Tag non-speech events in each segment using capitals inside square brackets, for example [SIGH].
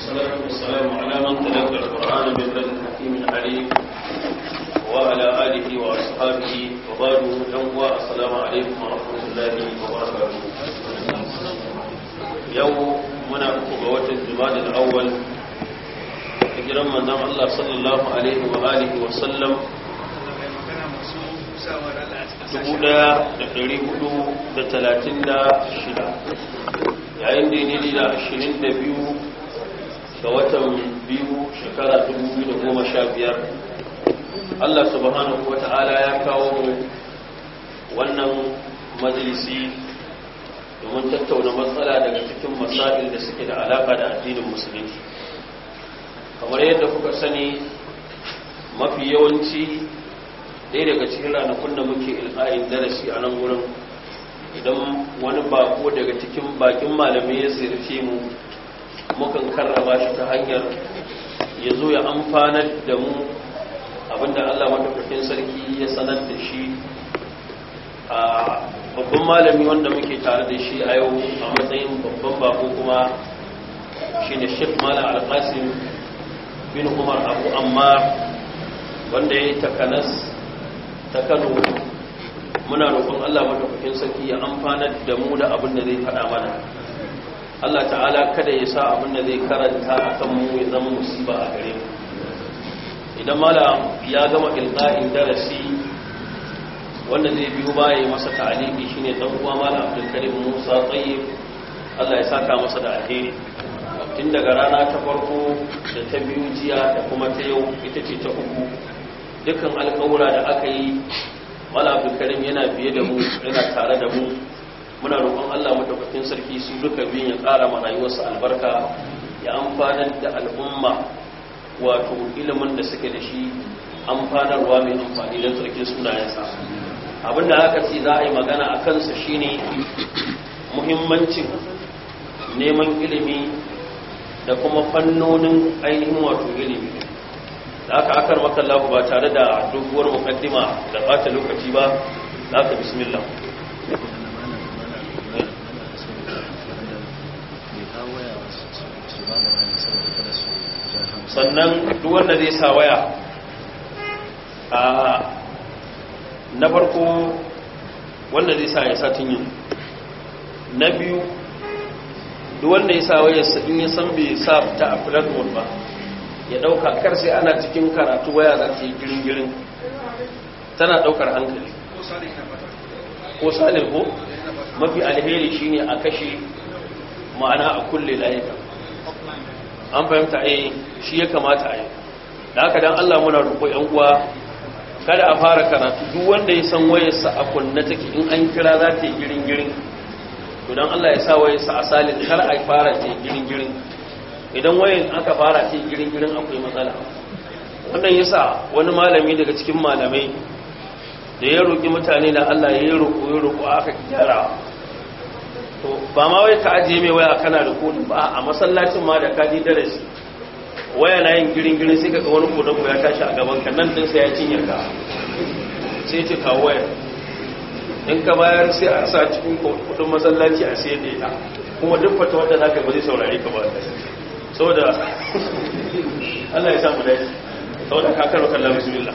والصلاة والسلام على muna uku watan jumadin awwal hijiran manzon Allah sallallahu alaihi wa alihi da dari yayin da ne da ashirin ga watan biyu shekara da goma sha 2015 Allah subhanahu wa ta'ala ya kawo mu wannan majalisi domin tattauna matsala daga cikin masalin da suke da alaka da addinin musulunci kamar yadda kuka sani mafi yawanci ɗaya daga cikin ranakun da muke ilha'in darasi a nan wurin idan wani bako daga cikin bakin malamai ya ziyarci mu mukan karrama shi ta hanyar ya zo ya amfanar da mu abinda Allah matafafin sarki ya sanar da shi a babban malami wanda muke tare da shi a yau a matsayin babban bako kuma shi ne malam alkasim bin umar abu amma wanda ya yi takanas ta kano muna roƙon Allah matafakin sarki ya amfanar da mu da abinda zai faɗa mana Allah ta'ala kada ya sa abin da zai karanta a kan mu ya zama musiba a gare mu idan malam ya gama ilqa'in darasi wanda zai biyo baya masa ta'aliki shine dan uwa malam Abdul Karim Musa Tayyib Allah ya saka masa da alheri tun daga rana ta farko da ta biyu jiya da kuma ta yau ita ce ta uku dukkan alƙawura da aka yi malam Abdul Karim yana biye da mu yana tare da mu muna roƙon Allah madaukakin sarki su duka biyun ya ƙara ma rayuwarsu albarka ya amfanar da al'umma wato ilimin da suke da shi amfanarwa mai amfani don sarki sunayensa da aka ce za a yi magana a kansa shine muhimmancin neman ilimi da kuma fannonin ainihin wato ilimi da aka akar makallahu ba tare da dubuwar mukaddima da ɓata lokaci ba za ka bismillah sannan duk wanda zai sa waya a na farko wanda zai sa ya sa tunyin na biyu duk wanda ya sa waya in ya san bai sa ta a platform ba ya dauka kar sai ana cikin karatu waya za ta yi girin-girin tana daukar hankali ko salin ko mafi alheri shine a kashe ma'ana a kulle layuka an fahimta ai eh, shi ya kamata a yi da haka dan Allah muna rufo yan uwa kada a fara karatu duk wanda ya san wayarsa a kunna take in an kira za ta yi girin girin to don Allah ya sa wayarsa a salin kar a fara ta yi girin girin idan wayan aka fara ta yi girin girin akwai matsala wannan yasa wani malami daga cikin malamai da ya roƙi mutane da Allah ya roƙo ya roƙo aka gyara to ba ma wai ka ajiye mai waya kana da kodin ba a masallacin ma da ka ji darasi waya na yin girin girin sai kaga wani kodin ya tashi a gaban ka nan din sai ya cinye ka sai ce kawo waya in ka bayar sai a sa cikin kudin masallaci a sai da ita kuma duk fata wanda za ka ba zai ka ba saboda [LAUGHS] Allah ya samu dace saboda ka karo kallon bismillah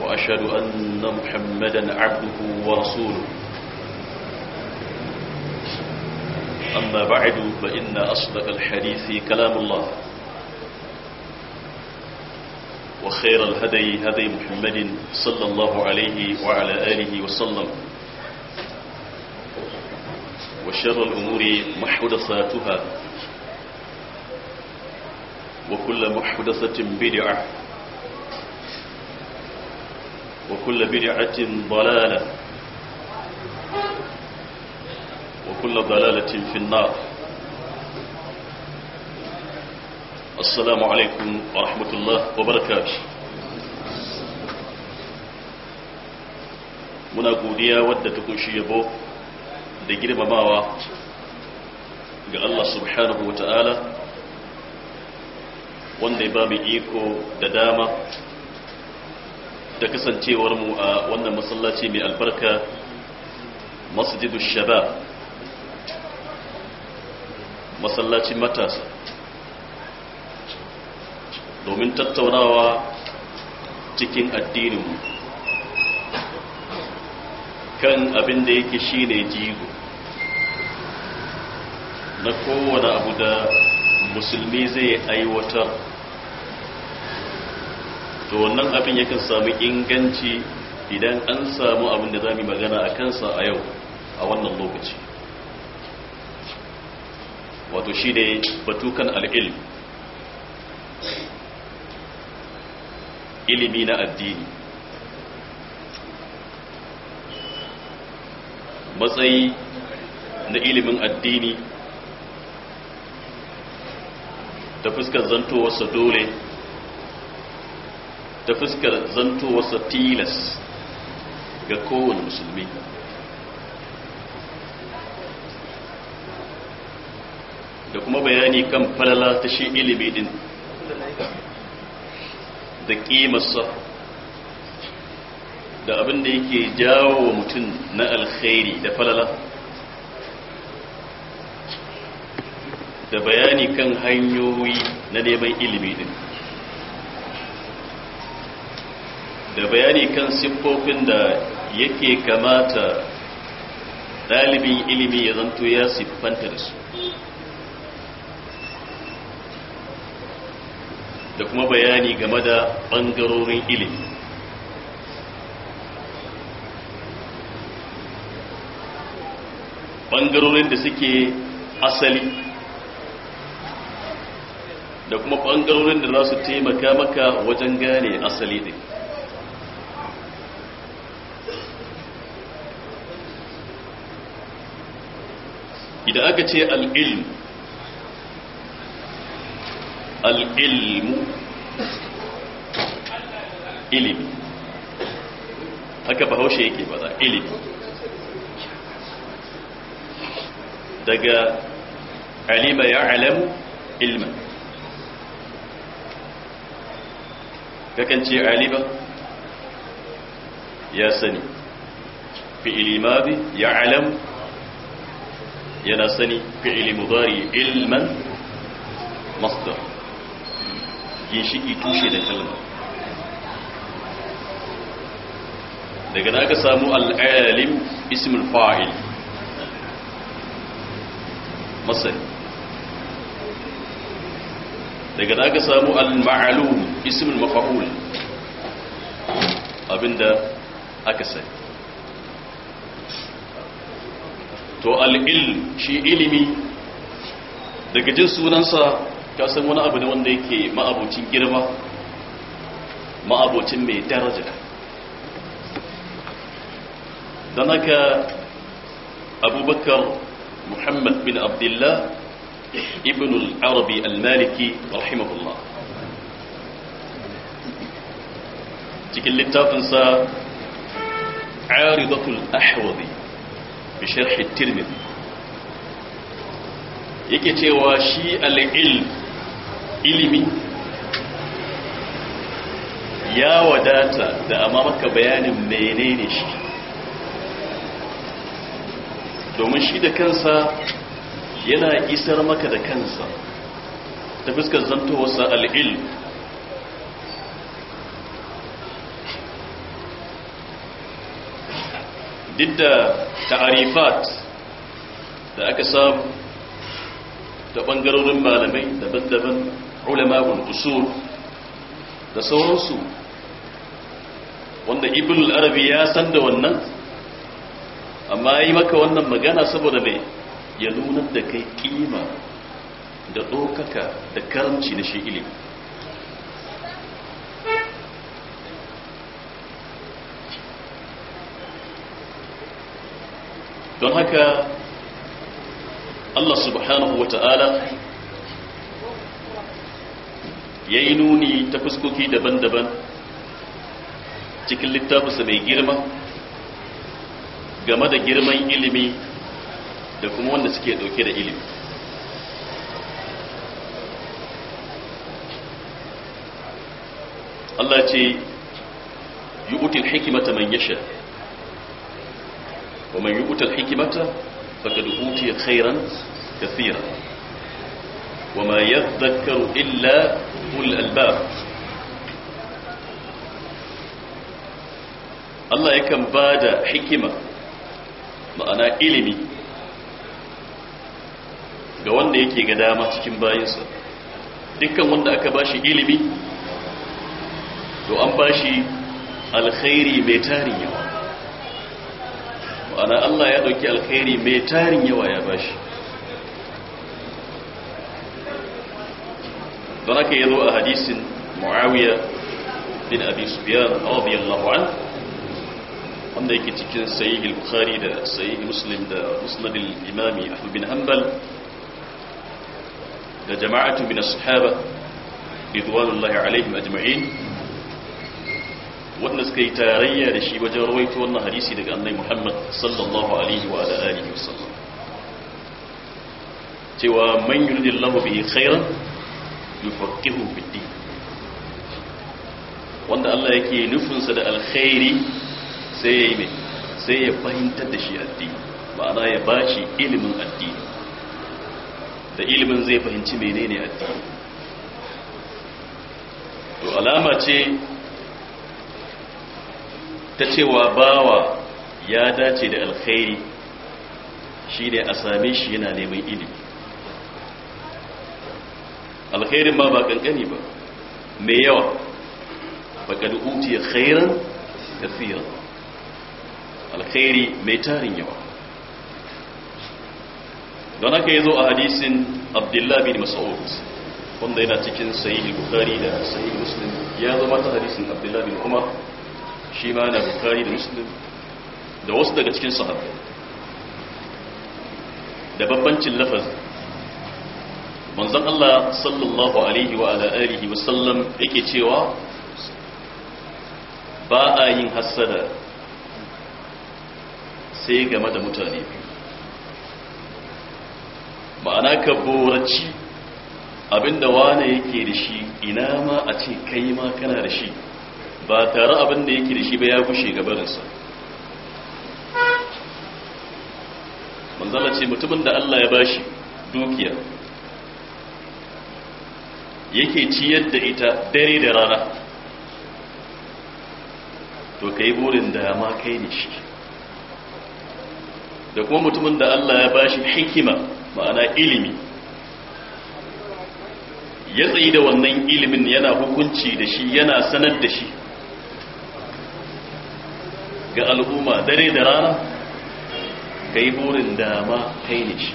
وأشهد أن محمدا عبده ورسوله أما بعد فإن أصدق الحديث كلام الله وخير الهدي هدي محمد صلى الله عليه وعلى آله وسلم وشر الأمور محدثاتها وكل محدثة بدعة وكل بدعة ضلالة وكل ضلالة في النار السلام عليكم ورحمة الله وبركاته muna godiya wadda ta kunshi yabo da girmamawa ga Allah subhanahu wa ta'ala wanda ya ba mu iko da dama da kasancewar mu a wannan masallaci mai albarka masjidu shaba masallacin matasa domin tattaunawa cikin addininmu kan abin da yake shine jigo na kowane abu da musulmi zai aiwatar to wannan abin yakan samu inganci idan an samu abin da za mu magana a kansa a yau a wannan lokaci wato shi ne batukan al'ilm ilimi na addini matsayi na ilimin addini da fuskar zantowarsa dole ta fuskar zantowarsa tilas ga kowane musulmi da kuma bayani kan falala ta shi ilimi din da kimarsa da abin da yake jawo mutum na alkhairi da falala da bayani kan hanyoyi na neman ilimi din da bayani kan siffofin da yake kamata ɗalibin ilimi ya zanto ya siffanta da su da kuma bayani game da ɓangarorin ilimi ɓangarorin da suke asali da kuma ɓangarorin da za su taimaka maka wajen gane asali ɗin idan aka ce al'ilm al'ilmu ilimi haka bahaushe yake ba za ilimi daga alima ya alamu ilman kakan ce alima ya sani fi ilimabi ya alamu yana sani fi'ili mudari ilman masdar ginshiki tushe da kalma daga da aka samu al'alim ismul fa'il masani daga da aka samu al malum ismul mafa'ul abinda aka sani to al'il shi ilimi daga jin sunansa ka san wani abu ne wanda yake ma'abocin girma ma'abocin mai daraja don haka abubakar muhammad bin abdullah ibn al al-maliki rahimahullah cikin littafinsa aridatul ahwadi bi sharhi tirmidhi yake cewa shi al ilimi ya wadata da amma maka bayanin menene shi domin shi da kansa yana isar maka da kansa ta fuskar zantowarsa al'il duk da ta'arifat da aka samu da bangarorin malamai daban-daban ulama'ul usul da sauransu wanda ibn arabi ya san da wannan amma yi maka wannan magana saboda mai ya nuna da kai kima da ɗaukaka da karanci na shi ilimi don haka Allah subhanahu wa ta'ala ya yi nuni ta fuskoki daban-daban cikin littafinsa mai girma game da girman ilimi da kuma wanda suke dauke da ilimi Allah ce yi util hikimata man yasha wa man yu'tal hikmata faqad utiya khairan kathira wa ma yadhakkaru illa hul albab Allah yakan bada hikima ma'ana ilimi ga wanda yake ga dama cikin bayinsa dukkan wanda aka bashi ilimi to an bashi alkhairi mai tarin ma'ana Allah ya dauki alkhairi mai tarin yawa ya bashi don haka yazo a hadisin Muawiya bin Abi Sufyan radiyallahu anhu wanda yake cikin sahih al-Bukhari da sahih Muslim da musnad al-Imam Ahmad bin Hanbal da jama'atu bin as-sahaba ridwanullahi alaihim ajma'in wanda suka yi tarayya da shi wajen rawaito wannan hadisi daga annai muhammad sallallahu alaihi wa alihi wasallam cewa man yuridillahu bihi khairan yufaqihu bid wanda Allah yake nufinsa da alkhairi sai ya yi sai ya fahimtar da shi addini ma'ana ya bashi ilimin addini da ilimin zai fahimci menene addini to alama ce ta cewa bawa ya dace da alkhairi shi ne a same shi yana neman ilimi alkhairin ma ba kankani ba mai yawa ba ka du'uti khairan kafiran alkhairi mai tarin yawa don haka ya zo a hadisin abdullahi bin mas'ud wanda yana cikin sayi bukhari da sayi muslim ya zama ta hadisin abdullahi bin umar shi ma na bukari da muslim da wasu daga cikin sahabbai da babbancin lafazi manzon Allah sallallahu alaihi wa ala alihi wa sallam yake cewa ba a yin hassada sai game da mutane ma'ana ka boraci abinda wane yake da shi ina ma a ce kai ma kana da shi ba tare abin da yake da shi ba ya gushe gabarinsa manzala ce mutumin da Allah ya bashi dukiya yake ciyar da ita dare da rana to kai burin da ma kai ne shi da kuma mutumin da Allah ya bashi hikima ma'ana ilimi ya tsayi da wannan ilimin yana hukunci da shi yana sanar da shi ga al'umma dare da rana ka yi burin dama kai ne shi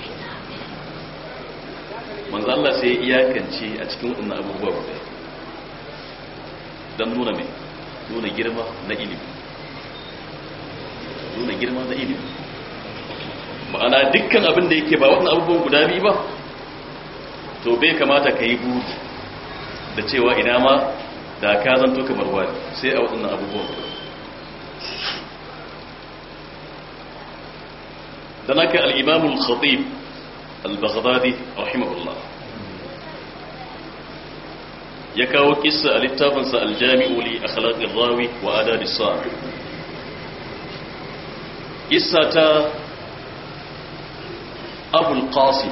manzo Allah sai iyakance a cikin wannan abubuwa guda don nuna mai nuna girma na ilimi nuna girma na ilimi ma'ana dukkan abin da yake ba wannan abubuwan guda biyu ba to bai kamata ka yi buri da cewa ina ma da ka zanto kamar wani sai a waɗannan abubuwan ذلك الإمام الخطيب البغدادي رحمه الله يكاو قصة للتابنس الجامع لأخلاق الراوي وآداب الصار قصة أبو القاسم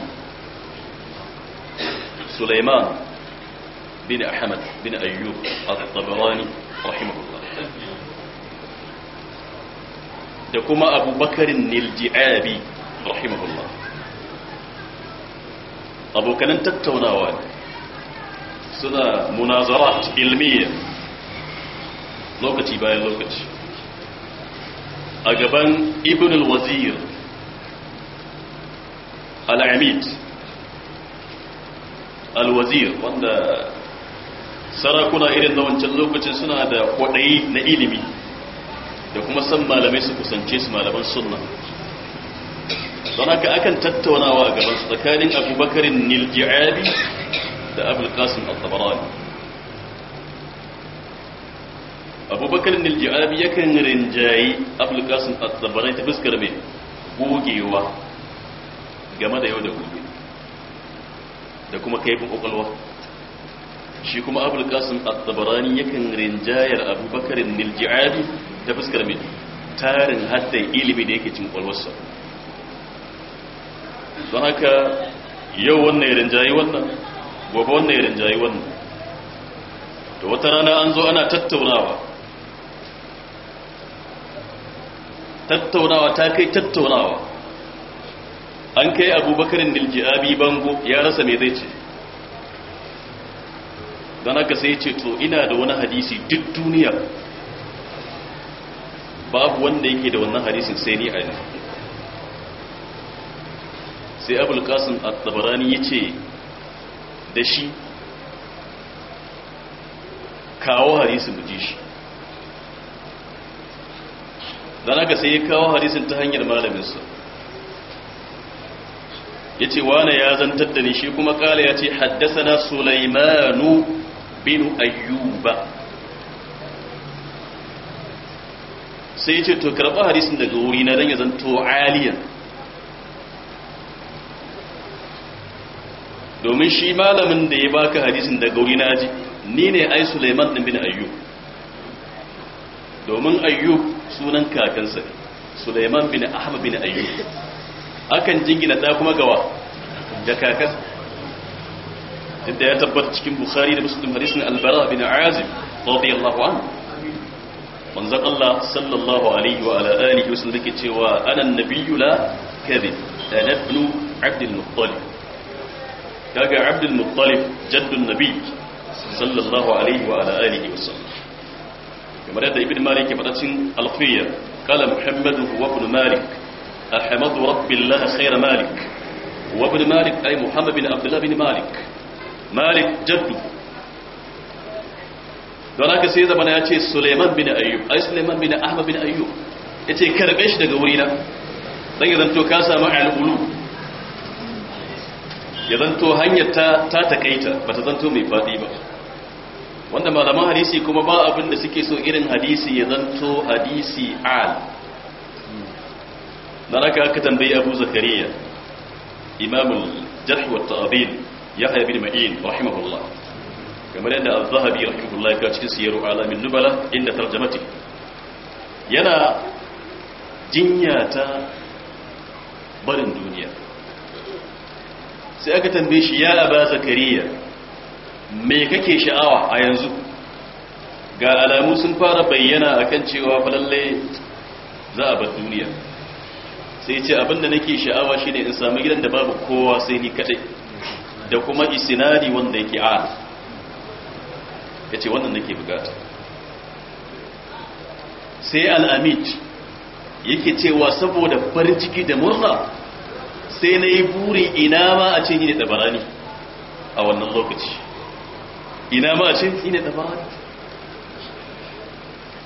سليمان بن أحمد بن أيوب الطبراني رحمه الله da kuma abubakarin nilji'abi rahimahullah abokanan tattaunawa suna munazarat ilmiya lokaci bayan lokaci a gaban ibn al-wazir al-amid al-wazir wanda sarakuna irin da wancan lokacin suna da kwaɗayi na ilimi da kuma san malamai su kusance su malaman sunna don haka akan tattaunawa a gabansu tsakanin abubakarin nilji'abi da abulkasin al-tabarani abubakarin nilji'abi yakan rinjayi abulkasin al-tabarani ta fuskar mai gogewa game da yau da gobe da kuma kaifin kwakwalwa shi kuma abulkasin al-tabarani yakan rinjayar abubakarin nilji'abi ta fuskar mai tarin hatta ilimi da yake cin kwalwarsa don haka yau wannan irin jayi wannan gobe wannan irin jayi wannan da wata rana an zo ana tattaunawa tattaunawa ta kai tattaunawa an kai abubakarin diljiabi bango ya rasa mai zai ce don haka sai ce to ina da wani hadisi duk duniya babu wanda yake da wannan hadisin sai ni a yanzu sai abul qasim at-tabarani yace da shi kawo hadisin mu shi dan haka sai ya kawo hadisin ta hanyar malamin sa yace wane ya zantar da ni shi kuma kala haddasa na sulaimanu bin ayyuba sai ya ce to karɓi hadisin daga wuri na don ya zanto aliyan domin shi malamin da ya baka hadisin daga wuri na ji ni ne ai suleiman ɗin bin ayyub domin ayyub sunan kakansa ne suleiman bin ahmad bin ayyub akan jingina ɗa kuma gawa da kakansa inda ya tabbata cikin bukhari da muslim hadisin albara bin azim radiyallahu anhu manzan Allah sallallahu alaihi wa ala alihi wasallam yake cewa ana nabiyyu la kadhib ana ibn abd al-muttalib kaga abd al-muttalib jadd an-nabi sallallahu alaihi wa ala alihi wasallam kamar yadda ibn malik ya faɗa cikin kala muhammadu wa ibn malik ahmadu rabbillah khayra malik wa ibn malik ay muhammad bin abdullah bin malik malik jaddu don haka sai zamana ya ce suleiman bin ayyub ai suleiman bin ahmad bin ayyub ya ce karɓe shi daga wurina don ya zanto ka samu al'ulu ya zanto hanyar ta ta takaita ba ta zanto mai faɗi ba wanda malaman hadisi kuma ba abin da suke so irin hadisi ya zanto hadisi al na raka aka tambayi abu zakariya imamul jarh wa ta'dil yahya bin ma'in rahimahullah kamar yadda al-zahabi rahimahullah ya cikin siyaru alamin nubala inda tarjamati yana jinya ta barin duniya sai aka tambaye shi ya aba zakariya me kake sha'awa a yanzu ga alamu sun fara bayyana akan cewa falalle za a bar duniya sai ce abinda nake sha'awa shine in samu gidan da babu kowa sai ni kadai da kuma isinadi wanda yake a. ya ce wannan nake bukata sai al'amid yake cewa saboda farin ciki da murna sai na yi buri ina ma a ce yi ne dabarani a wannan lokaci ina ma a ce yi ne dabarani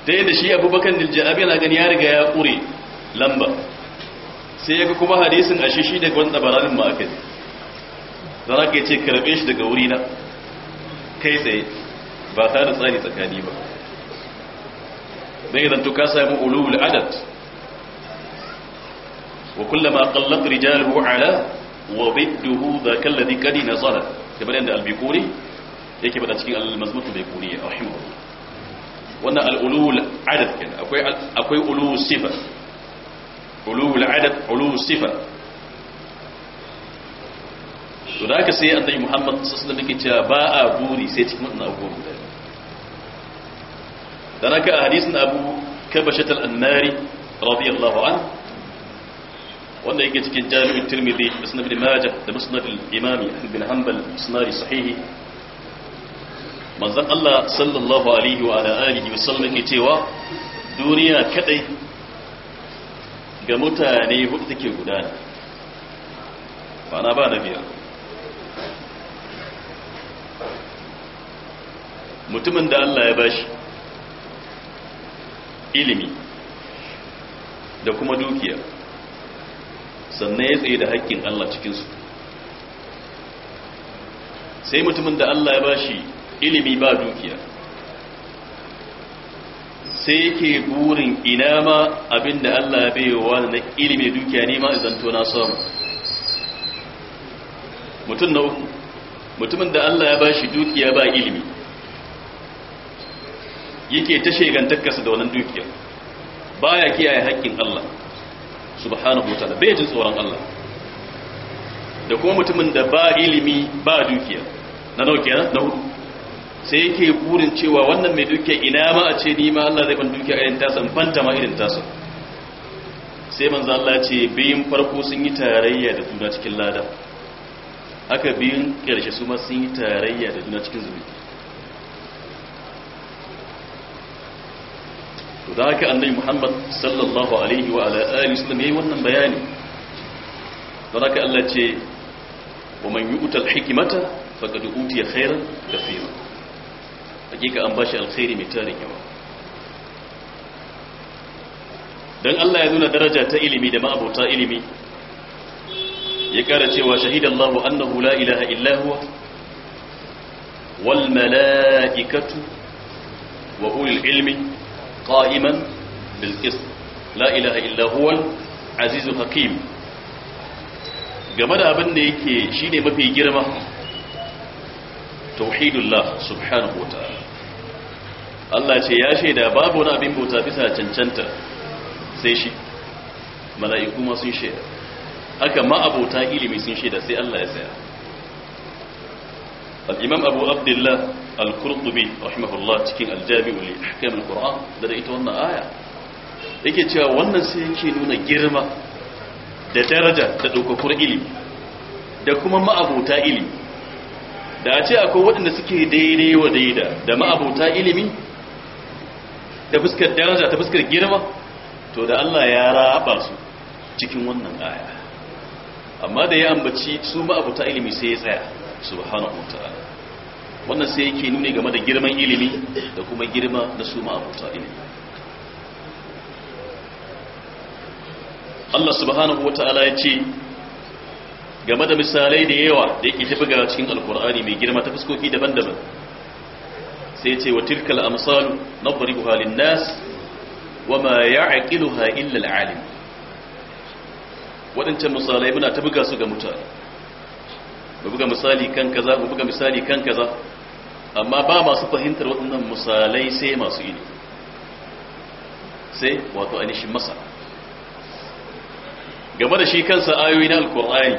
ta yadda shi abubakar diljabi yana gani ya riga ya kure lamba sai ya ga kuma hadisin a shi daga wani dabaranin ma'akai zara ke ce karbe shi daga wurina kai tsaye ba ta da tsari tsakani ba dai zan tuka samu ulul adad wa kullama qallat rijaluhu ala wa bidduhu dhaka alladhi qad nazara kamar yadda al-biquri yake bada cikin al-mazmut al-biquri rahimahullah wannan al-ulul adad kenan akwai akwai ulul sifa ulul adad ulul sifa to da aka sai annabi Muhammad sallallahu alaihi wasallam yake cewa ba a buri sai cikin wannan abubuwan guda dan haka a hadisin abu kabashat al-annari radiyallahu an wanda yake cikin jami'in tirmidhi da sunan ibn majah da musnad al-imami ibn hanbal sunari sahihi manzon Allah sallallahu alaihi wa ala alihi wa sallam yake cewa duniya kadai ga mutane hudu take gudana ba na ba na biyar mutumin da Allah ya bashi ilimi da kuma dukiya sannan ya tsaye da haƙƙin Allah cikinsu sai mutumin da Allah ya bashi ilimi ba dukiya sai yake burin ina ma abinda Allah ya baiwa na ilimi dukiya ne ma zanto na samu mutum na uku mutumin da Allah ya bashi dukiya ba ilimi yake ta shegantakarsa da wannan dukiyar baya kiyaye haƙƙin Allah subhanahu wataala bai ji tsoron Allah da kuma mutumin da ba ilimi ba dukiya na dauke na hudu sai yake burin cewa wannan mai dukiya ina ma a ce ni ma Allah zai ban dukiya irin tasa fanta ma irin tasa sai manzo Allah ce biyun farko sun yi tarayya da juna cikin lada haka biyun ƙarshe su ma sun yi tarayya da juna cikin zubi to da haka annabi Muhammad sallallahu alaihi wa ala alihi wasallam yayi wannan bayani don haka Allah ce wa man yu'ta al-hikmata faqad utiya khairan kaseera hakika an bashi alkhairi mai tarin yawa dan Allah ya nuna daraja ta ilimi da ma'abota ilimi ya kara cewa shahidallahu annahu la ilaha illa huwa wal mala'ikatu wa ulul ilmi qa'iman bil la ilaha illa huwal azizul hakim game da abin da yake shine mafi girma tauhidullah subhanahu wa ta'ala Allah ce ya shaida babu wani abin bauta bisa cancanta sai shi mala'iku ma sun shaida haka ma abota ilimi sun shaida sai Allah ya saya. al abu abdullah al-qurtubi rahimahullah cikin al-jami' li ahkam al-qur'an da da ita wannan aya yake cewa wannan sai yake nuna girma da daraja da dokokar ilimi da kuma ma'abuta ilimi da a ce akwai waɗanda suke daidai wa daida da ma'abuta ilimi da fuskar daraja ta fuskar girma to da Allah ya raba su cikin wannan aya amma da ya ambaci su ma'abuta ilimi sai ya tsaya subhanahu wa ta'ala wannan sai yake nuni game da girman ilimi da kuma girma na su ma'abuta ilimi Allah subhanahu wa ta'ala ya ce game da misalai da yawa da yake tafi ga cikin alkur'ani mai girma ta fuskoki daban-daban sai ce wa tilkal amsalu nadribuha lin-nas wama ya'qiluha illa al-alim wadancan misalai muna ta buga su ga mutane mu buga misali kan kaza mu buga misali kan kaza amma ba masu fahimtar waɗannan misalai sai masu ilimi sai wato ainihin masa game da shi kansa ayoyi na alkur'ani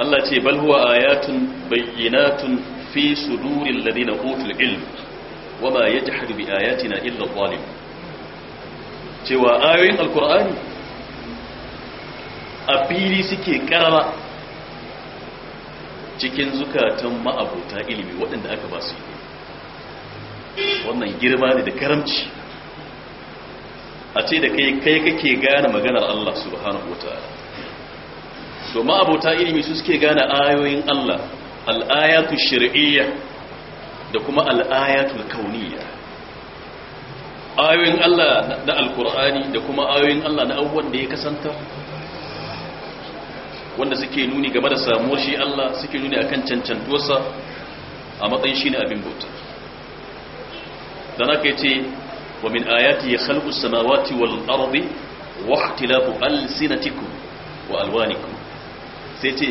Allah ce bal huwa ayatun bayyinatun fi suduril ladina utul ilm wama yajhadu bi ayatina illa zalim cewa ayoyin alkur'ani a fili suke karara cikin zukatan ma'abuta ilimi waɗanda aka ba su ilimi wannan girma ne da karamci a ce da kai kai kake gane maganar Allah subhanahu wataala to ma'abuta ilimi su suke gane ayoyin Allah al shar'iyya da kuma al kauniyya ayoyin Allah na alkur'ani da kuma ayoyin Allah na abubuwan da ya kasanta. wanda suke nuni game da samuwar shi Allah suke nuni akan cancantuwarsa a matsayin shi ne abin bauta dan haka ce wa min ayati ya khalqus samawati wal ardi wa al sinatiku wa alwaniku. sai ce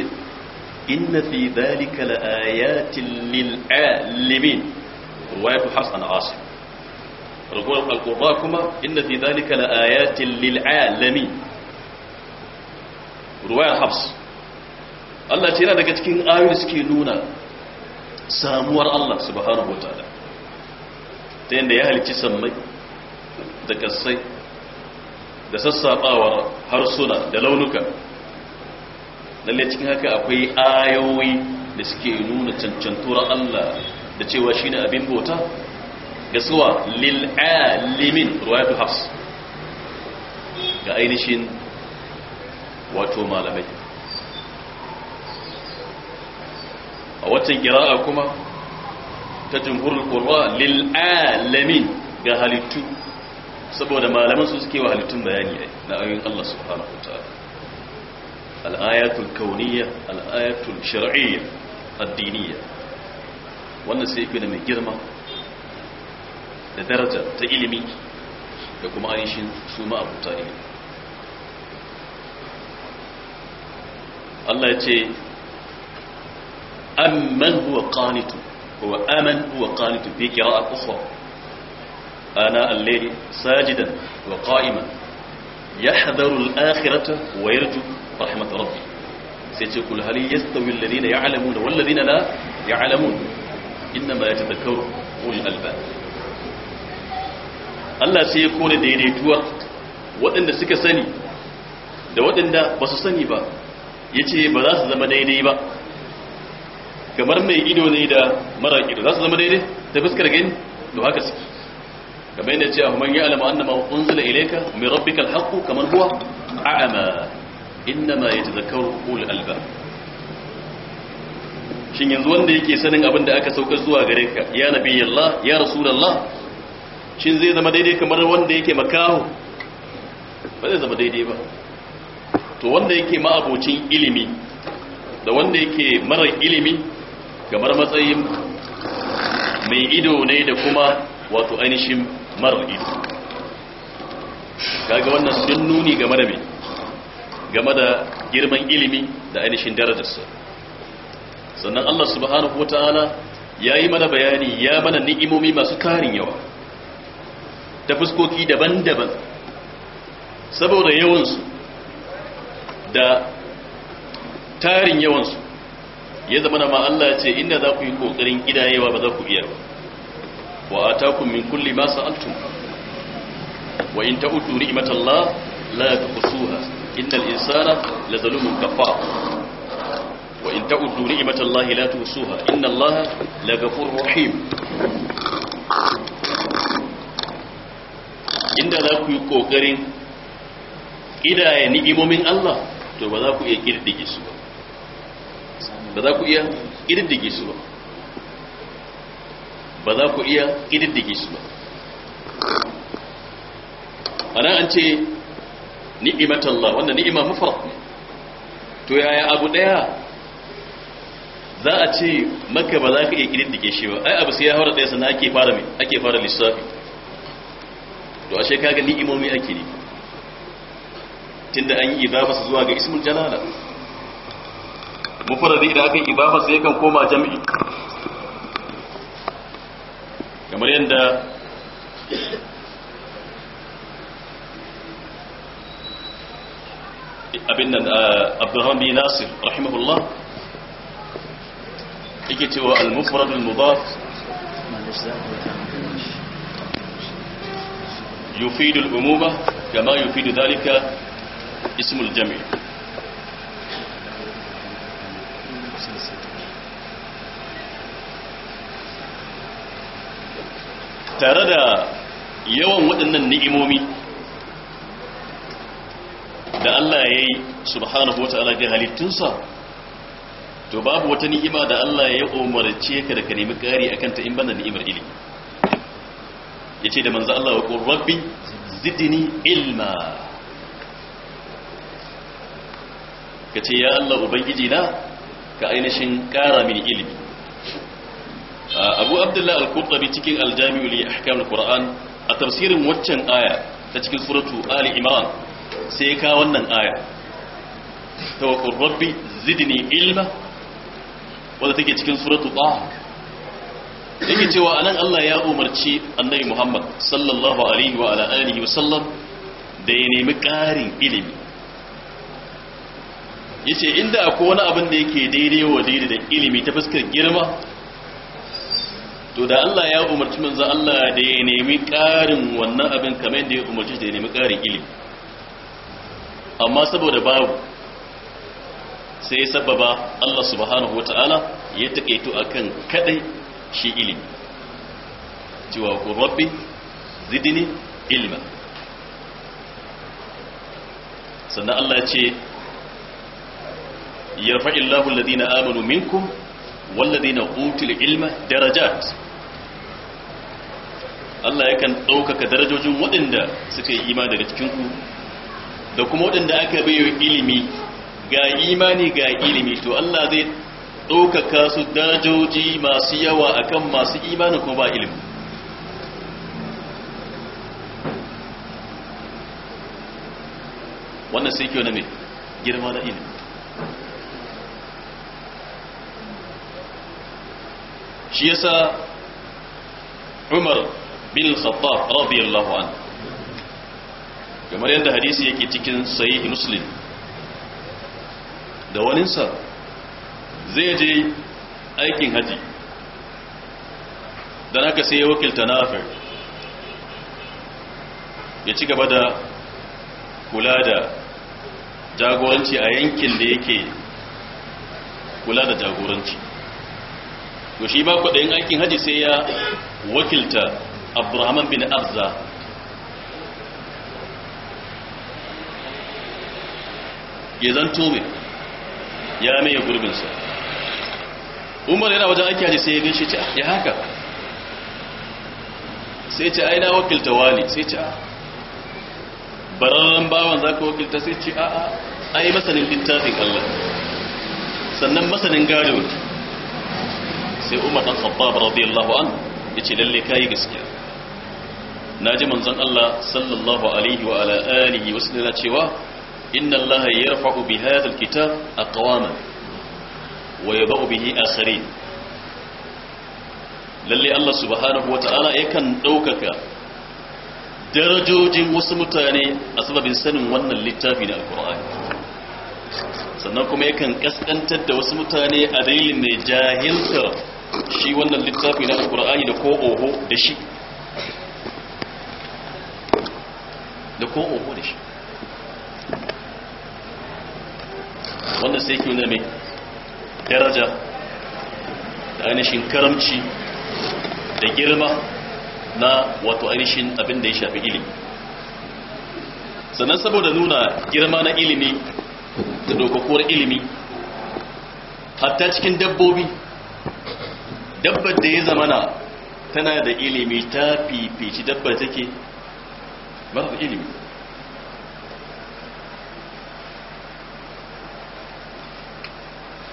inna fi dhalika la ayatin lil alimin wa yafhas an asim ragowar alkurba kuma inna fi dhalika la ayatin lil alamin ruwayan habs Allah ce yana daga cikin ayoyi suke nuna samuwar Allah subhanahu wataala ta yadda ya halicci sammai da kassai da sassaɓawar harsuna da launuka lalle cikin haka akwai ayoyi da suke nuna cancanturar Allah da cewa shine abin bota. ga suwa alimin ruwayatu hafs ga ainihin wato malamai a watan kira'a kuma ta jumhurin qurra lil ga halittu saboda malaman su suke wa halittun bayani ai na ayoyin Allah subhanahu wa al ayatul kauniyya al ayatul shar'iyya addiniyya wannan sai yake da mai girma da daraja ta ilimi da kuma ainihin su ma'abuta ilimi Allah ya ce amman huwa qanitu huwa aman huwa qanitu bi qira'a ukhra ana al-layli sajidan wa qa'iman yahdharu al-akhirata wa yarju rahmat rabbih sai ce kul hal yastawi alladhina ya'lamuna wal ladina la ya'lamun innama yatadhakkaru ulul albab Allah sai ya kore daidaituwa waɗanda suka sani da waɗanda ba su sani ba ya ce ba za su zama daidai ba kamar mai ido ne da mara ido za su zama daidai ta fuskar gani to haka suke kamar yadda ce ahuman ya alama annama unzila ilaika min rabbika alhaqu kamar huwa a'ama innama yatadhakkaru ulul albab shin yanzu wanda yake sanin abin da aka saukar zuwa gare ka ya nabiyallah ya rasulullah shin zai zama daidai kamar wanda yake makaho ba zai zama daidai ba to wanda yake ma'abocin ilimi da wanda yake marar ilimi kamar matsayin mai ido ne da kuma wato ainihin marar ido kaga wannan sun nuni game da mai game da girman ilimi da ainihin darajarsa sannan Allah subhanahu wata'ala ya yi mana bayani ya mana ni'imomi masu karin yawa ta fuskoki daban-daban saboda yawansu da tarin yawansu ya zama ma Allah ce inda za ku yi ƙoƙarin ƙidayewa ba za ku iya wa a takun min kulli masu altun wa in ta utu ni'imatallah la ta kusuha innal insana la zalumun kafa wa in ta utu ni'imatallahi la ta kusuha innallaha la gafur rahim inda za ku yi ƙoƙarin ƙidaya ni'imomin Allah to ba za ku iya kirdige su ba ba za ku iya kirdige su ba ba za ku iya kirdige su ba ana an ce ni'imatallah wannan ni'ima mafarq ne to yaya abu daya za a ce maka ba za ka iya kirdige shi ba ai abu sai ya haura daya sannan ake fara mai ake fara lissafi to ashe kaga ni'imomi ake ne tunda an yi idafa zuwa ga ismul jalala mufarradi idan aka yi idafa sai yakan koma jam'i kamar yadda abin nan ah, abdurrahman bin nasir rahimahullah yake cewa al-mufrad al-mudaf yufidu al-umuma kama yufidu dhalika ismul jami tare da yawan waɗannan ni'imomi da Allah ya yi subhanahu wa ta'ala halittunsa to babu wata ni'ima da Allah ya umarce ka da ka nemi ƙari a kanta in bana ni'imar ilimi yace da manzo Allah wa qur rabbi zidini ilma ka ce ya Allah ubangiji na ka ainihin ƙara mini ilimi abu abdullahi al-qurtubi cikin al-jami'u li al-qur'an a tafsirin waccan aya ta cikin suratu ali imran sai ka wannan aya tawakkul rabbi zidni ilma wanda take cikin suratu taha yake cewa anan Allah ya umarci annabi Muhammad sallallahu alaihi wa ala alihi wa sallam da ya nemi ƙarin ilimi yace inda akwai wani abin da yake daidai wa daidai da ilimi ta fuskar girma to da Allah ya umarci manzo Allah da ya nemi ƙarin wannan abin kamar da ya umarci da ya nemi ƙarin ilimi amma saboda babu sai sababa Allah subhanahu wataala ya taƙaito akan kadai shi ilimi cewa ku rabbi zidni ilma sannan Allah ce yarfa'illahu alladhina amanu minkum walladhina utul ilma darajat Allah yakan ɗaukaka darajojin waɗanda suka yi ima daga cikin ku da kuma waɗanda aka bayo ilimi ga imani ga ilimi to Allah zai ɗaukaka su darajoji masu yawa akan masu imanin kuma ba ilimi wannan sai kyau na mai girma na ilimi shi yasa Umar bin Khattab radiyallahu anhu kamar yadda hadisi yake cikin sahih Muslim da waninsa zai je aikin haji dan haka sai ya wakilta Nafi ya ci gaba da kula da jagoranci a yankin da yake kula da jagoranci to shi ba kwaɗayin aikin haji sai ya wakilta abdurrahman bin arza ya zanto mai ya mai gurbinsa umar yana wajen aiki haji sai ya gaishe ta ah, ya haka sai ce aina wakilta wali sai ce ah, bararren bawan za ka wakilta sai ce a'a ai masanin littafin allah sannan masanin gado sai umar dan khattab radiyallahu an yace lalle kai gaskiya naji manzon Allah sallallahu alaihi wa ala alihi wa sallam cewa inna Allah yarfa'u bi hadha alkitab aqwaman wa yadau bihi akharin lalle Allah subhanahu wa ta'ala yakan daukaka darajojin wasu mutane a sababin sanin wannan littafi na alqur'ani sannan kuma yakan kaskantar da wasu mutane a dalilin mai jahiltar shi wannan littafi na alkur'ani da ko oho da shi da ko oho da shi wannan sai ke mai daraja da ainihin karamci da girma na wato ainihin abin da ya shafi ilimi sannan saboda nuna girma na ilimi da dokokuwar ilimi hatta cikin dabbobi dabbar da ya zamana tana da ilimi ta fifici dabbar take ba su ilimi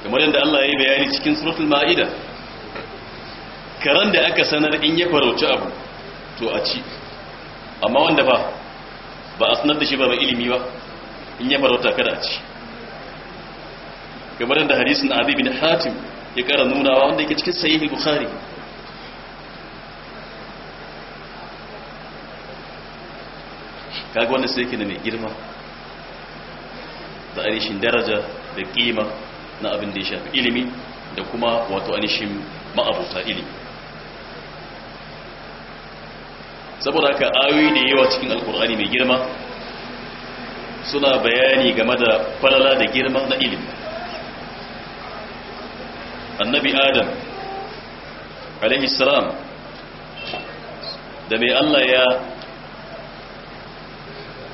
kamar yadda Allah ya yi bayani cikin suratul ma'ida karan da aka sanar in ya farauci abu to a ci amma wanda ba ba a sanar da shi ba mai ilimi ba in ya farauta kada a ci kamar yadda hadisin abu bin hatim ya kara nunawa wanda yake cikin sayi bukhari kaga wanda sai yake da mai girma da anishin daraja da kima na abin da ya shafi ilimi da kuma wato anishin ma'abuta ilimi saboda haka ayoyi da yawa cikin alkur'ani mai girma suna bayani game da falala da girma na ilimi النبي آدم عليه السلام da الله يا ya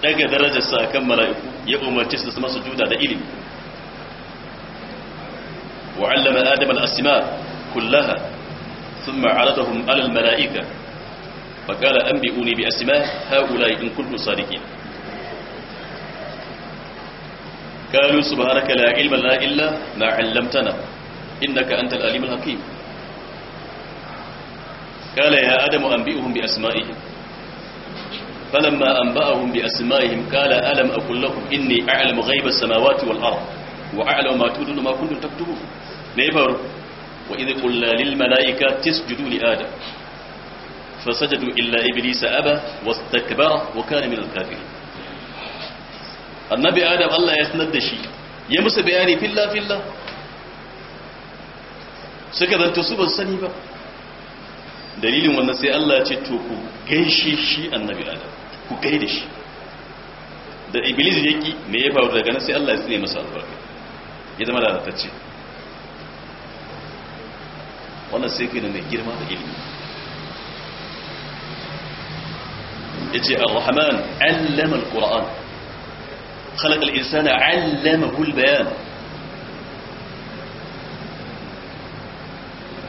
daga darajarsa a kan mara'iku ya umarci su وعلم آدم الأسماء كلها ثم عرضهم على الملائكة فقال أنبئوني بأسماء هؤلاء إن كنتم صادقين قالوا سبحانك لا علم لنا إلا ما علمتنا إنك أنت الأليم الحكيم قال يا آدم أنبئهم بأسمائهم فلما أنبأهم بأسمائهم قال ألم أقل لكم إني أعلم غيب السماوات والأرض وأعلم ما تبدون ما كنتم تكتبون نيفر وإذ قلنا للملائكة تسجدوا لآدم فسجدوا إلا إبليس أبى واستكبر وكان من الكافرين النبي آدم الله يسند شيء يمس بياني في الله في الله suka zanto su ban sani ba dalilin wannan sai Allah ya ce to ku gaishe shi annabi adam ku gaida shi da iblis ya ki me ya faru daga nan sai Allah ya tsine masa albarka ya zama lalatacce wannan sai kai mai girma da ilimi yace ar-rahman allama al-qur'an khalaqa al-insana 'allamahu al-bayan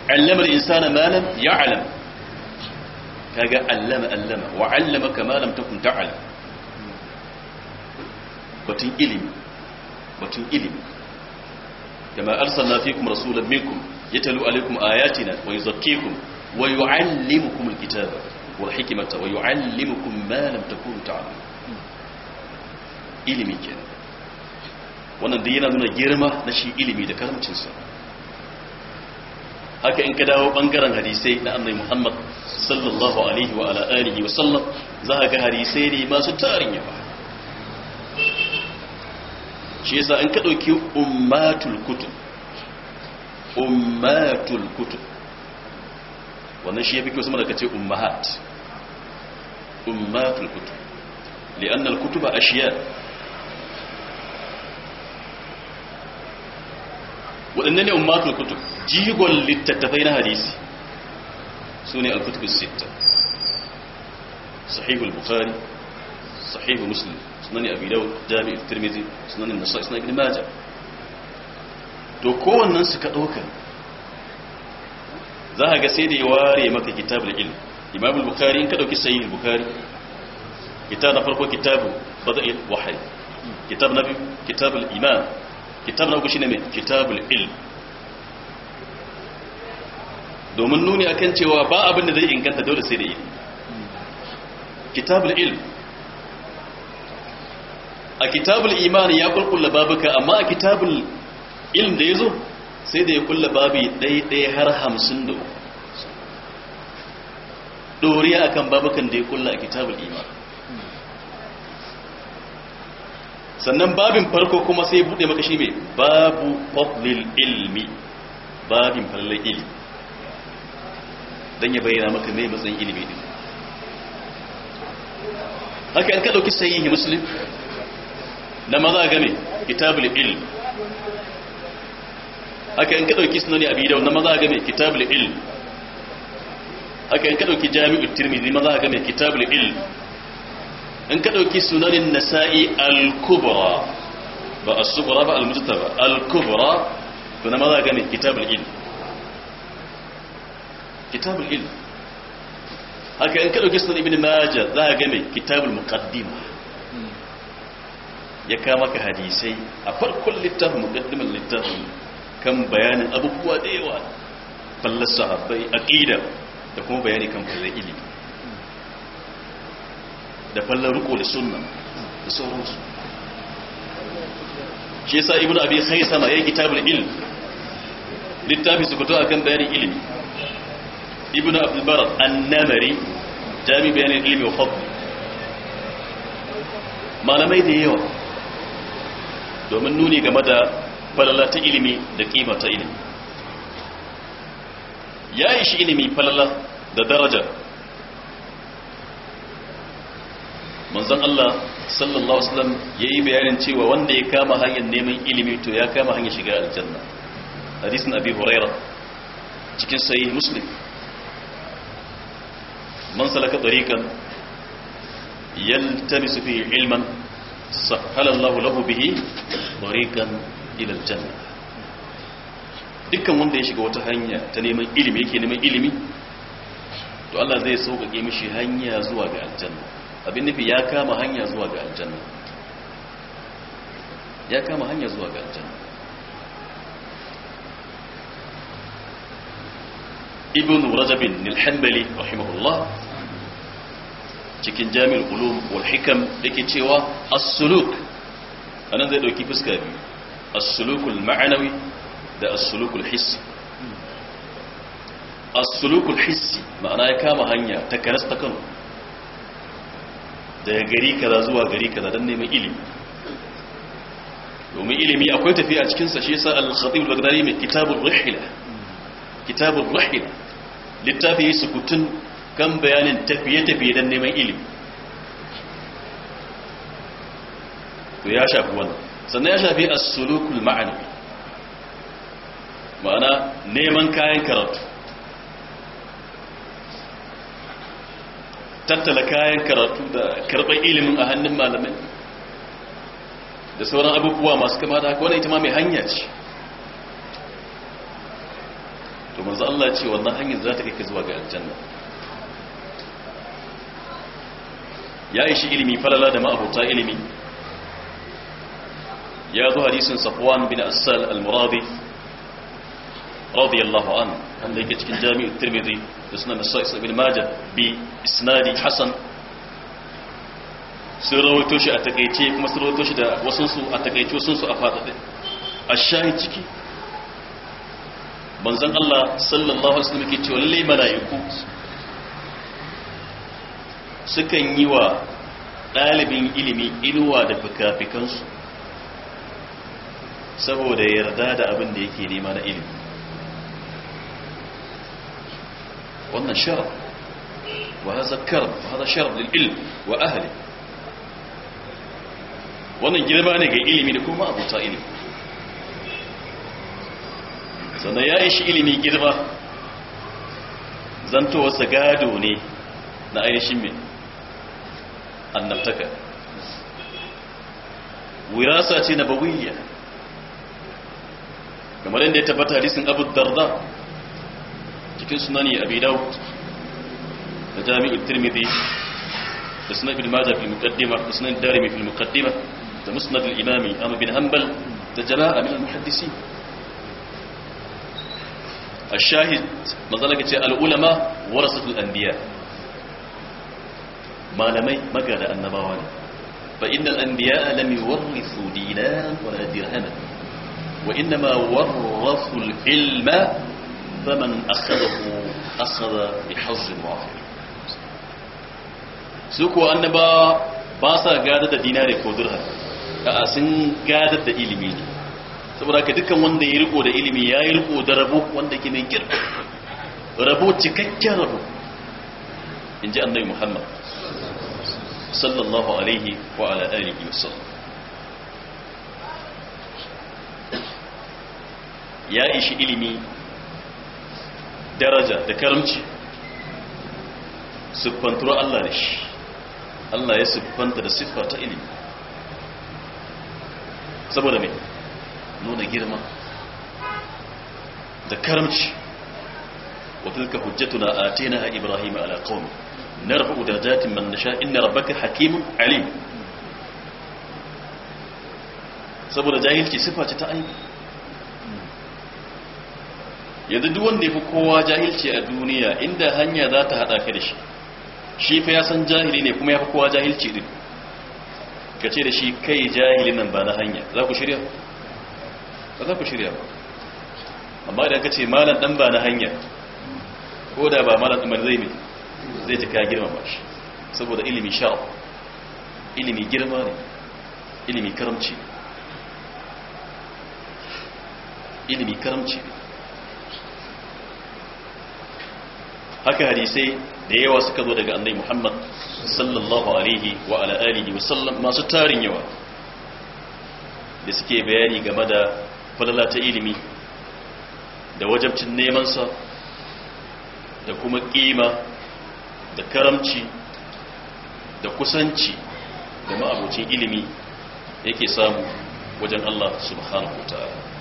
allamar insana malam ya alam kaga allama allama wa allama kamalam takun ta'ala batun ilimi batun ilimi kama arsalna fikum rasulan minkum yatalu alaykum ayatina wa yuzakkikum wa yu'allimukum alkitaba wal hikmata wa yu'allimukum ma lam takunu ta'lamun ilimi kenan wannan da yana nuna girma na shi ilimi da sa. haka in ka dawo bangaren hadisai na annabi Muhammad sallallahu alaihi wa ala wa sallam za ka ga hadisai ne masu tarin yawa shi yasa in ka ɗauki ummatul kutub ummatul kutub wannan shi yafi kyau sama da ce ummahat ummatul kutub li'anna al-kutuba ashiya wadannan ne ummatul kutub jigon littattafai na hadisi su ne alkutubu sita sahihul bukhari sahihul muslim sunan abi dawud jami'ul tirmidhi sunan an-nasa'i sunan ibn majah to kowannen su ka dauka za ka ga sai da ya ware maka kitabul ilm imam al-bukhari in ka dauki sahih al-bukhari kitab na farko kitabu bada'il wahyi kitab na biyu kitabul iman kitab na uku shine mai kitabul ilm domin nuni a kan cewa ba abin da zai inganta dole sai da yi. kitabul ilm a kitabul imani ya kulkula babuka amma a kitabul ilm da ya zo sai da ya kulla babu ɗaiɗai har hamsin da a akan babukan da ya kulla a kitabul imani sannan babin farko kuma sai bude makashi mai babu fadlil ilmi babin fallon ilmi don ya bayyana maka mai matsayin ilimi din haka in ka ɗauki sahihi muslim na maza game kitabul ilm haka in ka ɗauki sunani abi daun na maza game kitabul ilm haka in ka ɗauki jami'ul tirmidhi maza game kitabul ilm in ka ɗauki sunanin nasa'i al-kubra ba as sughra ba al-mujtaba al-kubra to na maza game kitabul ilm kitabul ilm haka in ka dauki sunan ibn majah za ka ga mai kitabul muqaddima ya kama ka hadisai a farkon littafin muqaddimar littafin kan bayanin abubuwa da yawa fallar sahabbai aqida da kuma bayani kan fallar ilimi da fallar riko da sunna da sauransu shi yasa ibnu abi khaisama yayi kitabul ilm littafi su fito akan bayanin ilimi ibn abdul an annamari jami bayanin ilmi wa malamai da yawa domin nuni game da falala ta ilimi da kima ta ilimi ya ishi ilimi falala da daraja Manzan Allah sallallahu alaihi ya yayi bayanin cewa wanda ya kama hanyar neman ilimi to ya kama hanyar shiga aljanna hadisin abi huraira cikin sayi muslim من سلك طريقا يلتمس fi علما سهل الله lahu bihi طريقا ila الجنه dukkan wanda ya shiga wata hanya ta neman ilimi yake neman ilimi to Allah zai sauƙaƙe mishi hanya zuwa ga aljanna abin nufi ya kama hanya zuwa ga aljanna ya kama hanya zuwa ga aljanna ibn رجب الحنبلي رحمه rahimahullah cikin jami'ul ulum wal hikam yake cewa as-suluk anan zai dauki fuska biyu as-sulukul ma'anawi da as-sulukul hissi as-sulukul hissi ma'ana ya kama hanya ta karasta kan daga gari kaza zuwa gari kaza dan neman ilimi domin ilimi akwai tafiya cikin sa shi yasa al-khatib al-baghdadi mai kitabul rihla kitabun rahim littafi ya sukutun kan bayanin tafiye-tafiye don neman ilimi to ya shafi wannan sannan ya shafi as-sulukul ma'anawi ma'ana neman kayan karatu tattala kayan karatu da karɓar ilimin a hannun malamai da sauran abubuwa masu kama da haka wannan ita ma mai hanya ce to manzo Allah ya ce wannan hanyar za ta kai ka zuwa ga aljanna ya yi shi ilimi falala da ma'abuta ilimi ya zo hadisin safwan bin asal al-muradi radiyallahu an wanda yake cikin jami'ar tirmidhi da sunan nasa'i ibn majah bi isnadi hasan sun rawaito shi a takeice kuma sun rawaito shi da wasansu a takaice wasansu a fadade a shahi ciki manzon Allah sallallahu alaihi wasallam ke cewa lalle mala'iku sukan yi wa ɗalibin ilimi inuwa da fikafikansu saboda yarda da abin da yake nema na ilimi wannan sharaf wa haza karb wa haza sharaf lil ilm wa ahli wannan girma ne ga ilimi da kuma abuta ilimi sannan ya ishi ilimi girma zantowarsa gado ne na ainihin mai annabtaka wirasa ce na bawiyya kamar yadda ya tabbata hadisin abu darda cikin sunani abi daud da jami'in turmidi da suna ibn majah fi mukaddima da sunan darimi fi mukaddima da musnad imami amma bin hanbal da jana'a min muhaddisi الشاهد مثلا كتي العلماء ورثة الأنبياء ما لمي مقال النباوان فإن الأنبياء لم يورثوا دينا ولا درهما وإنما ورثوا العلم فمن أخذه أخذ بحظ وافر سوكو أنبا باسا قادة دينار كودرها كأسن قادة إلمينه saboda ka dukkan wanda ya riko da ilimi ya yi riko da rabo wanda ke mai girma rabo cikakken rabo in ji annai muhammad sallallahu alaihi wa ala alihi wa ya ishi ilimi daraja da karamci siffantuwar Allah da shi Allah ya siffanta da siffa ta ilimi saboda mai nuna girma da karamci wa tilka hujjatuna a Ibrahim ala qaumi narfa'u darajatin man nasha inna rabbaka hakimun alim saboda jahilci sifa ce ta aibi yanzu duk wanda ya kowa jahilci a duniya inda hanya za ta haɗa ka da shi shi fa ya san jahili ne kuma ya fi kowa jahilci din ka ce da shi kai jahilin nan ba na hanya za ku shirya ba za ku shirya ba amma da aka ce malam dan ba na hanya ko da ba malam ɗan zai mai zai ji ka girma ba shi saboda ilimi sha'a ilimi girma ne ilimi karamci ilimi karamci haka hadisai da yawa suka zo daga annai muhammad sallallahu alaihi wa ala alihi wasallam masu tarin yawa da suke bayani game da falala ta ilimi da wajabcin nemansa da kuma ƙima da karamci da kusanci da ma'abocin ilimi yake samu wajen Allah subhanahu wa ta'ala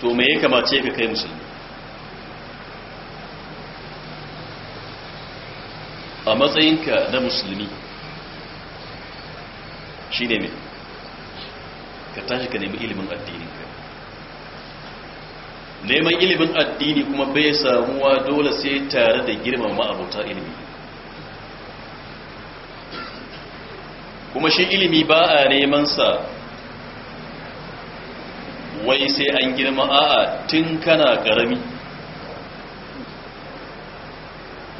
to me ya kamace ka kai musulmi a matsayinka na musulmi shi ne mai ka tashi ka nemi ilimin addininka neman ilimin addini kuma bai samuwa dole sai tare da girmama abota ilimi kuma shi ilimi ba a neman sa wai sai an girma a'a tun kana karami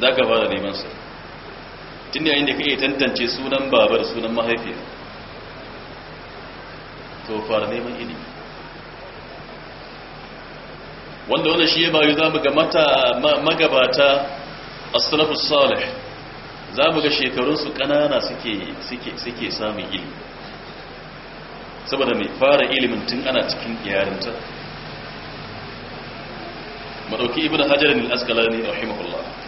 za ka fara neman sa tun da yayin da ka tantance sunan baba da sunan mahaifiya to fara neman ilimi wanda wannan shi ya bayu za mu ga magabata as salih za mu ga shekarunsu ƙanana suke samun ilimi saboda mai fara ilimin tun ana cikin yarinta maɗauki ibn hajjarin a rahimahullah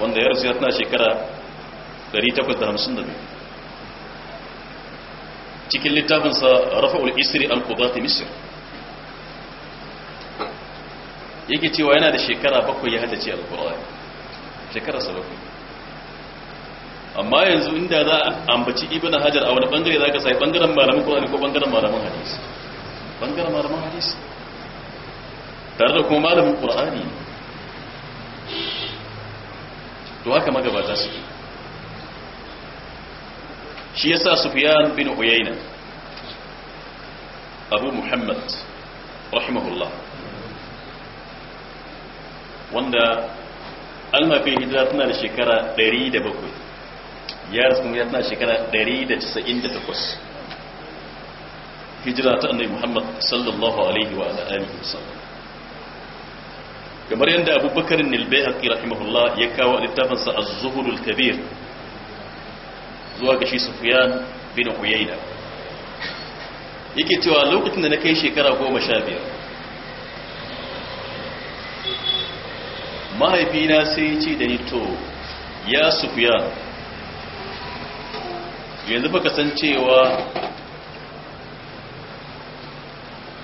wanda ya rasu tana shekara 852 cikin littafinsa rafa'ul isri al-qudati misr yake cewa yana da shekara bakwai ya haddace al-qur'ani shekara bakwai amma yanzu inda za a ambaci ibn hajar a wani bangare za ka sai bangaren malamin qur'ani ko bangaren malamin hadisi bangaren malamin hadisi tare da kuma malamin qur'ani to haka magabata su shi yasa sufyan bin uyayna abu muhammad rahimahullah wanda almafin hijira tana da shekara 107 ya rasu kuma tana shekara 198 hijira ta annabi muhammad sallallahu alaihi wa alihi wasallam kamar yadda abubakar nilbai haƙi rahimahullah ya kawo littafinsa a zuhurul kabir zuwa ga shi sufiyan bin huyaida yake cewa lokacin da na kai shekara goma sha biyar mahaifina sai ce da ni to ya sufiyan yanzu baka san cewa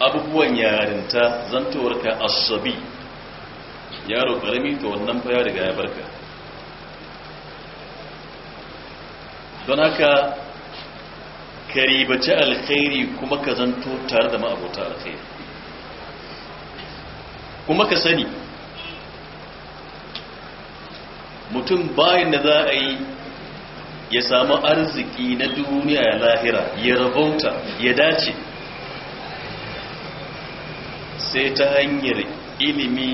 abubuwan yarinta zan zantowarka asabi yaro karami to wannan fa ya riga ya barka don haka karibaci alkhairi kuma ka zanto tare da ma'abota alkhairi kuma ka sani mutum bayan da za a yi ya samu arziki na duniya ya lahira ya rabauta ya dace sai ta hanyar ilimi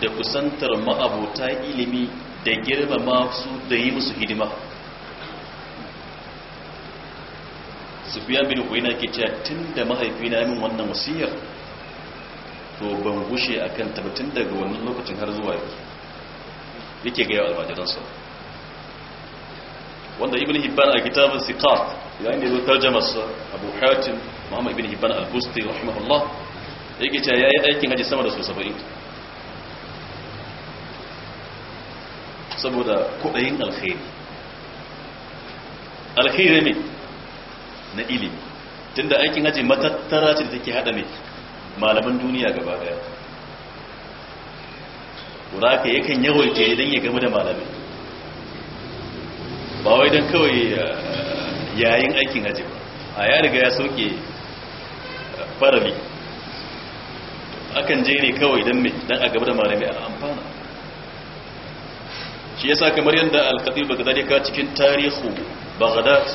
da kusantar ma'abuta ilimi da girmama su da yi musu hidima sufiyan bin kuina ke cewa tun da mahaifina yamin wannan wasiyar to ban gushe a kan tabbatin daga wannan lokacin har zuwa yake yake gaya wa almajiransa wanda ibn hibban a kitabin siqat yayin da ya zo tarjamarsa abu hatim muhammad ibn hibban al-busti rahimahullah yake cewa yi aikin haji sama da su saba'in saboda kudayin alkhairi alkhairi ne na ilimi tunda aikin haji matattara ce da take hada ne malaman duniya gaba daya kura ka yakan yawaita idan ya gamu da malami ba wai don kawai eh, yayin aikin haji ba a ya riga ya sauke eh, farami akan je ne kawai don a gaba da malami a amfana shi yasa kamar yadda al-khatib baghdadi ka cikin tarihu baghdad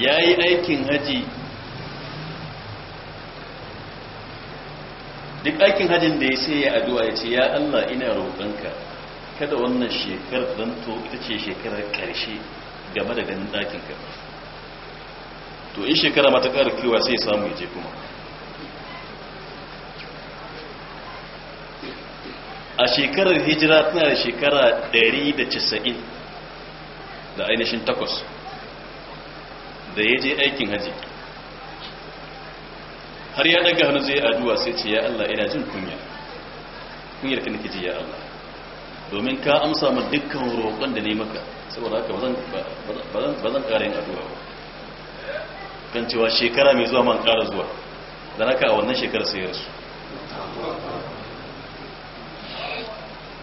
yayi aikin haji duk aikin hajin da ya sai ya addu'a ya ce ya Allah ina roƙonka kada wannan shekar zanto ita ce shekarar ƙarshe game da ganin ɗakinka to in shekara mata ƙarar kewa sai ya samu ya je kuma a shekarar hijira tana da shekara 190 da ainihin takwas da ya je aikin haji har ya daga hannu zai addu'a sai ce ya Allah ina jin kunya kunyar ka nake ji ya Allah domin ka amsa ma dukkan roƙon da ne maka saboda haka ba zan ƙara yin addu'a ba kan cewa shekara mai zuwa man ƙara zuwa da haka a wannan shekarar sai ya rasu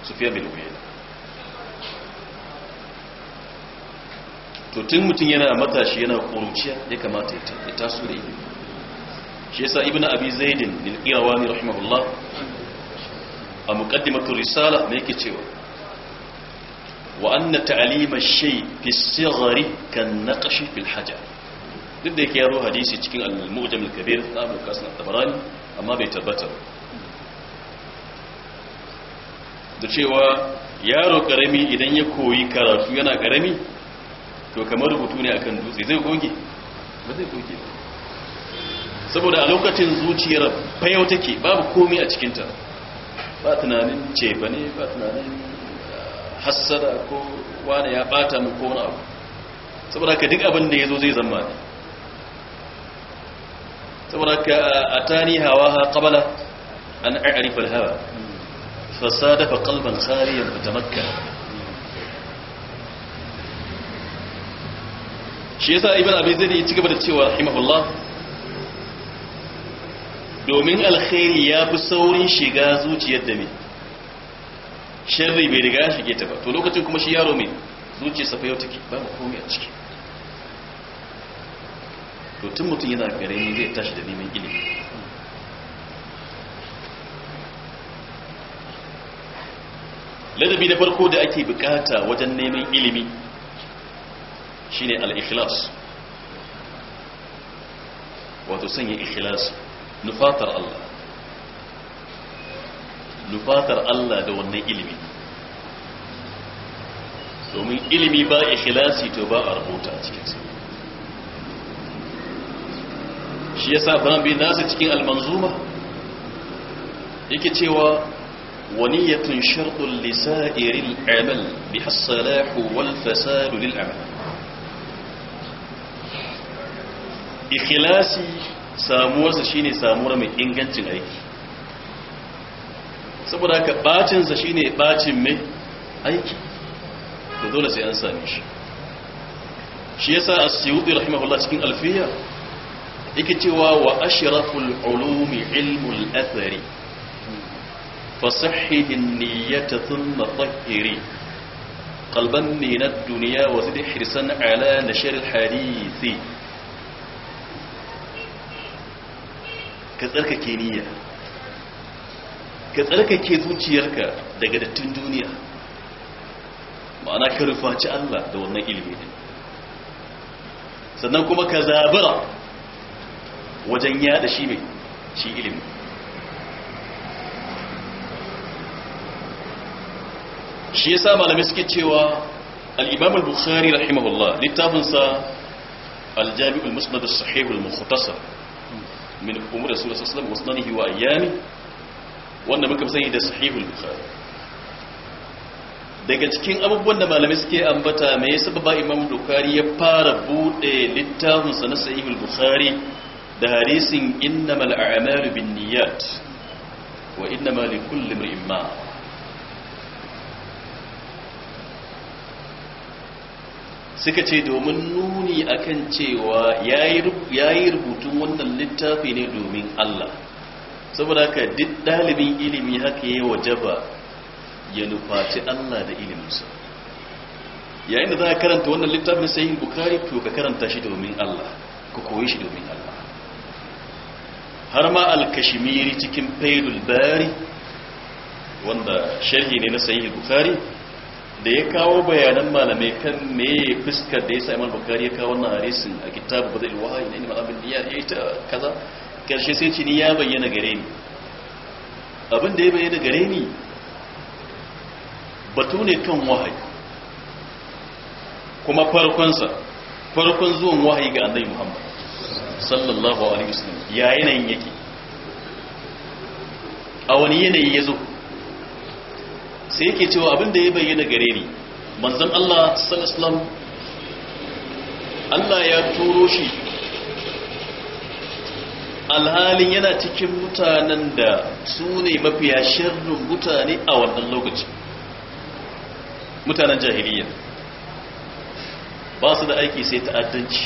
sufiya bin uyayna to tun mutum yana a matashi yana kuruciya ya kamata ya taso da ilimi shi yasa ibn abi zaidin bin qirawani rahimahullah a muqaddimatu risala me yake cewa wa anna ta'lima shay fi as sighri kan naqsh fil hajar duk da yake yaro hadisi cikin al-mu'jam al-kabir na Abu Qasim al-Tabarani amma bai tabbata ba da cewa yaro karami idan ya koyi karatu yana karami to kamar rubutu ne akan dutse zai goge ba zai goge ba saboda a lokacin zuciyar fayau take babu komai a cikinta ba tunanin cefa ne ba tunanin ah, hassada ko wane ya bata mu ko wani abu saboda ka duk abin da ya zo zai zama ne saboda ka a ah, tani hawa ha kabala an a'arifar hawa fasadafa قلبا خاليا متمكنا shi yasa ibn abi zaid ya cigaba da cewa rahimahullah domin alkhairi ya fi saurin shiga zuciyar da ne sharri bai riga shige ta ba to lokacin kuma shi yaro mai zuciyar sa fa yau take ba mu komai a ciki to tun mutum yana gare ni zai tashi da neman ilimi ladabi na farko da ake bukata wajen neman ilimi shine al-ikhlas wato sanya ikhlas nufatar Allah nufatar Allah da wannan ilimi domin ilimi ba ikhlasi to ba a rubuta a cikinsa shi yasa ban bin nasa cikin al-manzuma yake cewa ونية شرط لسائر العمل بها الصلاح والفساد للعمل إخلاصي ساموز زشيني سامور من إنجان تنعيك سبراك باتن زشيني باتن من أيك فذول سيان ساميش شيسا السيوطي رحمه الله سكين ألفية اكتوا وأشرف العلوم علم الأثري فصحه النية ثم طهري قلبا من الدنيا وزد حرصا على نشر الحديث كذلك كينية كذلك كيزوتيرك daga dattin duniya ma'ana ka rufaci Allah da wannan ilimi sannan kuma ka zabura wajen yada shi mai shi ilimi shi sa malamai suke cewa al bukhari rahimahullah littafin sa al-jami' al-musnad as-sahih al-mukhtasar min umur rasul sallallahu alaihi wasallam wa ayami wanda muka sani da sahih al-bukhari daga cikin abubuwan da malamai suke ambata me yasa ba imam bukhari ya fara buɗe littafin sa na sahih al-bukhari da hadisin innamal a'malu binniyat wa innamal likulli imrin ma suka ce domin nuni akan cewa ya yi rubutun wannan littafi ne domin Allah saboda haka duk ɗalibin ilimi haka ya wajaba ya nufaci Allah da iliminsa yayin da za a karanta wannan littafin sai bukari to ka karanta shi domin Allah ka koyi shi domin Allah har ma al cikin failul bari wanda sharhi ne na sahih bukari da ya kawo bayanan malamai kan me fuskar da ya sa imam bukari ya kawo wannan harisin a kitabu ba zai wahayi na imam abin ya yi ta kaza karshe sai ce ni ya bayyana gare ni abin da ya bayyana gare ni batu ne kan wahayi kuma farkonsa farkon zuwan wahayi ga annabi muhammad sallallahu alaihi wasallam ya yanayin yake a wani yanayi ya zo sai yake cewa abin da ya bayyana gare ni manzon Allah sallallahu Allah ya turo shi alhalin yana cikin mutanen da su ne mafiya sharrin mutane a wannan lokaci mutanen jahiliya ba su da aiki sai ta'addanci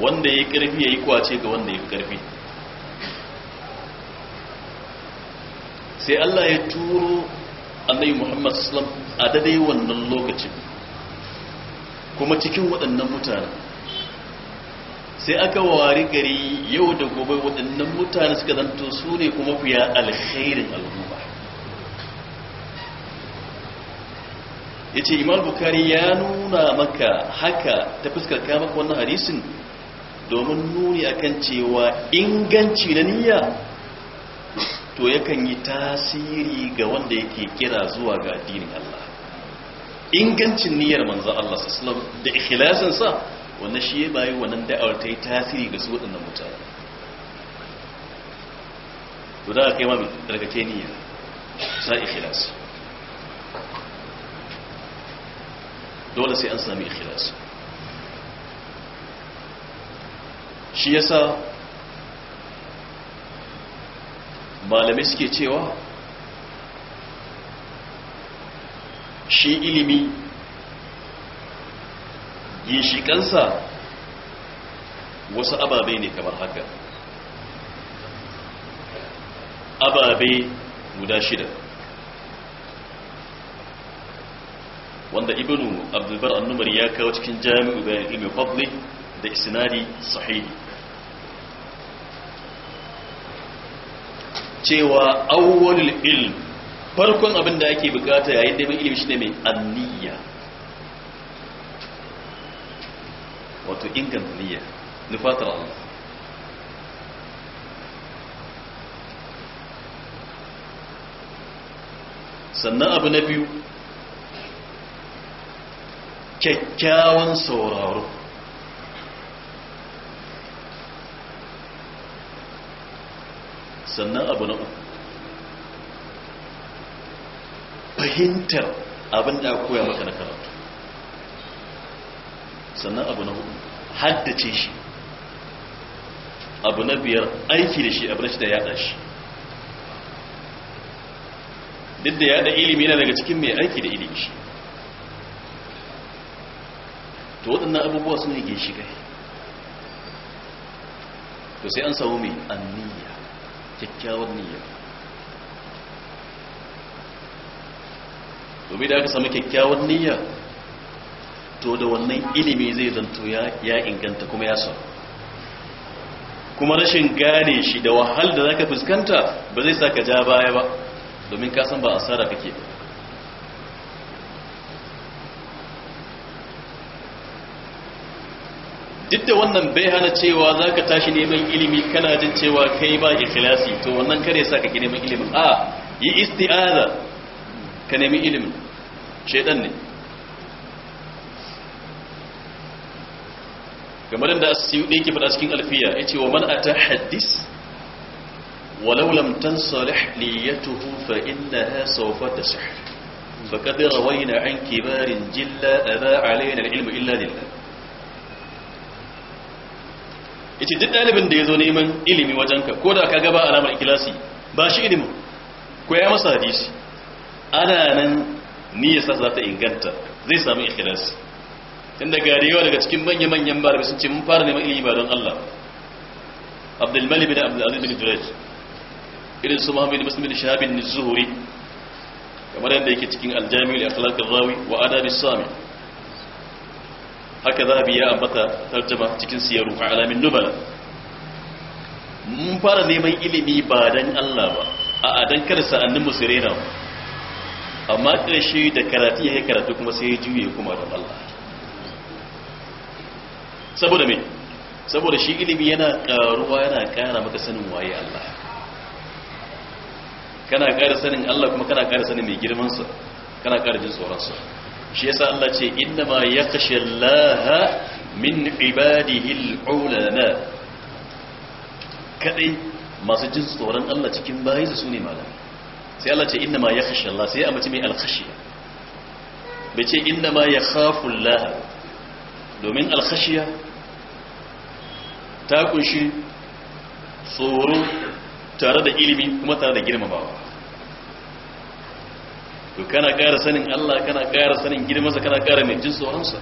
wanda ya yi ƙarfi ya yi kwace ga wanda ya yi sai Allah ya turo annabi Muhammad sallam a dadai wannan lokacin kuma cikin waɗannan mutane sai aka wari gari yau da gobe waɗannan mutane suka zanto su ne kuma fiya alkhairin al'umma ya ce imam bukhari ya nuna maka haka ta fuskar kama maka wannan hadisin domin nuni akan cewa inganci na niyya to yakan yi tasiri ga wanda yake kira zuwa ga addinin Allah ingancin niyyar manzo Allah sallallahu da ikhlasin sa wannan shi ya bayi wannan da'awar ta yi tasiri ga su waɗannan mutane to da kai ma mai ce niyya sa ikhlas dole sai an sami ikhlas shi yasa malamai suke cewa shi ilimi ginshikansa wasu ababe ne kamar haka ababe guda shida wanda ibnu abdulbar annumar ya kawo cikin jami'u bayan ilmi fadli da isnadi sahihi cewa awwalul ilm farkon abin da ake bukata yayin da ilimi shine mai anniya wato inganta niyya nufatar Allah sannan abu na biyu kyakkyawan sauraro sannan abu na uku fahimtar abin da koya maka na karatu sannan abu na hudu haddace shi abu na biyar aiki da shi abu na shi da yada shi duk da yada ilimi yana daga cikin mai aiki da ilimi shi to waɗannan abubuwa sun ne ginshigai to sai an samu mai anniya kyakkyawar niyya domin da aka samu kyakkyawar niyya to da wannan ilimi zai zanto ya inganta kuma ya samu kuma rashin gane shi da wahal da zaka fuskanta ba zai sa ka ja baya ba domin ka san ba asara kake ba duk da wannan bai hana cewa za ka tashi neman ilimi kana jin cewa kai ba ikhlasi to wannan kare sa kake neman ilimi a yi isti'aza ka nemi ilimi shaidan ne kamar da asiyudi yake fada cikin alfiya yace wa man haddis walau lam ya liyatuhu fa innaha sawfa tasih faqad rawayna an kibarin jilla aba alayna al-ilmu illa lillah yace duk dalibin da yazo neman ilimi wajenka ko da ka gaba alamar ikilasi ba shi ilimi ko ya masa hadisi ana nan niyyarsa za ta inganta zai samu ikilasi tunda daga yawa daga cikin manya-manyan malamai sun ce mun fara neman ilimi ba don Allah Abdul Malik bin Abdul Aziz bin Duraj irin su Muhammad Muslim bin Shahab bin Zuhri kamar yadda yake cikin Al-Jami' li Akhlaq ar-Rawi wa Adab as-Sami' haka za a biya ambata tarjama cikin siyaru a alamin nubala mun fara neman ilimi ba don Allah ba a adan kada sa'annin mu ba amma ƙarshe da karatu ya karatu kuma sai ya juye kuma don Allah saboda me saboda shi ilimi yana karuwa yana kara maka sanin waye Allah kana kara sanin Allah kuma kana kara sanin mai girmansa kana kara jin tsoronsa shi yasa Allah ce inna ma yakhshallaha min ibadihi al-ulama kadai masu jin tsoron Allah cikin bayinsa sune malami sai Allah ce inna ma yakhshallaha sai a mace mai al-khashiya bai ce inna ma yakhafu Allah domin al-khashiya ta kunshi tsoro tare da ilimi kuma tare da girmamawa to kana kara sanin Allah kana kara sanin girmansa kana kara mai jin tsoronsa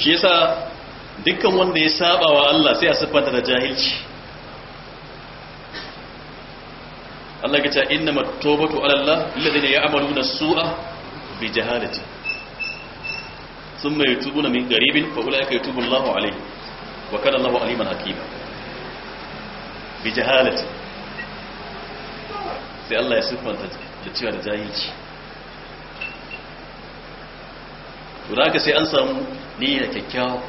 shi yasa dukkan wanda ya saba wa Allah sai a siffanta da jahilci Allah ya ce inna matubatu ala Allah alladhina ya'maluna su'a bi jahalati thumma yatubuna min qaribin fa ulaika yatubu Allahu alayhi wa kana Allahu aliman hakima bi jahalati sai Allah ya siffanta da cewa da jahilci to da sai an samu niyya kyakkyawa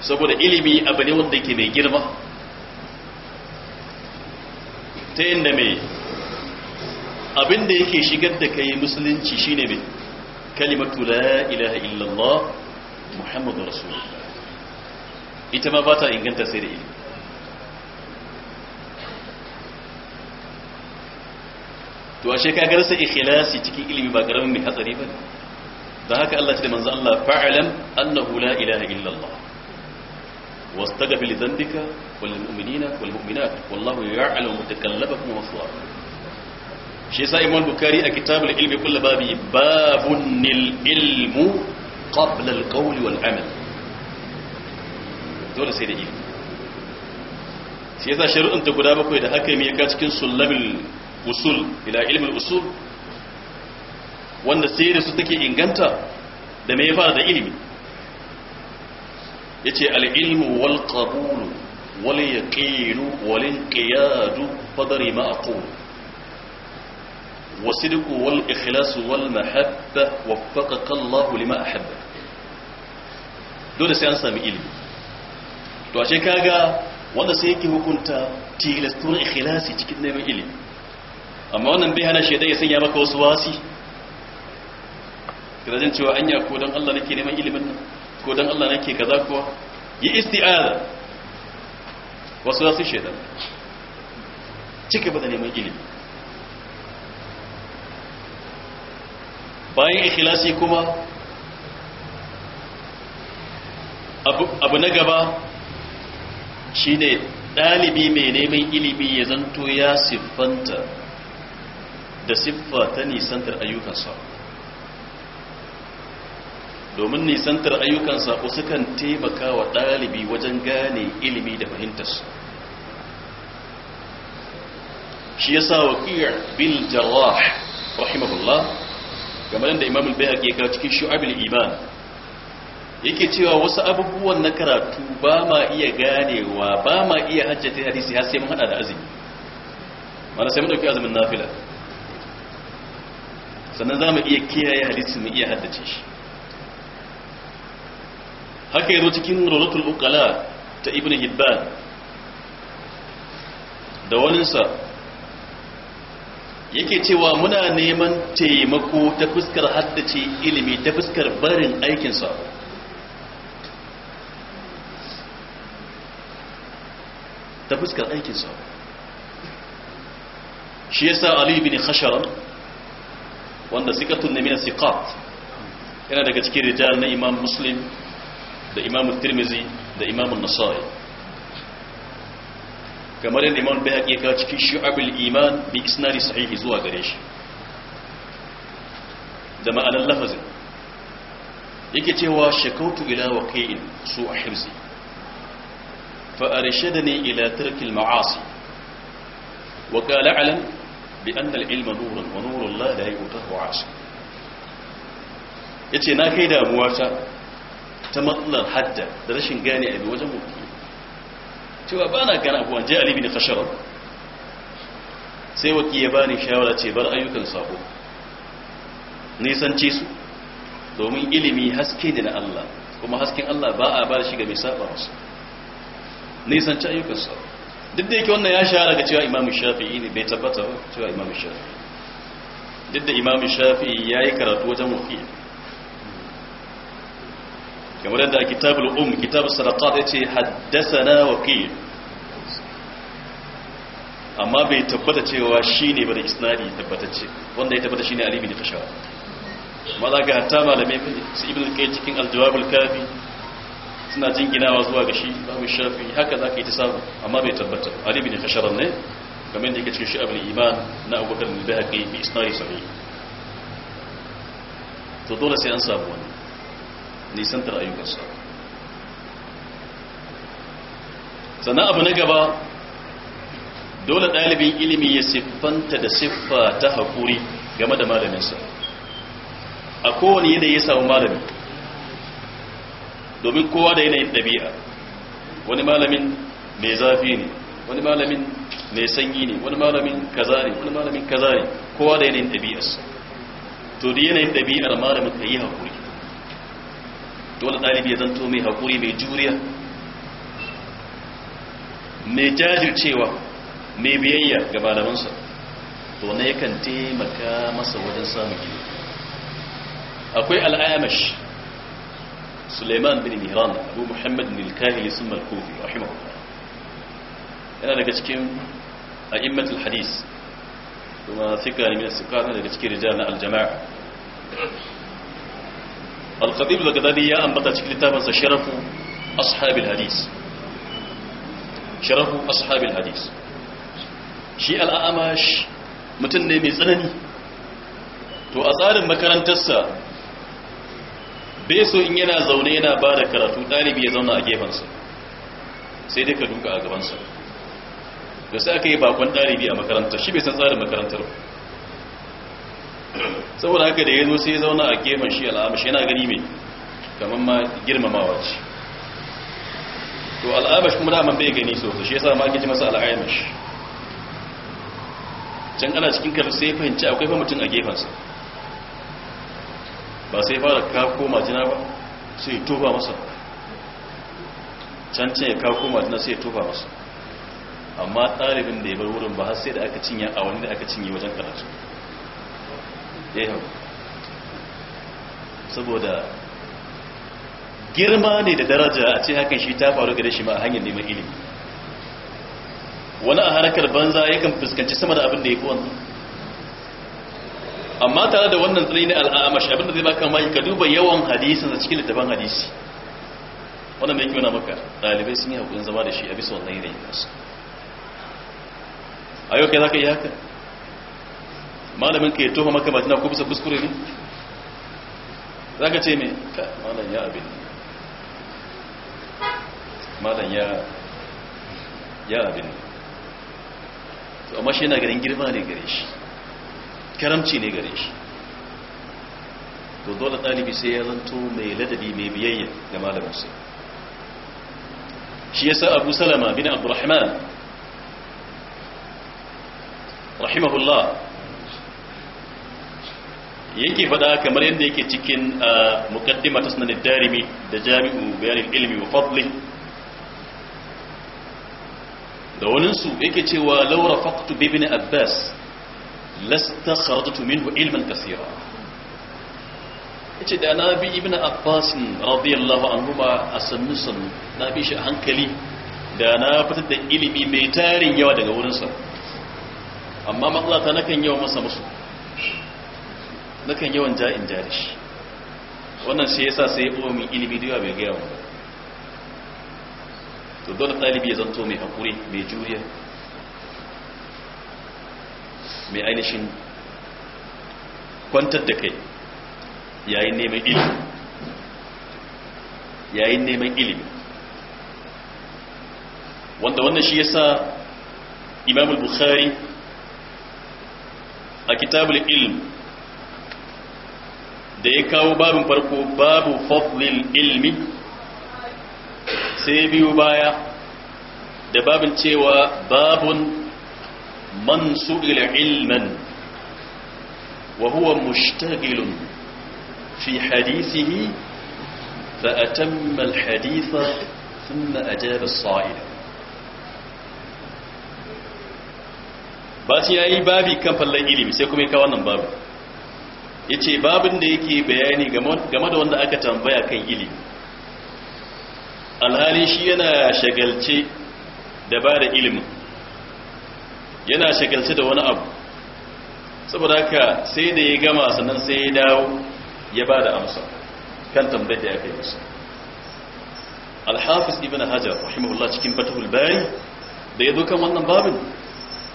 saboda ilimi abu ne wanda ke mai girma ta inda mai abinda yake shigar da kai musulunci shine mai kalimatu la ilaha illallah muhammadu rasulullah ita ma ba ta inganta sai da ilimi to ashe ka ga rasa ikhlasi cikin ilimi ba karamin mai hatsari ba da haka Allah ce da manzo Allah fa'alam annahu la ilaha illa Allah wastaghfir li dhanbika wal mu'minina wal mu'minat wallahu ya'lamu mutakallabakum wa maswaakum shi sa Imam Bukhari a kitabul ilmi kullu babi babun nil ilmu qabla al qawli wal amal dole sai da ilimi shi yasa shari'un ta guda bakwai da haka mai ka cikin sulamil usul ila ilmin usul wanda sai su take inganta da ya fara da ilimi yace ce ilmu wal ƙabulu wali ya ƙiru walin ƙiyadu fadari ma'aƙo wasu wal ikhlasu wal mahabba wafaka kallahu lima a dole sai an sami ilimi to a kaga wanda sai yake hukunta tilastun ikhlasi cikin neman ilimi amma wannan bai hana shaidai ya sanya maka wasu wasi kada jin cewa anya ko don Allah nake neman ilimin nan ko don Allah nake kaza kuwa yi isti'aza wasu wasu shaidan ba da neman ilimi bayan ikhlasi kuma abu na gaba shi ne ɗalibi mai neman ilimi ya zanto ya siffanta da siffa ta nisantar ayyukan domin nisantar ayyukan sabo sukan taimaka wa ɗalibi wajen gane ilimi da fahimtarsu shi ya sa waƙiyar bil jarrah rahimahullah game da imam al-bayhaqi ya cikin shu'abul iman yake cewa wasu abubuwan na karatu ba ma iya ganewa ba ma iya hajjata hadisi har sai mun hada da azumi mana sai mun dauki azumin nafila sannan za mu iya kiyaye hadisi mu iya haddace shi haka yazo cikin rawdatul uqala ta ibnu hibban da waninsa yake cewa muna neman taimako ta fuskar haddace ilimi ta fuskar barin aikinsa ta fuskar aikinsa shi yasa ali bin khashara wanda sikatun tunne mina siqat yana daga cikin rijal na imam muslim da imam tirmizi da imam nasai kamar yadda imam bayhaqi ya kawo cikin shu'abul iman bi isnari sahihi zuwa gare shi da ma'anar lafazin yake cewa shakautu ila waqi'in su ahirzi fa arshadani ila tarkil ma'asi wa qala alam bi annal ilma nurun wa nurun la da yu'tahu ash yace na kai damuwa ta ta matsalar hadda da rashin gane abin wajen mutum cewa ba na gane abuwan je alibi ne kasharar sai waki ya bani shawara ce bar ayyukan sabo nisance su domin ilimi haske da na Allah kuma hasken Allah ba a ba shi ga mai saba masu nisance ayyukan sabo duk da yake wannan ya shahara daga cewa imamu shafi'i ne bai tabbata ba cewa imamu shafi'i duk da imamu shafi'i ya yi karatu wajen wafi kamar yadda a kitabul um kitabul sadaqat ya ce haddasa na wafi amma bai tabbata cewa shi ne bada isnadi tabbatacce wanda ya tabbata shi ne alibi da kashawa ma za ka hatta malamai su ibn kai cikin aljawabul kafi suna jinginawa zuwa ga shi babu shafi haka za ka yi ta samu amma bai tabbata ali bin kasharar ne kamar da yake cikin shi abin iman na abubakar da haƙi bi isnari sami to dole sai an samu wani nisantar ayyukansa sannan abu na gaba dole ɗalibin ilimi ya siffanta da siffa ta haƙuri game da malaminsa a kowane yanayi ya samu malami domin kowa da yanayin ɗabi'a wani malamin mai zafi ne wani malamin mai sanyi ne wani malamin kaza ne wani malamin kaza ne kowa da yanayin ɗabi'arsa to da yanayin ɗabi'ar malamin ka yi haƙuri dole ɗalibi ya zanto mai haƙuri mai juriya mai jajircewa mai biyayya ga malamansa to ne yakan taimaka masa wajen samun gini akwai al'ayamashi سليمان بن مهران أبو محمد بن الكاهلي ثم الكوفي رحمه الله أنا لقيتكم أئمة الحديث وما ثقاني يعني من الثقات لقيتكم رجالنا الجماعة الخطيب الغزالي يا أنبت كتابا شرف أصحاب الحديث شرف أصحاب الحديث شيء الأعمش متنمي زنني تو to مكان تسا bai so in yana zaune yana ba da karatu ɗalibi ya zauna a gefensa sai dai ka duka a gabansa da sai aka yi bakon ɗalibi a makarantar shi bai san tsarin makarantar saboda haka da ya zo sai ya zauna a gefen shi shi yana gani mai kamar ma girmamawa ce to al'amashi kuma daman bai gani so shi yasa ma ake ji masa al'amashi can ana cikin karfi sai fahimci akwai fa mutum a gefensa ba sai fara kako majina ba sai tofa masa can ya ya kako majina sai tofa masa amma ɗalibin da ya bar wurin ba har sai da aka cinye a wani da aka cinye wajen karatu ya hau saboda girma ne da daraja a ce hakan shi ta faru gare shi ma a hanyar neman ilimi wani a harkar banza yakan fuskanci sama da abin da ya fi wannan amma tare da wannan tsari na al'amashi abinda zai baka mai ka duba yawan hadisin a cikin littafin hadisi wannan mai kyona maka ɗalibai sun yi haƙurin zama da shi a bisa wannan yanayin nasu a yau kai za ka yi haka malamin ka ya tofa maka ba tana ko bisa kuskure ne za ka ce mai ka malam ya abin malam ya abin amma shi yana garin girma ne gare shi karamci ne gare shi to dole ɗalibi sai ya zanto mai ladabi mai biyayya ga malaminsa shi yasa abu salama bin abdurrahman rahimahullah yake faɗa kamar yadda yake cikin muqaddima ta sunan darimi da jami'u bayan ilmi wa fadli da waninsu yake cewa laura faqtu bi ibn abbas lasta kharajtu minhu ilman kaseera yace da na bi ibnu abbas radiyallahu anhuma a san na bi shi hankali da na fitar da ilimi mai tarin yawa daga wurin sa. amma ta nakan yawa masa musu nakan yawan ja'in jari shi wannan shi yasa sai ya min ilimi da yawa bai gaya wa to dole ɗalibi ya zanto mai hakuri mai juriya mai ainihin kwantar da kai yayin neman ilimi yayin neman ilimi wanda wannan shi yasa imam al-bukhari a kitabul ilm da ya kawo babin farko babu fadlil ilmi sai biyu baya da babin cewa babun man ilmin ilman wa huwa mushtaghilun fi hadithihi fa atamma alhaditha thumma ajaba as-sa'ila basi yayi babi kan fallan ilimi sai kuma ya kawo wannan babu yace babin da yake bayani game da wanda aka tambaya kan ilimi alhali shi yana shagalce da ba da ilimin yana shagalci da wani abu saboda haka sai da ya gama sannan sai ya dawo ya ba da amsa kan tambayar da ya kai masa alhafiz ibn hajar rahimahullah cikin fatahul bari da ya zo kan wannan babin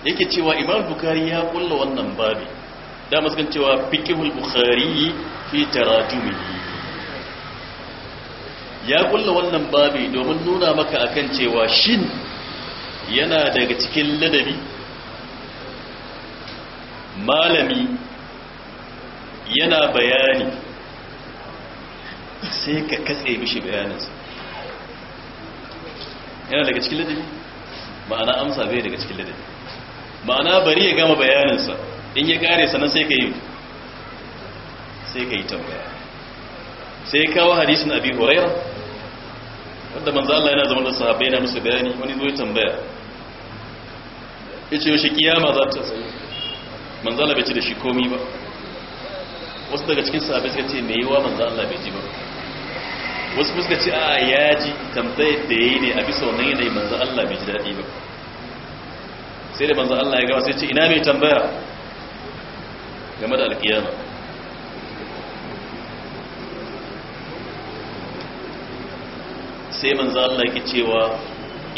yake cewa imam bukari ya kulla wannan babi da muskan cewa fiqhul bukhari fi tarajumihi ya kulla wannan babi domin nuna maka akan cewa shin yana daga cikin ladabi malami yana bayani sai ka katse mishi bayaninsa yana daga cikin ladabi ma'ana amsa bai daga cikin ladabi ma'ana bari ya gama bayaninsa in ya kare sannan sai ka yi sai ka yi tambaya sai kawo hadisin abi horaira wadda manzo Allah yana zama da sahabbai yana musu bayani wani zo ya tambaya yace yaushe kiyama za ta tsaye manzala bai ci da shi komi ba wasu daga cikin sahabbai suka ce me yawa manzo Allah bai ji ba wasu suka ce a ya ji tambayar da yayi ne a bisa wannan yanayi manzo Allah bai ji dadi ba sai da manzo Allah ya ga sai ce ina mai tambaya game da alkiyama sai manzo Allah yake cewa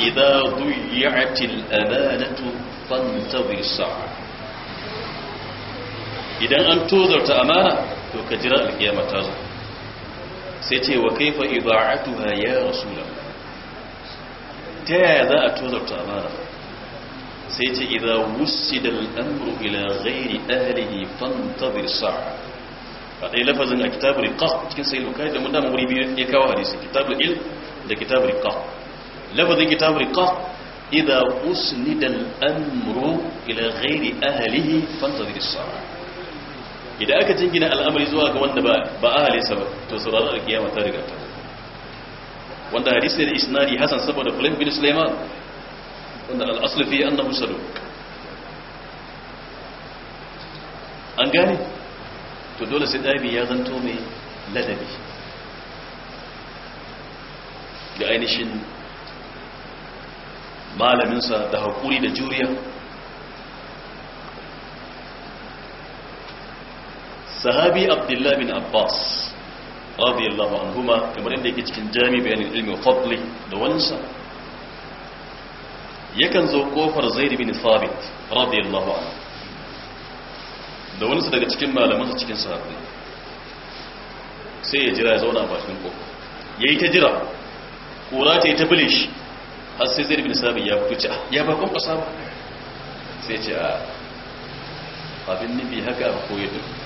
idza duyya'atil amanatu fantazir sa'a idan an tozarta amana to ka jira alkiyama ta zo sai ce wa kaifa ida'atuha ya rasulullah ta yaya za a tozarta amana sai ce idan wusida amru ila ghairi ahlihi fantazir sa'a a dai lafazin a kitabul qaf cikin sahih bukhari da mun da muri biyu ya kawo hadisi kitabul il da kitabul qaf lafazin kitabul qaf idan usnida amru ila ghairi ahlihi fantazir sa'a idan aka jingina al'amari zuwa ga wanda ba ahalinsa ba to sauran alkiyama ta riga ta wanda hadisi ne da isnadi hasan saboda fulim bin sulaiman wanda al'aslu fi annahu saduk an gane to dole sai dabi ya zanto mai ladabi ga ainihin malaminsa da haƙuri da juriya sahabi abdullahi bin abbas radiyallahu anhuma kamar inda yake cikin jami bayanin ilmi fadli da wansa yakan zo kofar zaid bin thabit radiyallahu anhu da wansa daga cikin malamansa cikin sahabbai sai ya jira ya zauna a bakin kofar yayi ta jira kura ta yi ta bule shi har sai zaid bin thabit ya fito ya ah, bakon kasa ba sai ce a ah, abin nufi haka ko ya da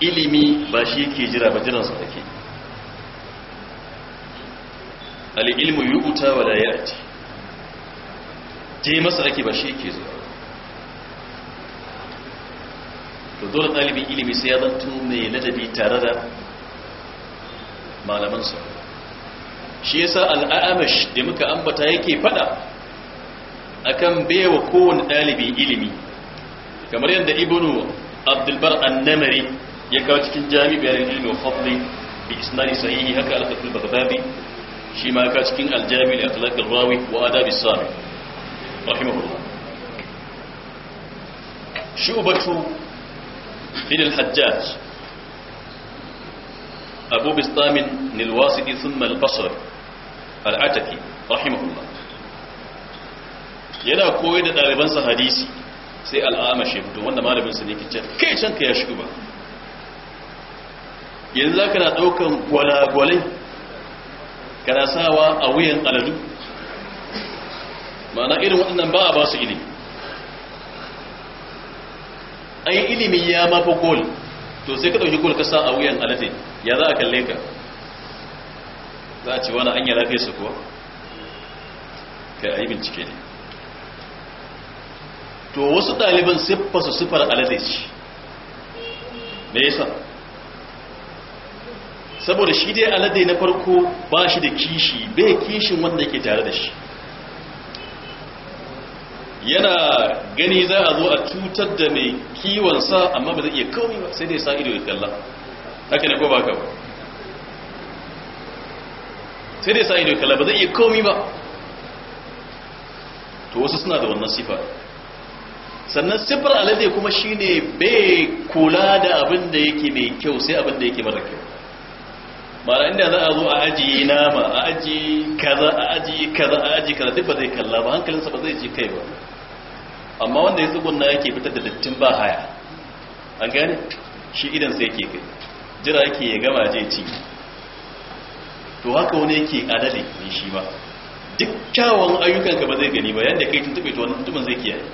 ilimi ba shi ke jira ba jiransa take al'ilmu yi uta wa da ya ce je masa ake ba shi ke zuwa to dole ɗalibin ilimi sai ya zanto mai ladabi tare da malamansa shi yasa al'amash da muka ambata yake fada akan baiwa kowane ɗalibin ilimi kamar yadda ibnu abdulbar annamari ya kawo cikin jami bayan ilmi wa fadli bi isnadi sahihi haka al-khatib al-baghdadi shi ma ka cikin al-jami li akhlaq al-rawi wa adab as-sami rahimahullah shubatu bin al-hajjaj abu bistam al-wasiti thumma al-basri al-ataki rahimahullah yana koyi da ɗalibansa hadisi sai al'ama shi wanda malamin sa ne ke can kai can ka ya shigo ba yanzu za ka na ɗaukan gwalagwalai kana sawa a wuyan aladu ma'ana irin waɗannan ba a ba su An yi ilimin ya mafi gol to sai ka ɗauki gol ka sa a wuyan alade ya za a kalle ka za a ce wani an yi rafe su kuwa ka yi bincike ne to wasu ɗaliban siffa su siffar alade ce me yasa saboda shi dai alade na farko ba shi da kishi bai kishin wanda yake tare da shi yana gani za a zo a cutar da mai kiwonsa amma ba zai iya kawai ba sai dai sa ido ya kalla haka ne ko ba ka ba sai dai sa ido ya kalla ba zai iya kawai ba to wasu suna da wannan sifa sannan sifar alade kuma shine bai kula da abin da yake mai kyau sai abin da yake mara kyau mara inda za a zo a ajiye nama a ajiye kaza a ajiye kaza a ajiye kaza duk ba zai kalla ba hankalinsa ba zai ji kai ba amma wanda ya tsugunna yake fitar da dattin ba haya an gane shi idan sai yake kai jira yake ya gama je ci to haka wani yake adali ne shi ba duk kyawun ayyukanka ba zai gani ba yadda kai tuntube to wannan tuntuban zai kiyaye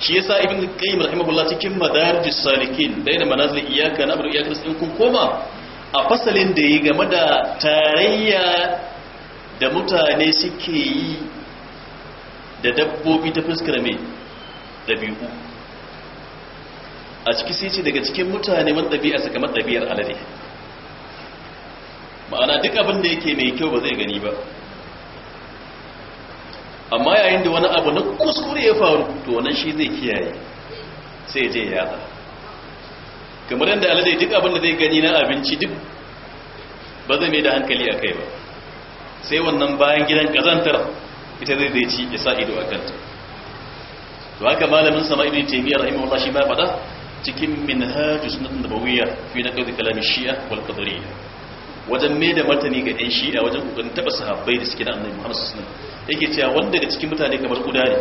shi yasa ibn qayyim rahimahullah cikin madarijus salikin dai da manazil iyyaka na'budu iyyaka nasta'in kun koma a fasalin da yi game da tarayya da mutane suke yi da dabbobi ta fuskar mai dabi'u, a ciki sai ce daga cikin mutane wanda biya su kamar alade ma'ana duk abin da yake mai kyau ba zai gani ba amma yayin da wani abu na kuskure ya faru to wannan shi zai kiyaye sai je ya yada kamar yadda alade duk abin da zai gani na abinci duk ba zai mai da hankali a kai ba sai wannan bayan gidan kazantar ita zai zai ci ya sa ido a kanta to haka malamin sama ibn taymiyyah rahimahullah shi ma fada cikin minhaj sunnat nabawiyya fi naqd kalam shi'a wal qadariyya wajen mai da martani ga ɗan shi'a wajen kokarin taba sahabbai da suke da annabi Muhammad sallallahu alaihi wasallam yake cewa wanda daga cikin mutane kamar kuda ne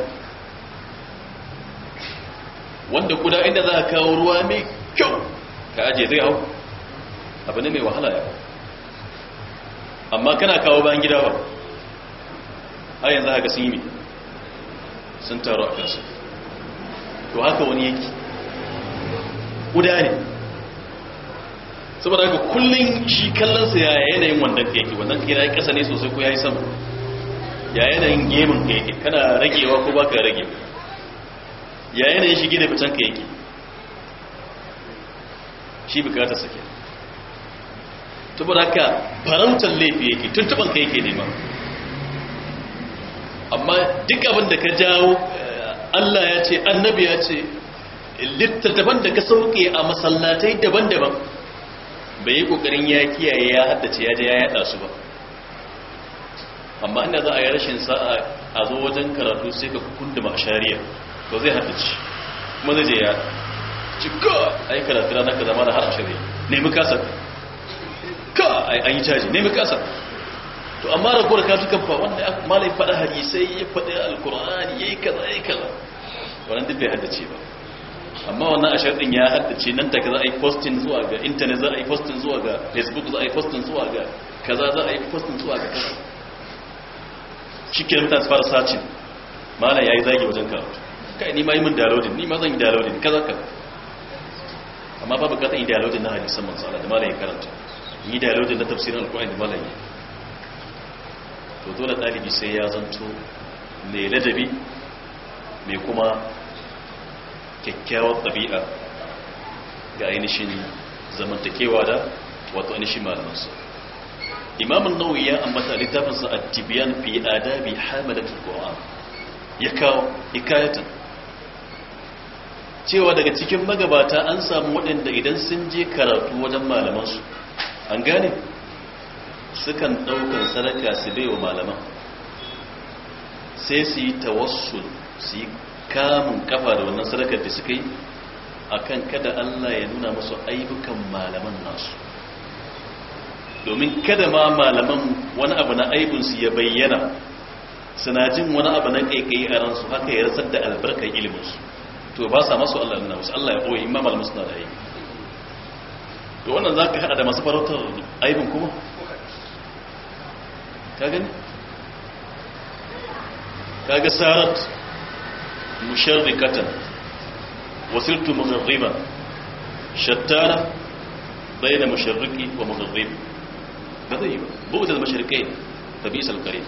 wanda kuda inda za a kawo ruwa mai kyau ka aje zai hau abu ne mai wahala ya amma kana kawo bayan gida ba a yanzu haka sun yi ne sun taro a kansu to haka wani yake kuda ne saboda haka kullum shi kallonsa ya yanayin wanda ka yake wannan ka ya ƙasa ne sosai ko ya yi sama ya yanayin gemin ka yake kana ragewa ko ba ka rage ya yanayin shi da fitan ka yake shi bukatar sa kenan saboda ka farantar laifi yake tuntuban ka yake nema amma duk abin da ka jawo eh, Allah ya ce annabi ya ce daban da ka sauke a masallatai daban-daban bai yi kokarin ya kiyaye ya haddace ya je ya yada su ba amma inda za a yi rashin sa'a a zo wajen karatu sai ka kunduma a shari'a ko zai haddace kuma zai je ya cika a yi karatu rana ka zama da har ashirin nemi kasa ka an yi caji nemi kasa to amma da ka katukan fa wanda ya fada faɗa sai ya faɗi alkur'ani ya yi kaza ya yi kaza wannan duk bai haddace ba amma wannan ashirin din ya haddace nan take za a yi posting zuwa ga internet za a yi posting zuwa ga facebook za a yi posting zuwa ga kaza za a yi posting zuwa ga kaza cikin ta fara sacin ya yayi zagi wajen karatu kai ni ma yi min downloading ni ma zan yi downloading kaza kaza amma babu katon dialogin na hadisan manzo Allah da malamin karanta dialogin na tafsirin alkur'ani da malamin to dole ɗalibi sai ya zanto mai ladabi mai kuma kyakkyawar ɗabi'a ga ainihin zamantakewa da wato ainihin malamansu imamun nau'i ya ambata littafinsa a tibiyan fi adabi hamadat al-qur'an ya kawo ikayatan cewa daga cikin magabata an samu waɗanda idan sun je karatu wajen malamansu an gane sukan ɗaukar sadaka su bai wa malaman sai su yi tawassul su yi kamun kafa da wannan sadakar da suka yi a kan kada Allah ya nuna musu ayyukan malaman nasu domin kada ma malaman wani abu na aibinsu ya bayyana suna jin wani abu na kaikayi a ransu haka ya rasar da albarkar iliminsu to ba sa masu Allah na wasu Allah ya koyi mamal musu na da yi to wannan za ka haɗa da masu farautar aibin kuma ka gani ka ga sarat musharrikatan wasirtu mugarriba shattara bai da musharriki wa mugarriba ba zai yi ba buɗe da mashirkai ta bi salkare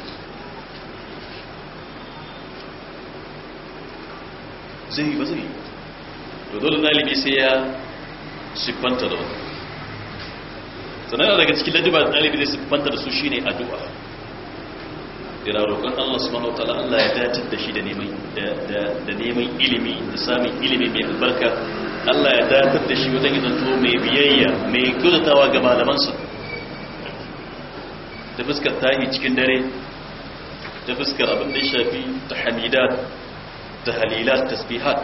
zai yi ba zai yi to dole ɗalibi sai ya siffanta da wani sannan daga cikin ladiba da ɗalibi zai siffanta da su shi ne addu'a ira roƙon allah su mana allah ya datar da shi da neman ilimi da samun ilimi mai albarka allah ya datar da shi wajen izanto mai biyayya mai kyautatawa ga malamansa ta fuskar tahi cikin dare ta fuskar abin da ya shafi ta hamida tahalilat tasbihat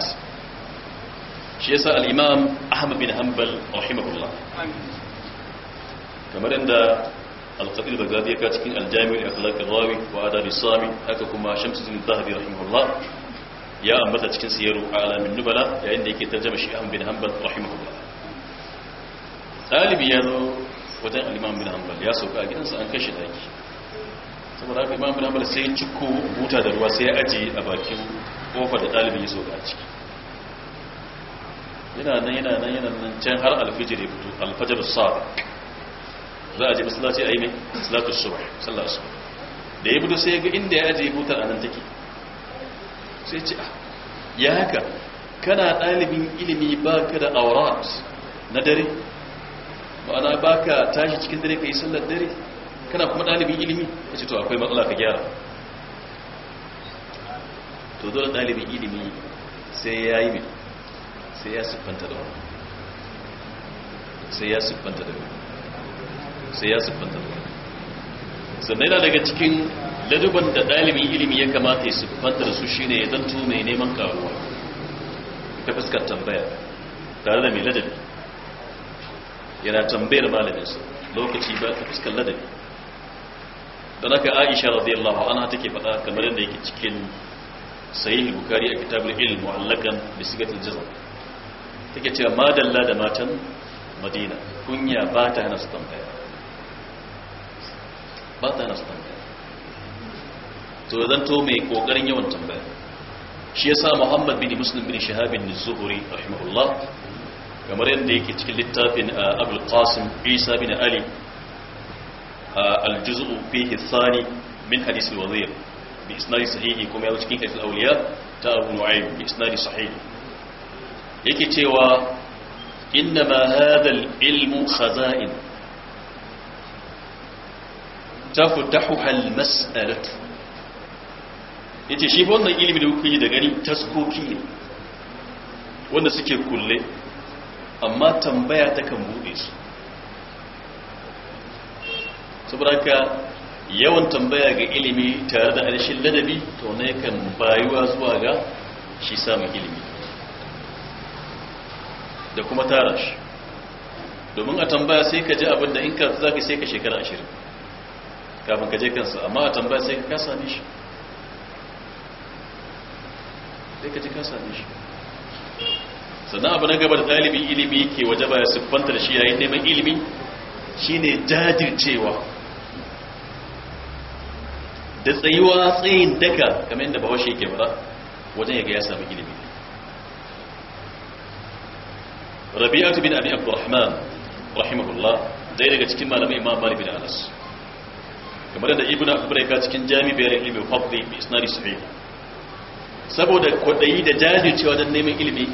shi yasa al-imam ahmad bin hanbal rahimahullah kamar inda al-qatil baghdadi ka cikin al-jami' al-akhlaq ar-rawi wa adab as-sami haka kuma shamsuddin zahabi rahimahullah ya ambata cikin siyaru alamin nubala yayin da yake tarjuma shi ahmad bin hanbal rahimahullah talibi ya zo wajen al-imam bin hanbal ya sauka a gidansa an kashe daki saboda haka imam bin hanbal sai ya ciko buta da ruwa sai ya aje a bakin kofar da dalibi ya soka a ciki yana nan yana nan yana nan can har alfijir ya fito alfajar sara za a je masallaci a yi mai salatu subah sallar subah da ya fito sai ya ga inda ya aje motar a nan take sai ce ah, ya haka kana ɗalibin ilimi ba ka da awrat na dare ma'ana ba ka tashi cikin dare ka yi sallar dare kana kuma ɗalibin ilimi ya ce to akwai matsala ka gyara to dole dalibin ilimi sai ya yi sai ya siffanta da wani sai ya siffanta da wani sai ya siffanta da wani sannan yana daga cikin ladubban da dalibin ilimi ya kamata ya siffanta da su shine ya zanto mai neman karuwa ta fuskar tambaya tare da mai ladabi yana tambayar malaminsa lokaci ba ta fuskar ladabi don haka aisha radiyallahu anha take faɗa kamar yadda yake cikin sahih al-bukhari a kitab al-ilm mu'allaqan bi sigat al-jazm take cewa ma dalla da matan madina kunya ba ta hana su tambaya ba ta hana su tambaya to zan to mai kokarin yawan tambaya shi yasa muhammad bin muslim bin shahab bin zuhri rahimahullah kamar yadda yake cikin littafin abul qasim isa bin ali al-juz'u fihi thani min hadith al-wazir بإسناد صحيحي كما يقول كين حديث الأولياء تاب نعيم بإسناد صحيحي يكي تيوى إنما هذا العلم خزائن تفتحها المسألة yace shi wannan ilimin da kuke yi da gani taskoki ne wanda suke kulle amma tambaya ta kan bude su saboda ka yawan tambaya ga ilimi tare da harshen ladabi to ne kan bayuwa zuwa ga shi samun ilimi da kuma tara shi domin a tambaya sai ka ji abin da in ka za ka sai ka shekara ashirin kafin ka je kansa amma a tambaya sai ka same shi sai ka ji ka same shi sannan abu na gaba da ɗalibin ilimi ke waje baya ya siffanta da shi yayin neman ilimi shine jajircewa da tsayuwa tsayin daka kamar yadda bahaushe ke fara wajen yaga ya samu ilimi rabi'atu bin abi abdurrahman rahimahullah dai daga cikin malamai imam malik bin anas kamar da ibnu abraika cikin jami bayan ilimi fadli bi isnadi sahih saboda kwadayi da jajircewa don neman ilimi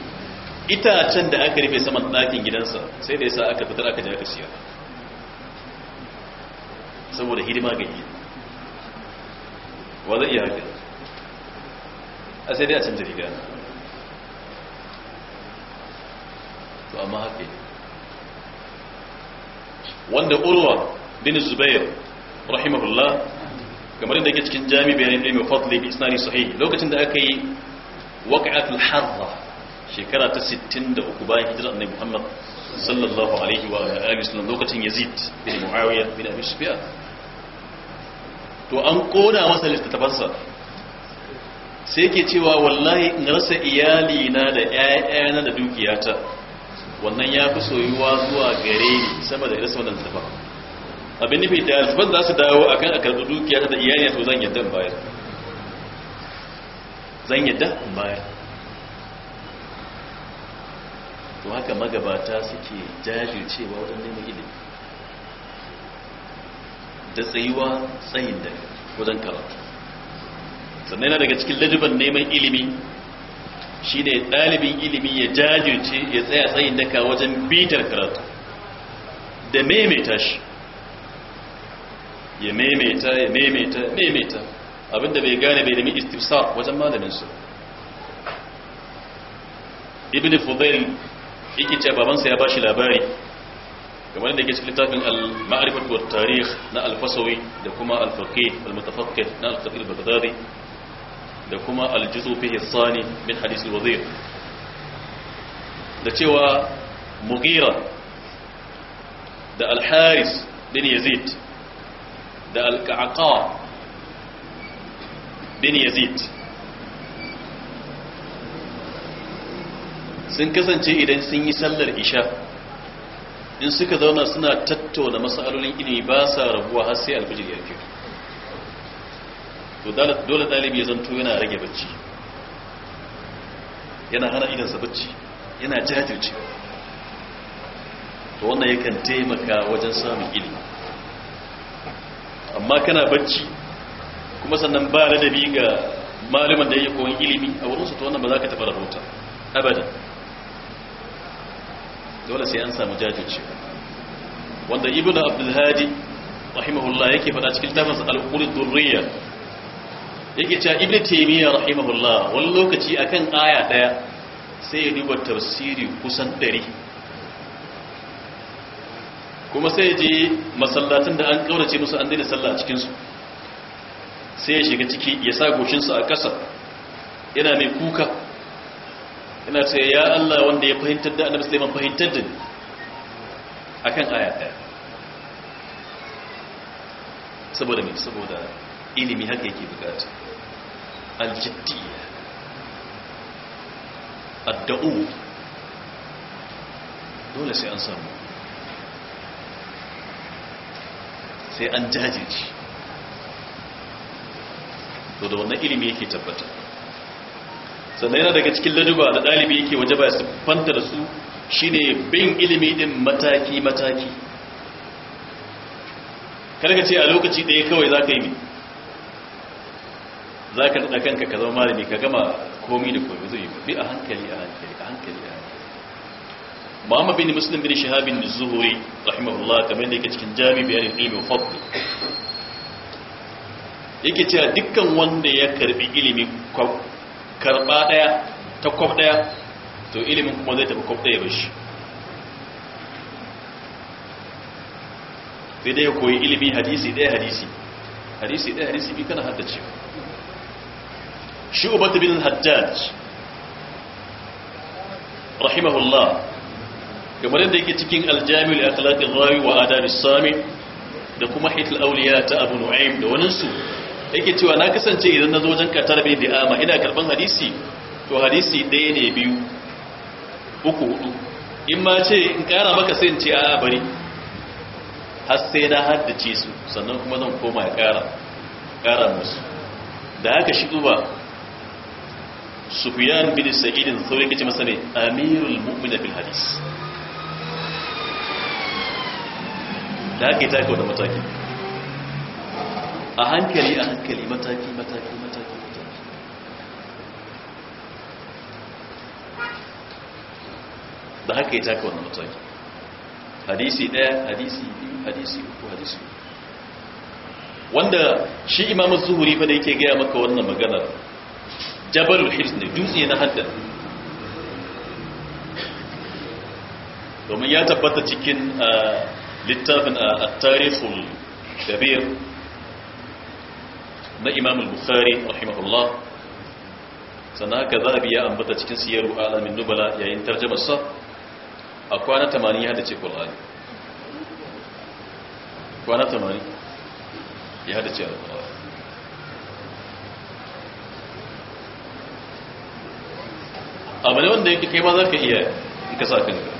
ita can da aka rufe saman ɗakin gidansa sai da yasa aka fitar aka je aka siya saboda hidima ga gidi wa zai iya haka a sai dai a canza riga to amma haka wanda urwa bin zubair rahimahullah kamar da yake cikin jami bayanin ilmi fadli bi isnadi sahih lokacin da aka yi waqa'atul harra shekara ta 63 bayan hijira annabi Muhammad sallallahu alaihi wa alihi wasallam lokacin Yazid bin Muawiya bin Abi Sufyan to an koda masa littattafansa sai yake cewa wallahi na rasa iyalina da ƴaƴana da dukiyata wannan ya fi soyuwa zuwa gare ni sama da irasa wannan tafa abin nufi da alfan za su dawo akan a karɓi dukiyata da iyalina to zan yadda bayar zan yadda bayar to haka magabata suke jajircewa wajen neman ilimi da tsayuwa tsayin da wajen karatu sannan yana daga cikin lajiban neman ilimi shi ne ɗalibin ilimi ya jajirce ya tsaya tsayin daka wajen bitar karatu da maimaita shi ya maimaita ya maimaita maimaita abinda bai gane bai nemi istifsa wajen malaminsu ibn fudail yake ce babansa ya ba shi labari kamar da ke cikin littafin al-ma'rifat wa tarikh na al-fasawi da kuma al-faqih al-mutafaqqih na al-faqih al-baghdadi da kuma al-juzu fihi sani min hadith al-wazir da cewa mughira da al-haris bin yazid da al-qa'qa bin yazid sun kasance idan sun yi sallar isha in suka zauna suna tattauna masalolin ilimi ba sa rabuwa har sai alfijir ya fito to dole dalibi ya zanto yana rage bacci yana hana idansa bacci yana jajirce to wannan yakan taimaka wajen samun ilimi amma kana bacci kuma sannan ba ladabi ga malaman da yake koyon ilimi a wurinsu to wannan ba za ka taɓa rahota abadan dole sai an samu jajirce wanda ibnu abdul hadi rahimahullah yake fada cikin tafsir al-qur'an durriya yake cewa ibn taymiya rahimahullah wani lokaci akan aya daya sai ya duba tafsiri kusan 100 kuma sai je masallatin da an kaurace musu an daina sallah cikin su sai ya shiga ciki ya sa goshin su a ƙasa yana mai kuka ina ce ya Allah wanda ya fahimtar da annabi Sulaiman fahimtar da akan aya ɗaya saboda me saboda ilimi haka yake bukata aljaddiya adda'u dole sai an samu sai an jajirci to da wannan ilimi yake tabbata sannan yana daga cikin laduba da dalibi yake waje ba su fanta da su shine bin ilimi din mataki-mataki karka ce a lokaci ɗaya kawai za ka yi za ka naɗa kanka ka zama malami ka gama komi da komi zai yi bi a hankali a hankali a hankali a hankali muhammad bin muslim bin shahabin zuhuri rahimahullah kamar da yake cikin jami bayanin ilimin fadli yake cewa dukkan wanda ya karbi ilimi karba daya ta kwaf daya to ilimin kuma zai tafi kwaf daya ba shi sai dai ya koyi ilimi hadisi daya hadisi hadisi daya hadisi bi kana haddace shi ubatu bin hajjaj rahimahullah kamar yadda yake cikin aljami'ul akhlaqir rawi wa adab adabis sami da kuma hitul awliya ta abu nu'aym da su yake cewa na kasance idan na zo wajen katar bai da ama ina karban hadisi to hadisi ɗaya ne biyu uku hudu in ma ce in kara maka sai in ce a bari har sai na haddace su sannan kuma zan koma ya kara kara musu da haka shi uba sufiyan bin sa'idin saurin kace masa ne amirul mu'mina bil hadis da haka ita da mataki a hankali a hankali mataki mataki mataki mataki da haka ya taka wannan mataki hadisi ɗaya hadisi biyu hadisi uku hadisi wanda shi imamu zuhuri fa da yake gaya maka wannan maganar jabalul hirs ne dutse na haddar domin ya tabbata cikin ah, littafin a ah, tarihul kabir na imam al-bukhari rahimahullah sannan haka zabi ya ambata cikin siyaru alamin nubala yayin tarjamar sa a kwana 80 ya hadace qur'ani kwana 80 ya hadace qur'ani abu ne wanda yake kai ma zaka iya in ka sa kanka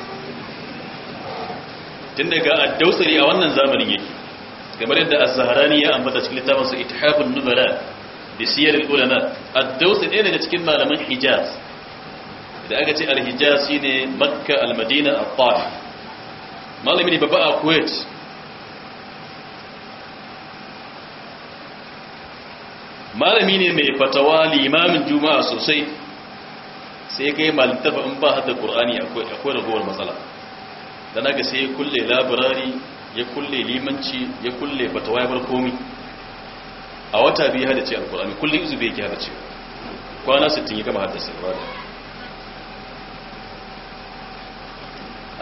tun daga a dausari a wannan zamanin yake kamar yadda az-zahrani ya ambata cikin littafin sa ittihafun nubala bi siyar al-ulama ad-dawsi ne daga cikin malaman hijaz da aka ce al-hijaz shine makka al-madina al taif malami ne babba a kuwait malami ne mai fatawa limamin juma'a sosai sai kai malitafa in ba hada qur'ani akwai akwai ragowar matsala dan haka sai kulle labrari ya kulle limanci ya kulle bata waya bar komi a wata biyu hada ce alkur'ani kullum izu bai ke hada ce kwana 60 ya gama hada sai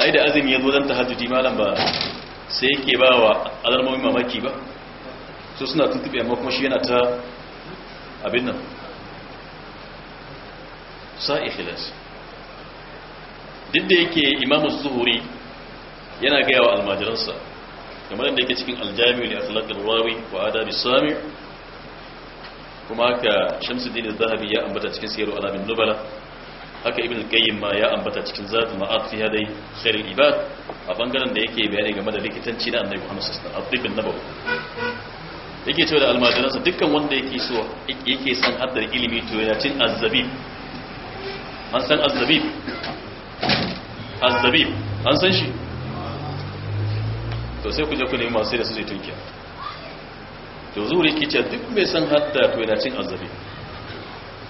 ai da azumi ya zo don tahajjudi malam ba sai yake ba wa alarmomin mamaki ba su suna tuntube amma kuma shi yana ta abin nan sa ikhlas duk da yake imamu zuhuri yana gaya wa almajiransa kamar da yake cikin aljami li akhlaqir rawi wa adab sami kuma haka shamsuddin az-zahabi ya ambata cikin siyar alamin nubala haka ibn al-qayyim ma ya ambata cikin zadul ma'ad fi hadai khair al-ibad a bangaren da yake bayani game da likitanci na annabi Muhammad sallallahu alaihi wasallam nabawi yake cewa da almajiransa dukkan wanda yake so yake san haddar ilimi to yana cin azzabib an san azzabib azzabib an san shi to sai ku je ku nemi masu sai da su zaitun to zuri ki ce duk mai san hadda to yana cin azabi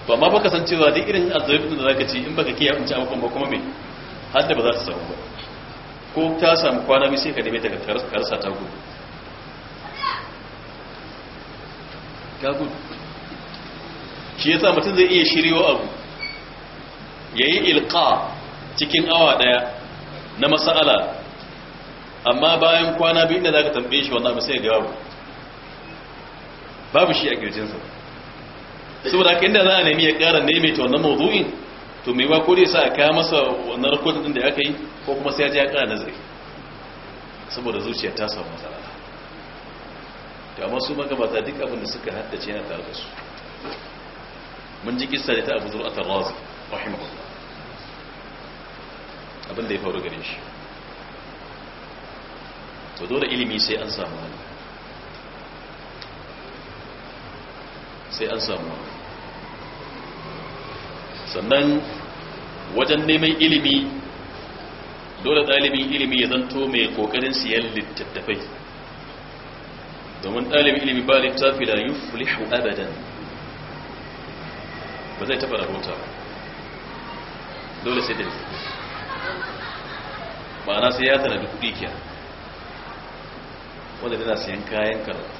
ba ma baka san cewa duk irin azabi da zaka ci in baka kiya in ci abokan ba kuma me hadda ba za ta samu ba ko ta samu kwana mai sai ka neme ta ka rasa ta gudu ga gudu shi yasa mutum zai iya shiryo abu yayi ilqa cikin awa daya na mas'ala amma bayan kwana biyu inda za ka tambaye shi wannan abu sai ga babu babu shi a girjinsa saboda haka inda za a nemi ya ƙara neme ta wannan mawudu'in to mai ba kodai sa a kaya masa wannan rikodin din da aka yi ko kuma sai ya ji ya ƙara nazari saboda zuciya ta samu matsala to amma su magabata duk abin da suka haddace yana tare da su mun ji kissa da ta abu zuwa ta razi rahimahullah abin da ya faru gare shi to dole ilimi sai an samu wani sai an samu wani sannan wajen neman ilimi dole ɗalibin ilimi ya zanto mai ƙoƙarin siyan littattafai domin ɗalibin ilimi ba littafi da yufulihu abadan ba zai taɓa rahota ba dole sai da ba na sai ya tana da kuɗi kiyar wanda tana sayan kayan karatu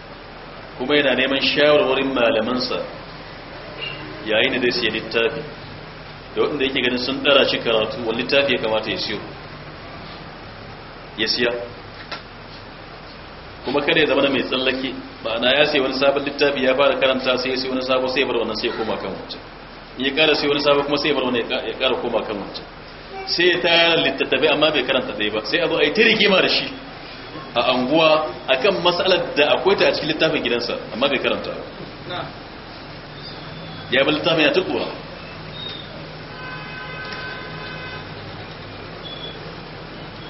kuma yana neman shawarwarin malamansa yayin da zai siya littafi da waɗanda yake ganin sun ɗara shi karatu wani littafi ya kamata ya siyo ya siya kuma kada ya zama mai tsallake ma'ana ya sai wani sabon littafi ya fara karanta sai ya sai wani sabon sai ya bar wannan sai ya koma kan wancan ya kara sai wani sabon kuma sai ya bar wannan ya kara koma kan wancan sai ya tayar littattafai amma bai karanta dai ba sai a zo a yi ta rigima da shi a anguwa akan matsalar da akwai ta a cikin littafin gidansa amma bai karanta ya bi littafin ya tukuwa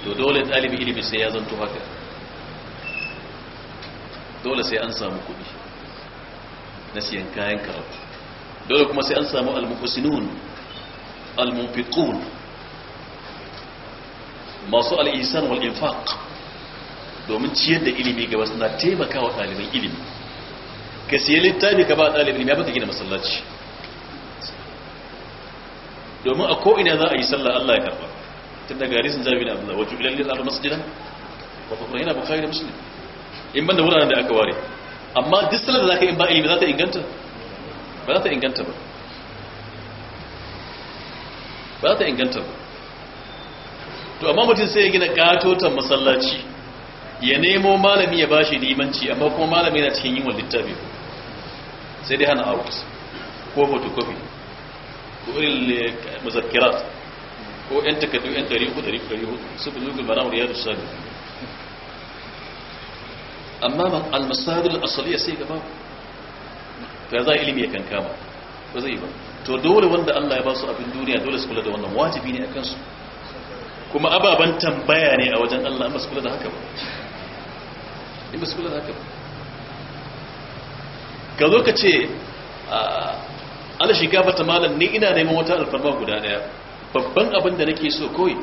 to dole ɗalibin ilimi sai ya zanto haka dole sai an samu kuɗi na siyan kayan karatu dole kuma sai an samu almukusinun almufikun masu al'isan wal'infaƙ domin ciyar da ilimi gaba suna taimaka wa ɗaliban ilimi ka siya littafi ka ba ɗalibin ilimi ya baka gina masallaci domin a ko'ina za a yi sallah Allah ya karba tun daga harisun na abuwa wajen a al'adu masjidan ba kuma yana bukari da musulmi in ban da wuraren da aka ware amma duk sallar da za ka yi ba ilimi za ta inganta ba za ta inganta ba ba za ta inganta ba to amma mutum sai ya gina katotan masallaci ya nemo malami ya bashi limanci amma kuma malami na cikin yin littafi sai dai hana out ko photocopy ko irin muzakkirat ko yan takardu yan dari uku dari dari uku su bi zugun mara wuri ya da sabi amma al-masadir asaliya sai gaba ta za ilimi ya kankama ba zai ba to dole wanda Allah ya ba su abin duniya dole su kula da wannan wajibi ne a kansu kuma ababen tambaya ne a wajen Allah amma su kula da haka ba in ba su kula da haka ka zo ka ce ala shiga bata malam ni ina neman wata alfarma guda daya babban abin da nake so koi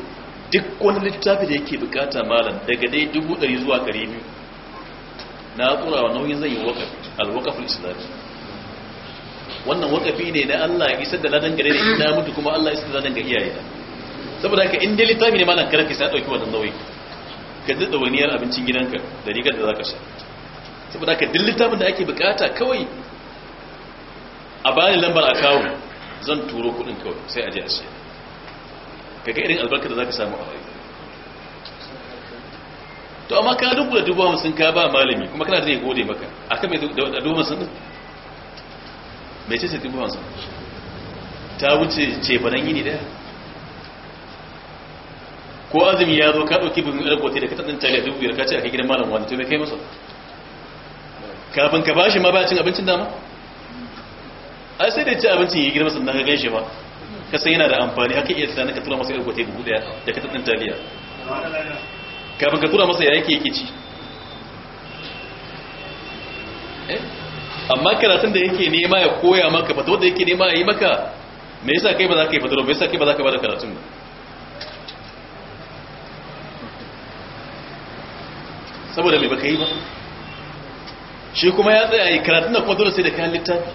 duk wani littafi da yake bukata malam daga dai dubu ɗari zuwa ɗari biyu na tsura wa nauyin zai yi alwakafin islami wannan wakafi ne na allah ya isar da ladan gare da ina mutu kuma allah ya isar da ladan ga iyaye saboda haka in dai littafi ne malam karfi sai ɗauki wannan nauyin. ka dinda waniyar abincin gidanka da rigar da za ka sha saboda ka dillita littafin da ake bukata kawai a bayan lambar a kawo zan turo kudin kawai sai a je a siya ka ga irin albarka da za ka samu a wari to amma ka dubu da dubu hamsin ka ba malami kuma kana zai gode maka a kan mai da dubu hamsin mai ce sai dubu hamsin ta wuce ce banan yini daya ko azumi ya zo ka ɗauki bin alkote da ka taɗin taliya da biyar ka ce a kai gidan malam wani to mai kai masa kafin ka bashi ma bacin cin abincin dama a sai da ci abincin yi girma sannan ka gaishe ba ka san yana da amfani haka iya tsanin ka tura masa alkote da ɗaya da ka taɗin taliya kafin ka tura masa ya yake yake ci eh, amma karatun da yake nema ya koya maka fata wadda yake nema ya yi maka me yasa kai ba za ka yi fata ba me yasa kai ba za ka ba da karatun ba saboda mai baka yi ba shi kuma ya tsaya yi karatun da kuma dole sai da kayan littafi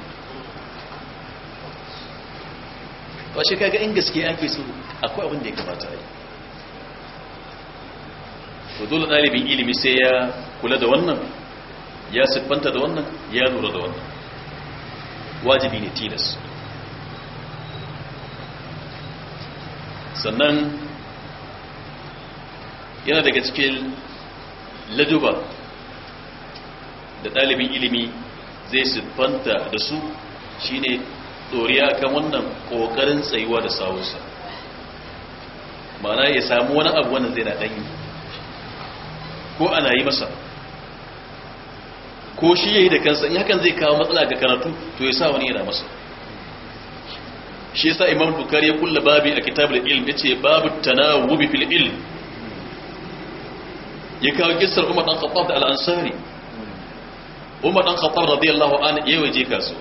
ba shi kaga in gaske ake su akwai abin da ya kamata yi to dole ɗalibin ilimi sai ya kula da wannan ya siffanta da wannan ya lura da wannan wajibi ne tilas sannan yana daga cikin laduba da ɗalibin ilimi zai siffanta da su shine tsoriya kan wannan ƙoƙarin tsayuwa da sawusa mana ya samu wani abu wannan zai na ɗanyi ko ana yi masa ko shi ya yi da kansa in hakan zai kawo matsala ga karatu to ya sa wani yana masa shi sa imam bukari ya kulla babi a kitabul ilm ce babu wubi fil ilm ya kawo kissar umar dan khattab da al'ansari. umar dan khattab radiyallahu anhu ya waje kasu.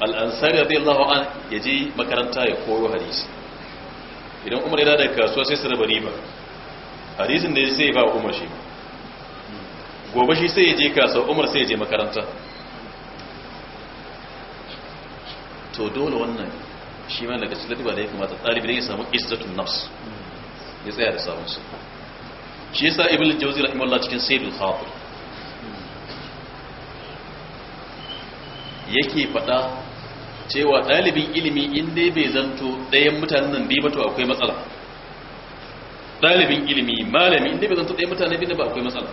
Al'ansari ansari radiyallahu anhu ya je makaranta ya koyo hadisi idan umar ya da kasuwa sai su raba ba. hadisin da ya sai ba umar shi gobe shi sai ya je kasuwa umar sai ya je makaranta to dole wannan shi ma daga cikin ba da ya kamata ɗalibi da ya samu izzatun nafs ya tsaya da samun su shi yasa ibnu jawzi rahimahullah cikin sayyidul khatir yake faɗa cewa ɗalibin ilimi in dai bai zanto ɗayan mutanen nan biyu ba to akwai matsala dalibin ilimi malami in dai bai zanto ɗayan mutanen biyu ba akwai matsala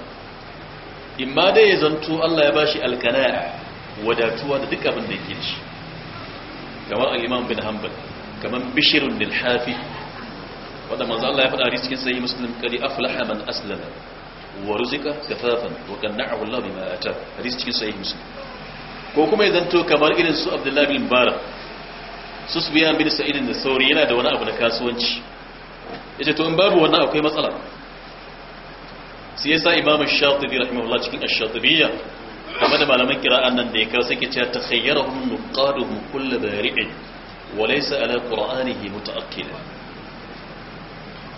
in ma dai ya zanto Allah ya bashi alkana'a wadatuwa da duk abin da yake da shi kamar al-imam bin hanbal kamar bishirun lil hafi wanda manzo Allah ya faɗa hadisi cikin sahih muslim kadi aflaha man aslama wa ruzika kafafan wa qanna'ahu Allah bima ata hadisi cikin sahih muslim ko kuma idan to kamar irin su Abdullah bin Bara su Sufyan bin Sa'id bin Sauri yana da wani abu na kasuwanci yace to in babu wannan akwai matsala sai yasa Imam Shatibi rahimahullah cikin Ash-Shatibiyya kamar da malaman kira'an nan da ya kawo ke cewa takhayyarahum nuqaduhum kullu bari'in wa laysa ala qur'anihi muta'aqqila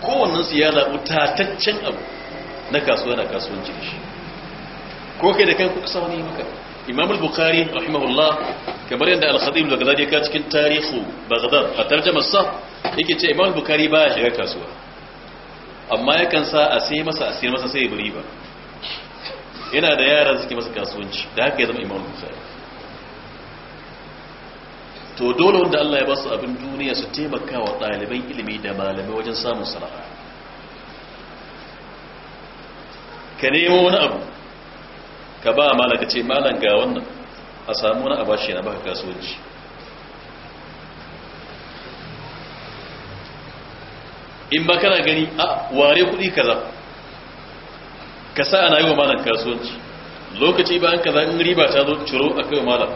kowannen su ya zaɓi tataccen abu na kasuwa na kasuwanci da ko kai da kai kuka sa wani maka imam al-bukhari rahimahullah kamar yadda al-khatib da gazali ka cikin tarihu baghdad a tarjumar sa yake ce imam al-bukhari ba ya shiga kasuwa amma yakan sa a sai masa a sai masa sai ya bari ba. yana da yaran suke masa kasuwanci da haka ya zama imam al-bukhari to dole wanda Allah ya ba su abin duniya su taimaka wa ɗaliban ilimi da malamai wajen samun sana'a ka nemo wani abu ka ba malaka ce malan ga wannan a samu wani abu shi na baka kasuwanci in ba kana gani a ware kuɗi kaza ka sa ana yi wa malan kasuwanci lokaci bayan kaza in riba ta zo ciro a kai wa malan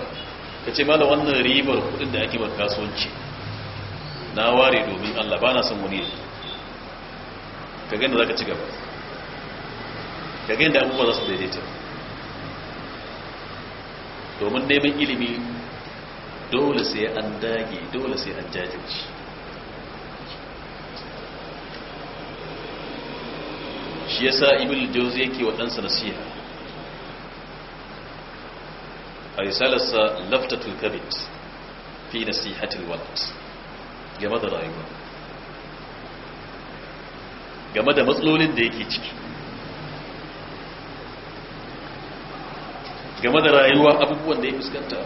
ka ce mala wannan ribar kudin da ake bar kasuwanci na ware domin allah ba na son wani ka gani za ka ci gaba ka gani da abubuwa za su daidaita domin neman ilimi dole sai an dage dole sai an jajirci shi yasa ibil jauzi yake wa ɗansa nasiha aisalarsa laftatul kabit fi nasihatul walad game da rayuwa game da matsalolin da yake ciki game da rayuwa abubuwan da ya fuskanta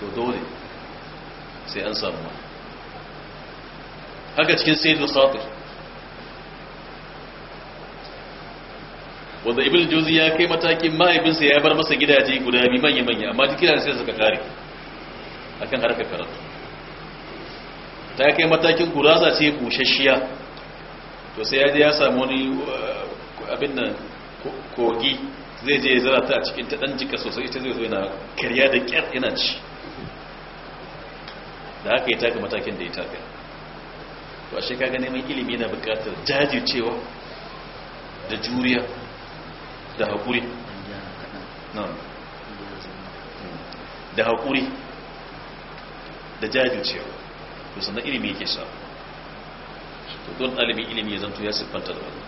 to dole sai an samu haka cikin sayyidul khatir wanda ibil juzi ya kai matakin mahaifinsa ya bar masa gidaje guda biyu manya manya amma duk gidaje sai suka kare akan harkar karatu ta kai matakin gurasa ce bushashiya to sai ya je ya samu wani uh, abin nan kogi zai je zara ta a cikin ta dan jika sosai ita zai zo na karya da kyar yana ci da haka ya taka matakin da ya taka to kaga neman ilimi na bukatar jajircewa da juriya da haƙuri da haƙuri da jajircewa to sannan ilimi yake sa to don ɗalibin ilimi ya zanto ya siffanta da wani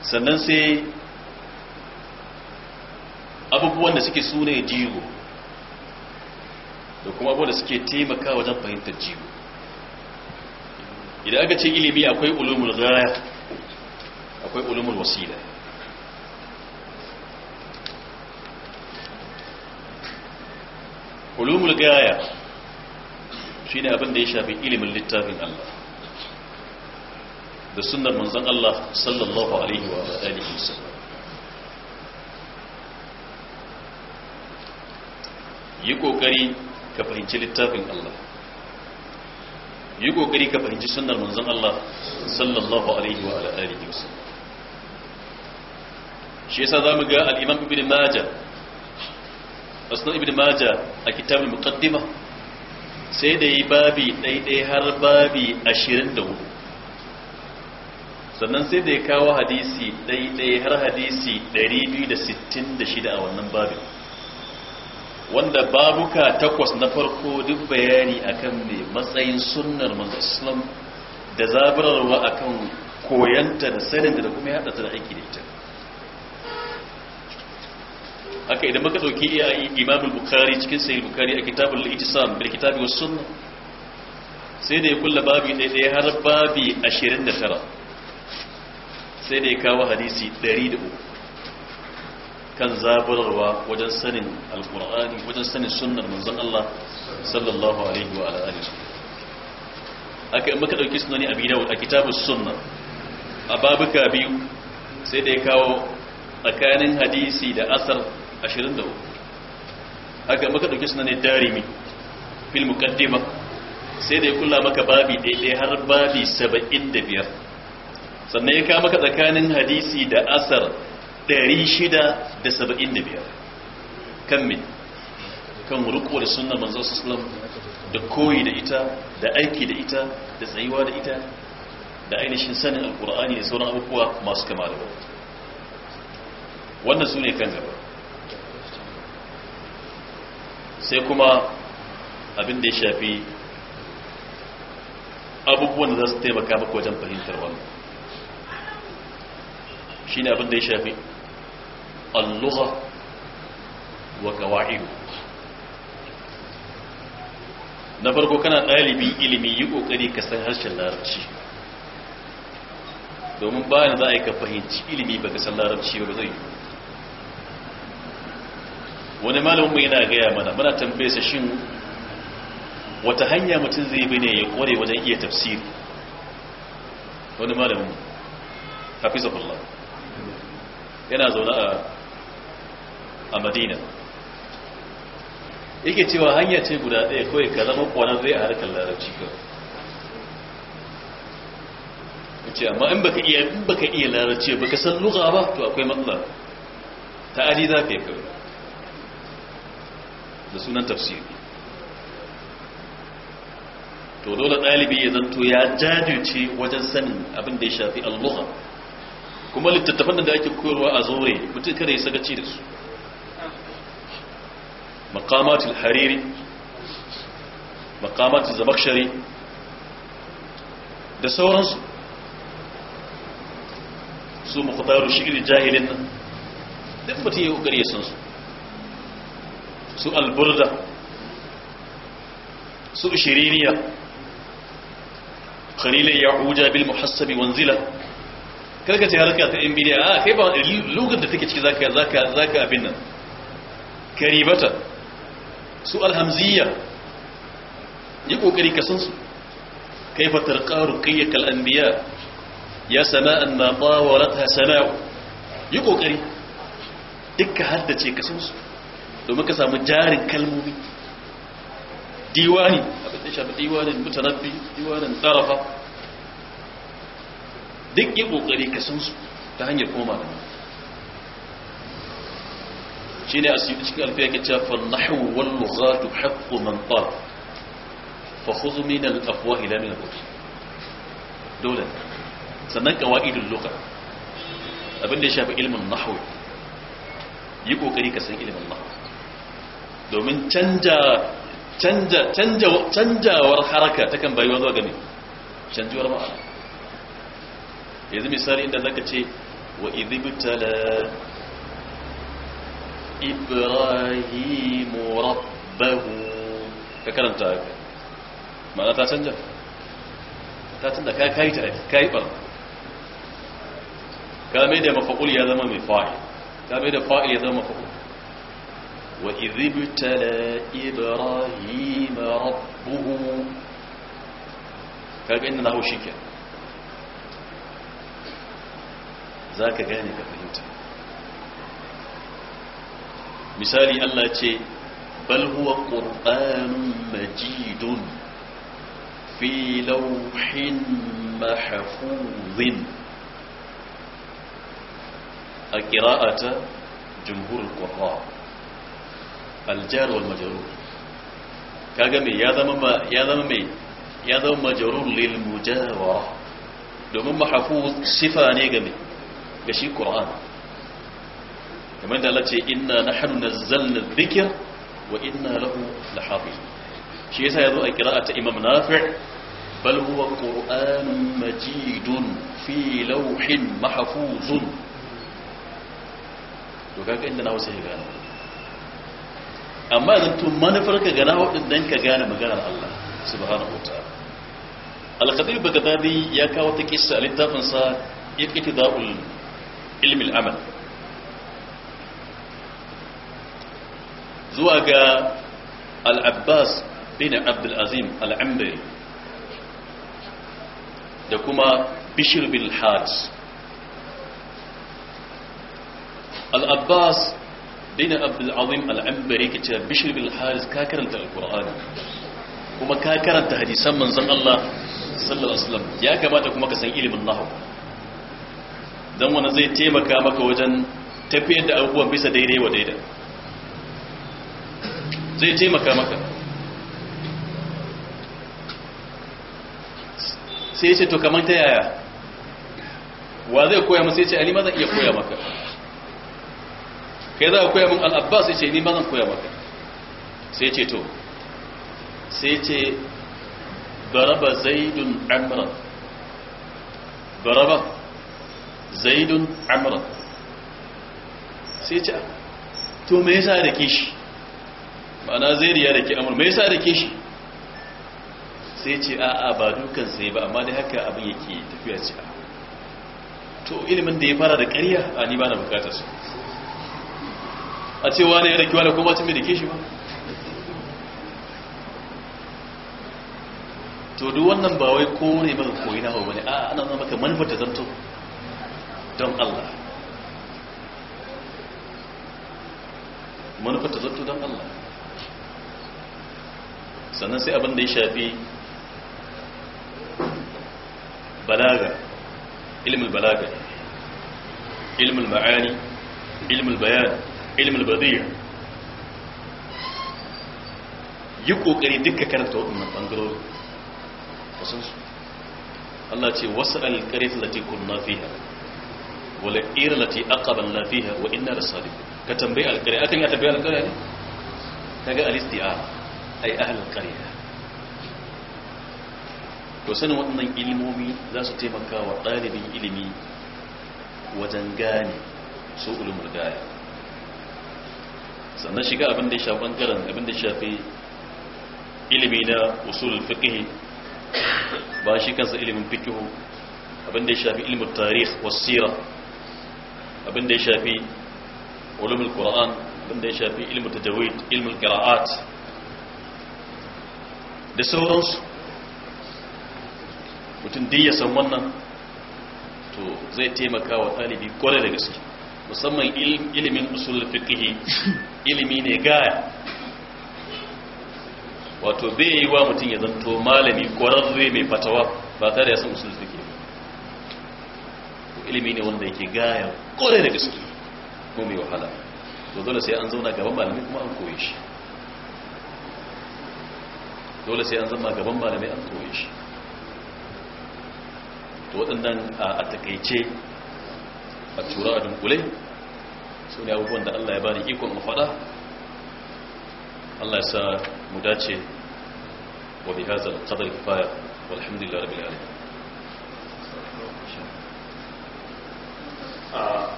sannan sai abubuwan da suke sune jigo da kuma abubuwan da suke taimaka wajen fahimtar jigo idan aka ce ilimi akwai ulumul ghaya akwai ulumul wasila ulumul gaya shi ne abin da ya shafi ilimin littafin Allah da sunnar manzan Allah sallallahu alaihi wa alihi wasallam yi kokari ka fahimci littafin Allah yi kokari ka fahimci sunnar manzan Allah sallallahu alaihi wa alihi wasallam shi yasa zamu ga al-imam ibn majah asnan ibn majah a kitabul muqaddima sai da yi babi daidai har babi 24 sannan sai da ya kawo hadisi daidai har hadisi 266 a wannan babin wanda babuka takwas na farko duk bayani akan mai matsayin sunnar manzo islam da zaburarwa akan koyanta da sanin da kuma yada ta da aiki da ita haka idan baka dauki imam al-bukhari cikin sahih bukhari a kitabul itisam bil kitabi was sunnah sai da ya kulla babi ɗaya ɗaya har babi 29 sai da ya kawo hadisi 103 kan zaburarwa wajen sanin alkur'ani wajen sanin sunnar manzon Allah sallallahu alaihi wa alihi aka in muka dauki sunani abi a kitabus sunna a babuka biyu sai da ya kawo tsakanin hadisi da asar 23 haka maka dauke suna ne darimi fil muqaddima sai da ya kula maka babi daidai har babi 75 sannan ya ka maka tsakanin hadisi da asar 675 kan min kan rukuwa da sunna manzo sallam da koyi da ita da aiki da ita da tsayuwa da ita da ainihin sanin alkur'ani da sauran abubuwa masu kama da wannan su ne kan gaba sai kuma abin da ya shafi abubuwan da za su taimaka maka wajen fahimtar wani shi ne abin da ya shafi alluha wa kawa'iru na farko kana ɗalibi ilimi yi ƙoƙari ka san harshen larabci domin bayan za a yi ka fahimci ilimi ba ka san larabci ba zai yi wani malamin yana gaya mana muna tambaye sa shin wata hanya mutum zai bi ne ya kore wajen iya tafsiri wani malamin hafizahullah yana zaune a a madina yake cewa hanya ce guda ɗaya kawai ka zama kwanarre a harkar larabci kawai ce amma in baka iya in baka iya larabci baka san lugha ba to akwai matsala ta aji za ka yi kawai da sunan tafsiri to dole ɗalibi ya zanto ya jajirce wajen sanin abin da ya shafi al-lugha kuma littattafan da ake koyarwa a zaure mutum kada ya ci da su maqamatul hariri maqamatul zamakshari da sauransu su muqtaru shi'ri jahilin nan duk mutum ya kokari ya san su su alburda su shiriniya khalilai ya'uja bil muhassabi wanzila karka ce harka ta yan bidiya a kai ba lugar da take ciki zaka zaka zaka abin nan karibata su alhamziya yi kokari ka san su kaifa tarqa ruqiyyaka al anbiya ya sama'an ma tawaratha sana'u yi kokari dukka haddace ka san su domin ka samu jarin kalmomi diwani abin da shafi diwanin mutanabbi diwanin tsarafa duk yi kokari ka san su ta hanyar koma da shi ne a cikin alfiya ke cewa fannahu wal lughatu haqqu man qala fa khudh min al afwah ila min al dole sannan qawaidul lugha abin da shafi ilmin nahwi yi kokari ka san ilmin nahwi domin canja canja canja canjawar haraka ta kan bayuwa zuwa gani canjawar ma'ana yanzu misali inda zaka ce wa idibtala ibrahimu rabbahu ka karanta haka ma'ana ta canja ta tunda ka kai tare ka yi ɓarna ka mai da mafa'ul ya zama mai fa'il ka mai da fa'il ya zama mafa'ul وإذ ابتلى إبراهيم ربه فإن له شكا ذاك كان فهمت مثالي ألا تي بل هو قرآن مجيد في لوح محفوظ القراءة جمهور القراء الجار والمجرور كاغمي يا زمن ما يا زمن مي يا زمن مجرور للمجاور دومن محفوظ صفه ني غمي غشي قران كما قال الله انا نحن نزلنا الذكر وانا له لحافظ شي يسا يزو اي قراءه امام نافع بل هو قران مجيد في لوح محفوظ to kaga inda na wasu amma zan tun manufar ka gana waɗin dan ka gane maganar Allah subhanahu wa ta'ala al qadir bagdadi ya kawo ta kissa littafin sa iqtida'ul ilmi al-amal zuwa ga al-abbas bin abd al azim al-amri da kuma bishr bin hajj al-abbas dina abdulazim al'ambari ke cewa bishir bil haris ka karanta alkur'ani kuma ka karanta hadisan manzon Allah sallallahu alaihi ya kamata kuma ka san ilimin nahwu don wani zai taimaka maka wajen tafiyar da abubuwan bisa daidai wa daidai zai taimaka maka sai ya ce to kamar ta yaya wa zai koya masa ya ce alima zan iya koya maka kai za ka koya min al'abbas ya ce ni ma zan koya maka sai ce to sai ce baraba zaidun amran baraba zaidun amran sai ce to me yasa da ke shi ma'ana zaidu ya da ke me yasa da ke shi sai ce a'a ba dukan sai ba amma dai haka abin yake tafiya ce to ilimin da ya fara da ƙarya a ni ba na bukatar su a ce wane ya daki wane kuma cin bai dake shi ba to duk wannan ba wai kore maka koyi na hau bane a ana zama ka manufar da zanto don Allah manufar da zanto don Allah sannan sai abin da ya shafi balaga ilmul balaga ilmul ma'ani ilmul bayani al badiya yi kokari dukkan karanta waɗannan ɓangarori wasu Allah ce wasu alƙarfi lati kunna fiha wala ira lati aqaban la fiha wa inna rasulika ka tambayi alƙarfi akan ya tambayi alƙarfi ne kaga alisti'a ai al qarya to sanin wannan ilmomi za su taimaka wa dalibin ilimi wajen gane su ulumul gaya sannan shiga abin da ya shafi bangaren abin da ya shafi ilimi na usul fiqh ba shi kansa ilimin fiqh abin da ya shafi ilimin tarih was sira abin da ya shafi ulumin qur'an abin da ya shafi ilimin tajwid ilimin qira'at da sauransu mutum da ya san wannan to zai taimaka wa ɗalibi kwarai da gaske musamman ilimin usul fiqhi ilimi ne gaya wato bai yi wa mutum ya zanto malami kwararre mai fatawa ba tare ya san usul fiqhi ilimi ne wanda yake gaya kore da gaske ko mai wahala to dole sai an zauna gaban malami kuma an koye shi dole sai an zama gaban malami an koye shi to waɗannan a takaice a tura a dunkule su ne abubuwan da allah ya bani ikon mu faɗa allah ya sa mu dace wa bi hazal qadar kifaya walhamdulillah rabbil alamin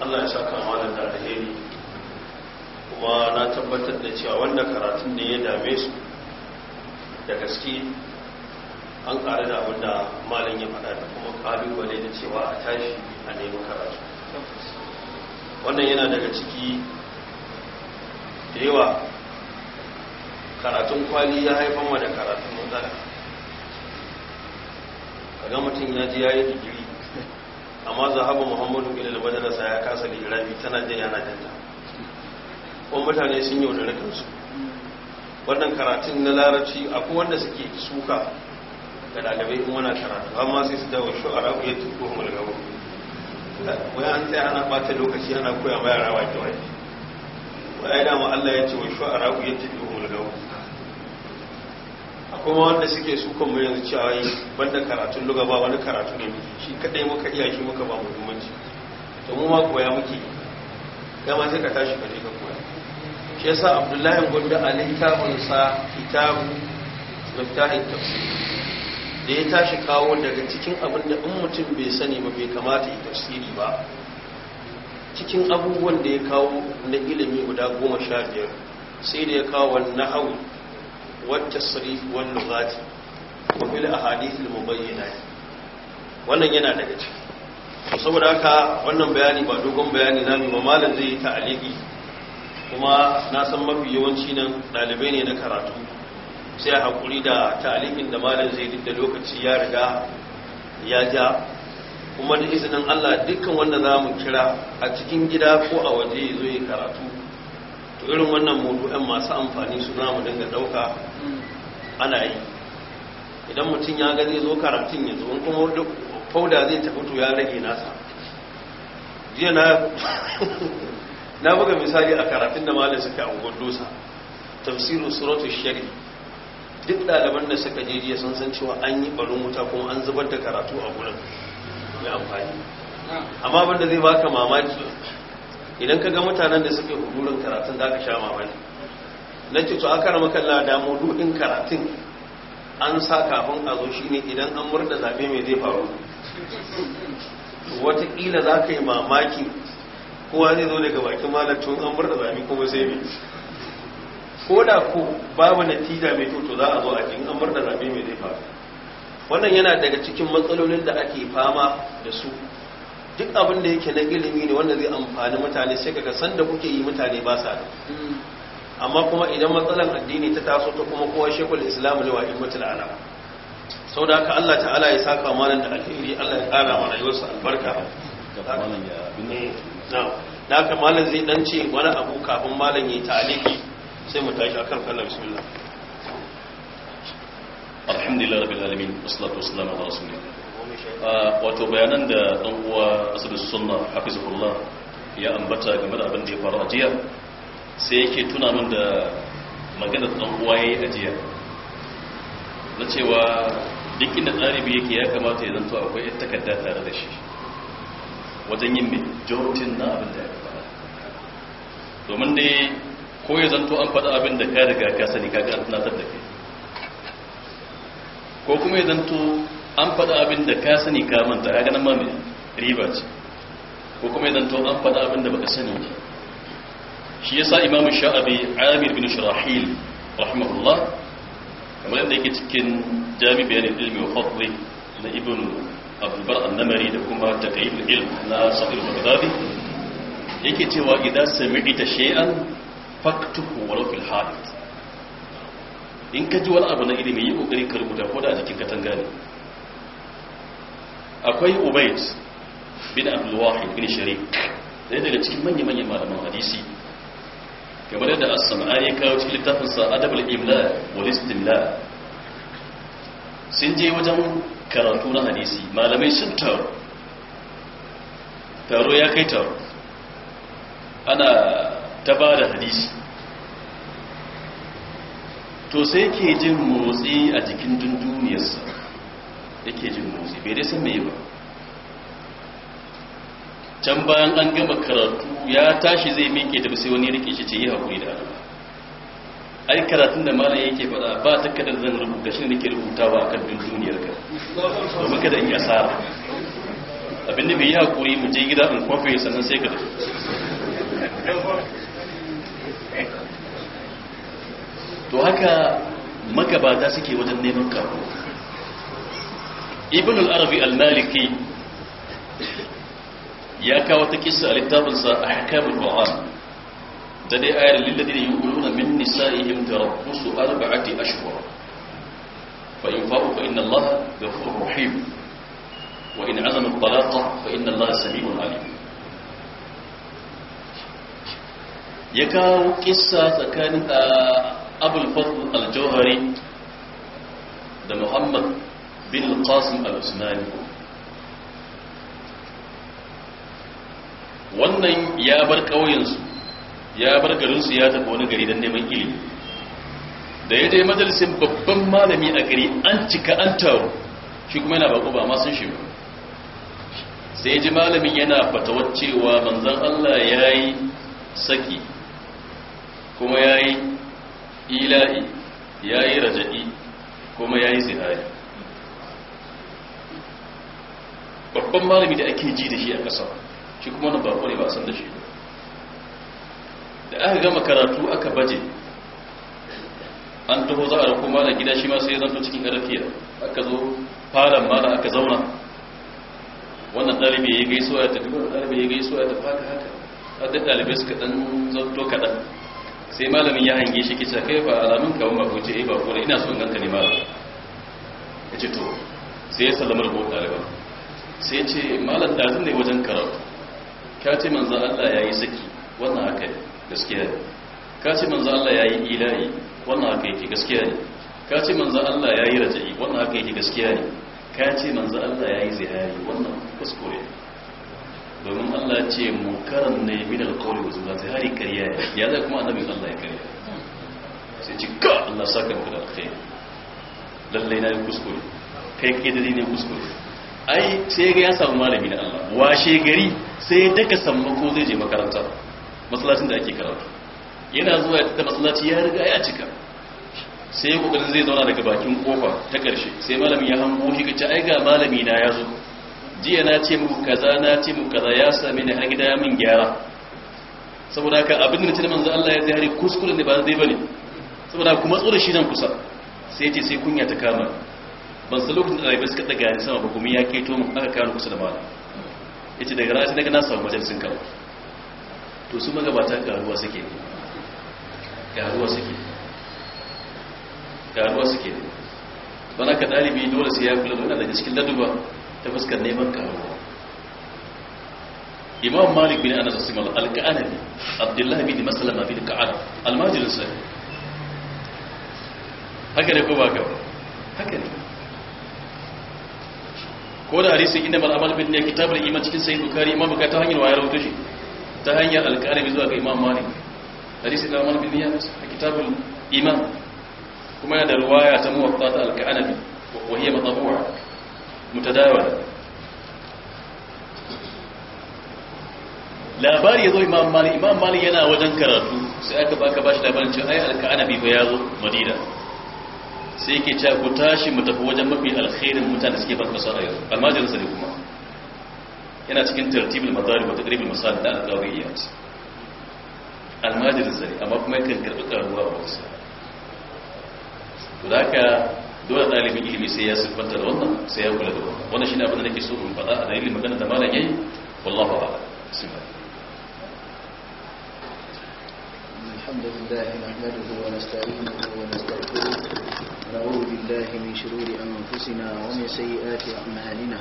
Allah ya saka malam da alheri kuma na tabbatar da cewa wanda karatun ne ya dame su da gaske an ƙari da abinda malin ya faɗa da kuma ƙalubale da cewa a tashi a nemi karatu wannan yana daga ciki da yawa karatun kwali ya haifan wa da karatun a kaga mutum ya ji ya yi digiri amma zahabu muhammadu ilil madarasa ya kasa digirami tana jin yana janta kuma mutane sun yi da su wannan karatun na larabci akwai wanda suke suka da ɗalibai in wana karatu amma sai su dawo shu'ara yadda ko mulgawa wai an tsaya ana ɓata lokaci ana koya ma yara wake wake wai ai dama Allah ya ce wa shu'ara ku yatibi humul gaw akwai wanda suke su kan mu yanzu cewa banda karatun luga ba wani karatu ne shi kadai muka iya shi muka ba muhimmanci to mu ma koya muke dama sai ka tashi ka je ka koya shi yasa Abdullahi Gondo a littafin sa kitabu miftahin tafsir da ya tashi kawo daga cikin abin da in mutum bai sani ba bai kamata ya tafsiri ba cikin abubuwan da ya kawo na ilimi guda goma sha biyar sai da ya kawo wannan hau wata sarifi wani lugati wa fil ahadith al yi. wannan yana daga ciki saboda haka wannan bayani ba dogon bayani na mai malam zai yi ta'aliki kuma na san mafi yawanci nan ɗalibai ne na karatu sai a haƙuri da talibin da malam zai duk da lokaci ya riga ya ja kuma da izinin Allah dukkan wanda za mu kira a cikin gida ko a waje zo yi karatu to irin wannan mawdu'an masu amfani su za mu dinga ɗauka ana yi idan mutum ya gani zo karatun ya zo kuma fauda zai tafi to ya rage nasa jiya na [LAUGHS] buga misali a karatun da malam suka a dosa tafsirin suratun shari'a duk ɗaliban da suka je jiya sun san cewa an yi barin wuta kuma an zubar da karatu a gurin mai amfani amma abin zai baka mamaki idan ka ga mutanen da suke hudurin karatun da aka sha mamaki na ce to aka rama kalla da in karatun an sa kafin a zo shine idan an murda zaɓe mai zai faru wataƙila za ka yi mamaki kowa zai zo daga bakin malar tun an murda zaɓe kuma sai mai ko da ko babu natija mai to za a zo a cikin an da mai zai faru wannan yana daga cikin matsalolin da ake fama da su duk abin da yake na ilimi ne wanda zai amfani mutane sai kaga san da kuke yi mutane ba sa da amma kuma idan matsalan addini ta taso ta kuma kowa shekul islam ne wa immatul alam sau da haka allah ta'ala ya saka malam da alheri allah ya kara wa rayuwarsa albarka da eh, haka malam zai dan ce wani abu kafin malam ya ta'aliki sai mu tashi akan kallon bismillah alhamdulillah rabbil alamin wassalatu wassalamu ala rasulillah ah, wato bayanan da dan uwa asadu sunna hafizullah ya ambata game da abin da ya faru a jiya sai yake tuna min da maganar dan uwa yayi a jiya na cewa duk inda ɗalibi yake ya kamata ya zanto akwai yan takarda tare da shi wajen yin majority na abin da ya faru domin dai ko ya zanto an faɗa abin da ka riga ka sani kaga an tunatar da kai ko kuma ya zanto an faɗa abin da ka sani ka manta ya ganin mamaye riba ce ko kuma ya zanto an faɗa abin da baka sani ba shi yasa imamu sha'abi amir bin shirahil rahimahullah kamar yadda yake cikin jami bayanin ilmi wa fadli na ibn abdulbar annamari da kuma taqayyid ilm na sa'ir baghdadi yake cewa idan sami'ta shay'an faktuhu walau fil hadith in ka ji wani abu na ilimi yi kokari ka rubuta ko da a jikin ne akwai ubaid bin abdul wahid bin sharik dai daga cikin manya-manyan malaman hadisi kamar yadda as-sam'ani ya kawo cikin littafin sa adabul imla wal istimla sun je wajen karatu na hadisi malamai sun taro taro ya kai taro ana ta ba da hadisi to sai ke jin motsi a jikin dunduniyarsa yake jin motsi bai dai san mai ba can bayan an gama karatu ya tashi zai miƙe da sai wani rike shi ce yi haƙuri da alama. ai karatun da malam yake faɗa ba ta takardar zan rubuta shi nake rubutawa kan dunduniyar ka domin muka in yi asara abinda bai yi haƙuri mu je gida in kwafe sannan sai ka da. to haka magabata suke wajen neman karo ibn al-arabi al-maliki ya kawo ta kisa a sa a hakamul ba'an da dai ayar lilladina yuquluna min nisa'ihim tarabbusu arba'ati ashhur fa in fa'u fa inna allaha ghafurur rahim wa in 'azama at-talaqa fa inna allaha samii'un 'alim ya kawo kissa tsakanin abul fadl al-jawhari da muhammad bin qasim al-usmani wannan ya bar ƙauyensu ya bar garinsu ya tafi wani gari don neman ilimi da ya je majalisin babban malami a gari an cika an taru shi kuma yana bako ba ma sun shi ba sai ji malamin yana fatawar cewa manzan Allah ya yi saki kuma ya yi ila'i ya yi raja'i kuma ya yi zihari babban malami da ake ji da shi a ƙasa shi kuma na bako ne ba san da shi da aka gama karatu aka baje an taho za a rako mana gida shi ma sai zanto cikin ƙarfiya aka zo falon mana aka zauna wannan ɗalibi ya yi gaisuwa ya tafi wannan ɗalibi ya yi gaisuwa ya tafi haka haka har da suka ɗan zanto kaɗan sai malamin ya hange shi kisa kai ba alamun ka umma ko ce eh, ba ko ina son ganka ne malam ce to sai ya sallama da gobe ɗaliban sai ce malam ɗazin ne wajen karatu ka ce manzan Allah ya yi saki wannan haka yi gaskiya ne ka ce manzan Allah ya yi ila'i wannan haka yake gaskiya ne ka ce manzan Allah ya yi raja'i wannan haka yake gaskiya ne ka ce manzan Allah ya yi zihari wannan kuskure ne domin Allah ce karan ne bi da alƙawari wa za su hari kariya ya zai kuma annabi Allah ya kariya sai ci ka Allah sa ka da kai lallai na yi kuskure kai da ne kuskure ai sai ga ya samu malami na Allah washe gari sai daga ko zai je makaranta masalacin da ake karatu yana zuwa ya masalaci masallaci ya riga ya cika sai ya kokarin zai zauna daga bakin kofa ta karshe sai malami ya hango shi kace ai ga malami na ya zo jiya na ce muku kaza na ce muku kaza ya same ni har gida min gyara saboda ka abin da ce manzo Allah ya zai hari kuskuren da ba zai bane saboda kuma tsoro shi nan kusa sai ce sai kunya ta kama ban san lokacin da rayuwa suka daga ni sama ba kuma ya keto mu aka kawo kusa da malam yace daga rashin daga na samu sun kawo to su magabata garuwa suke garuwa suke garuwa suke bana ka dalibi dole sai ya kula da wannan da cikin laduba ta fuskar neman karuwa imam malik bin anas asimal alka'anabi abdullahi bin maslama bin ka'ad almajirin sa haka ne ko ba ka haka ne ko da harisun inda mal'amal bin ne kitabar iman cikin sayi bukari imam buka ta hanyar wayar wuto ta hanyar alka'anabi zuwa ga imam malik harisun da amal bin yanas a kitabar iman kuma yana da ruwaya ta muwatta ta alka'anabi wa hiya matabu'a متداولة labari ya zo imam mali imam mali yana wajen karatu sai aka baka bashi labarin cewa ai alka'anabi ba ya madina sai yake cewa ku tashi mu tafi wajen mafi alkhairin mutane suke ban kasar ayyar almajirin sa ne kuma yana cikin tartibul madarib wa taqribul masal da al-qawiyat almajirin sa ne amma kuma yake karbi karuwa a wasa to haka dole ɗalibin ilimi sai ya siffanta da wannan sai ya kula da wannan wannan shi ne abin da nake so in faɗa a dalilin magana da wallahu a'lam bismillah الحمد لله نحمده ونستعينه ونستغفره ونعوذ بالله من شرور أنفسنا ومن سيئات أعمالنا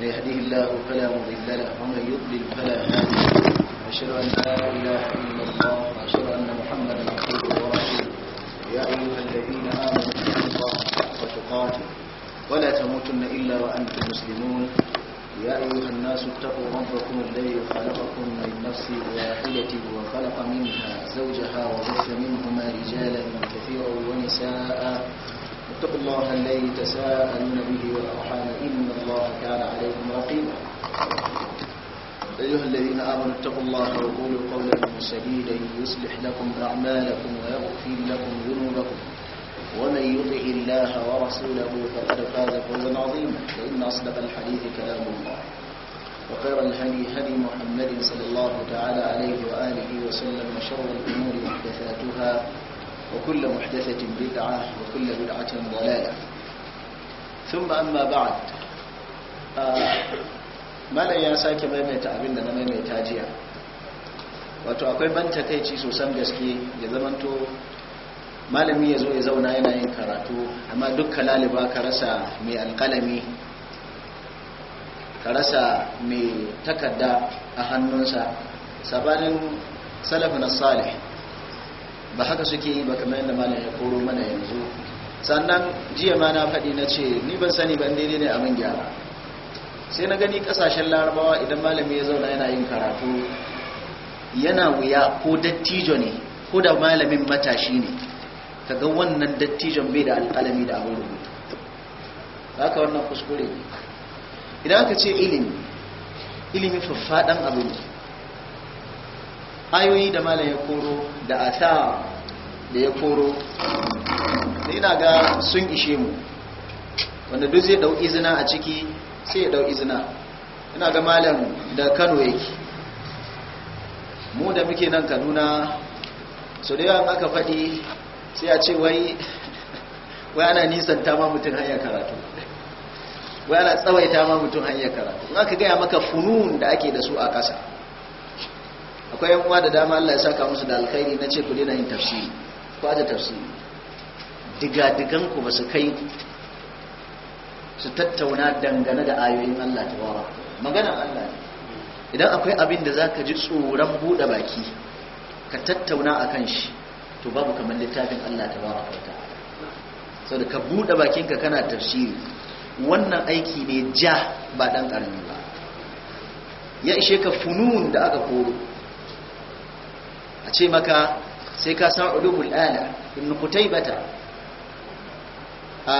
من يهده الله فلا مضل له ومن يضلل فلا هادي له أشهد أن لا إله إلا الله وأشهد أن محمدا عبده ورسوله يا أيها الذين آمنوا وبركاته ولا تموتن إلا وأنتم مسلمون يا أيها الناس اتقوا ربكم الذي خلقكم من نفس واحدة وخلق منها زوجها وبث منهما رجالا كثيرا ونساء اتقوا الله الذي تساءلون به والأرحام إن الله كان عليكم رقيبا أيها الذين آمنوا اتقوا الله وقولوا قولا سديدا يصلح لكم أعمالكم ويغفر لكم ذنوبكم ومن يطع الله ورسوله فقد فاز فوزا عظيما فإن أصدق الحديث كلام الله وخير الهدي هدي محمد صلى الله تعالى عليه وآله وسلم وشر الأمور محدثاتها وكل محدثة بدعة وكل بدعة ضلالة ثم أما بعد آه، ما لا sake ما abin da ما maimaita jiya wato akwai ban takaici sosan gaske ya zamanto malami ya zo ya zauna yana yin karatu amma dukkan laliba ka rasa mai alkalami ka rasa mai takarda a hannunsa sabanin salafin asali ba haka suke yi ba kamar yadda malam ya koro mana yanzu sannan jiya ma na faɗi na ce ni ban sani ban daidai ne abin gyara sai na gani ƙasashen larabawa idan malami ya zauna yana yin karatu yana wuya ko dattijo ne ko da malamin matashi ne Ka ga wannan dattijon bai da alƙalami da abin rubutu ka wannan kuskure ne idan aka ce ilimi ilimi faffaɗan abu ne ayoyi da malam ya koro da asa da ya koro da ina ga sun ishe mu wanda duk zai ɗau izina a ciki sai ya ɗau izina ina ga malam da kano yake mu da muke nan kaduna sau da yawan aka faɗi sai a ce wai wai ana ta ma mutum hanyar karatu wai ana ta ma mutum hanyar karatu in aka gaya maka funun da ake da su a ƙasa akwai yan uwa da dama Allah ya saka musu da alkhairi na ce ku daina yin tafsiri ku aje tafsiri digadigan ku ba su kai su tattauna dangane da ayoyin Allah ta tawara maganar Allah idan akwai abin da zaka ji tsoron bude baki ka tattauna akan shi to babu kamar littafin Allah ta bawa wa ta'ala da ka bude bakinka kana tafsiri wannan aiki ne ja ba dan karami ba ya ishe ka funun da aka koro a ce maka sai ka san ulubul ala ibn qutaybata a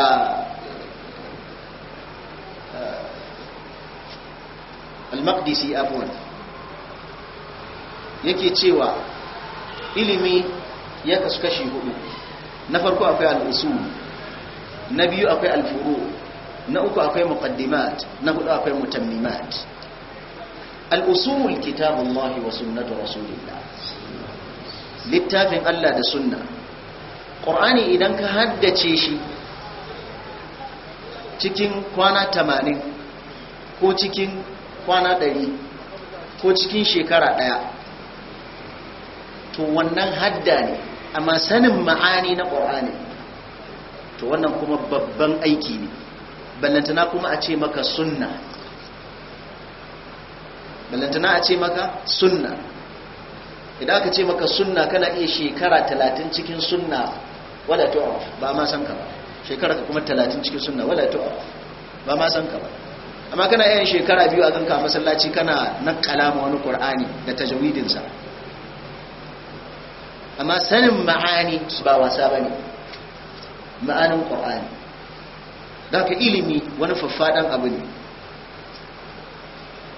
al-maqdisi afwan yake cewa ilimi ya kasu kashi hudu na farko akwai al'usul na biyu akwai alfuru na uku akwai muqaddimat na hudu akwai mutammimat al'usul kitabullahi wa sunnatu rasulillah littafin Allah da sunna ƙur'ani idan ka haddace shi cikin kwana tamanin ko cikin kwana ɗari ko cikin shekara ɗaya to wannan hadda ne amma sanin ma'ani na ƙorani to wannan kuma babban aiki ne ballantana kuma a ce maka sunna ballantana a ce maka sunna idan aka ce maka sunna kana iya shekara talatin cikin sunna wadda to ba ma san ka ba shekara ka kuma talatin cikin sunna wadda to ba ma san ka ba amma kana iya shekara biyu a ganka masallaci kana na kalama wani ƙorani da tajawidinsa amma sanin ma'ani ba wasa ba ne ma'anin ƙwa'ani don ka ilimi wani faffaɗan abu ne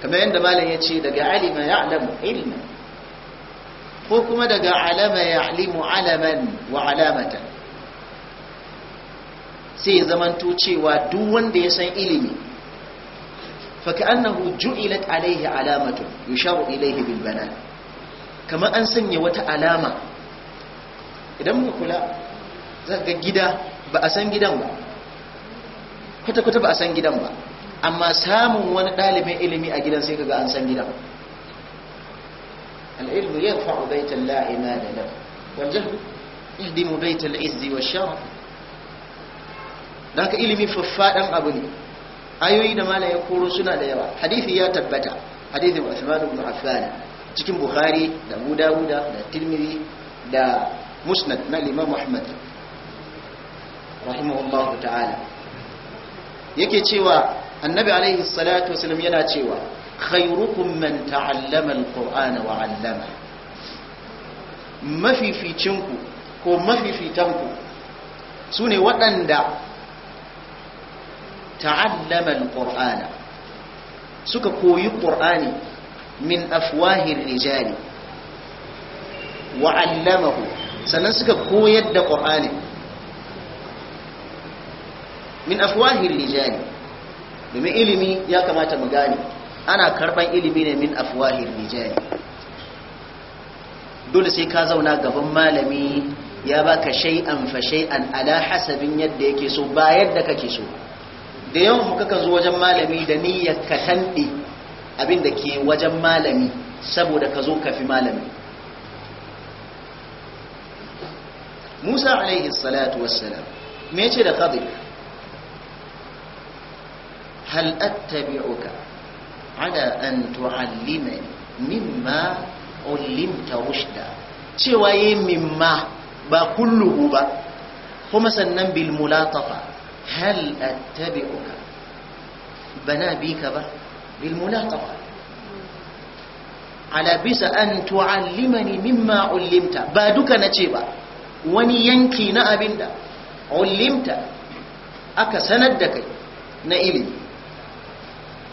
kamar yadda malam ya ce daga alima ya alamu ilma ko kuma daga alama ya alimu alaman wa alamata. sai zamanto cewa duk wanda ya san ilimi faka annahu ju'ilat alaihi alamatu yusharu ilaihi bil banan kamar an sanya wata alama idan mu kula za ga gida ba a san gidan ba kwata-kwata ba a san gidan ba amma samun wani ɗalibin ilimi a gidan sai kaga an san gidan al'ilmu ya fa'u baitan la’ina da nan, wajen ihdimu baitan la’izzi wa sharaf da haka ilimi faffaɗan abu ne ayoyi da malayen ya koro suna da yawa hadithi ya tabbata hadithin wa ibn Affan cikin Buhari, da Abu Dawud da tilmiri, da musnad na limam ahmad rahimahullahu ta'ala yake cewa annabi alaihi salatu wasallam yana cewa khairukum man ta'allama alqur'ana wa 'allama mafificinku ko mafifitanku sune waɗanda ta'allama alqur'ana suka koyi qur'ani min afwahir rijali wa 'allamahu sannan suka koyar da ƙur'ani min afwahir rijali domin ilimi ya kamata mu gane ana karban ilimi ne min afwahir rijali dole sai ka zauna gaban malami ya baka an fashai an ala hasabin yadda yake so ba yadda kake so da yawan ka zo wajen malami da niyyar ka tanɗe abin ke wajen malami saboda ka zo ka fi malami موسى عليه الصلاة والسلام ما يجد هل أتبعك على أن تعلمني مما علمت رشدا سوى إيه مما با كله با هم سنن بالملاطفة هل أتبعك بنا بيك با بالملاطفة على بس أن تعلمني مما علمت بادك نتيبا wani yanki na abin da ulimta aka sanar da kai na ilimi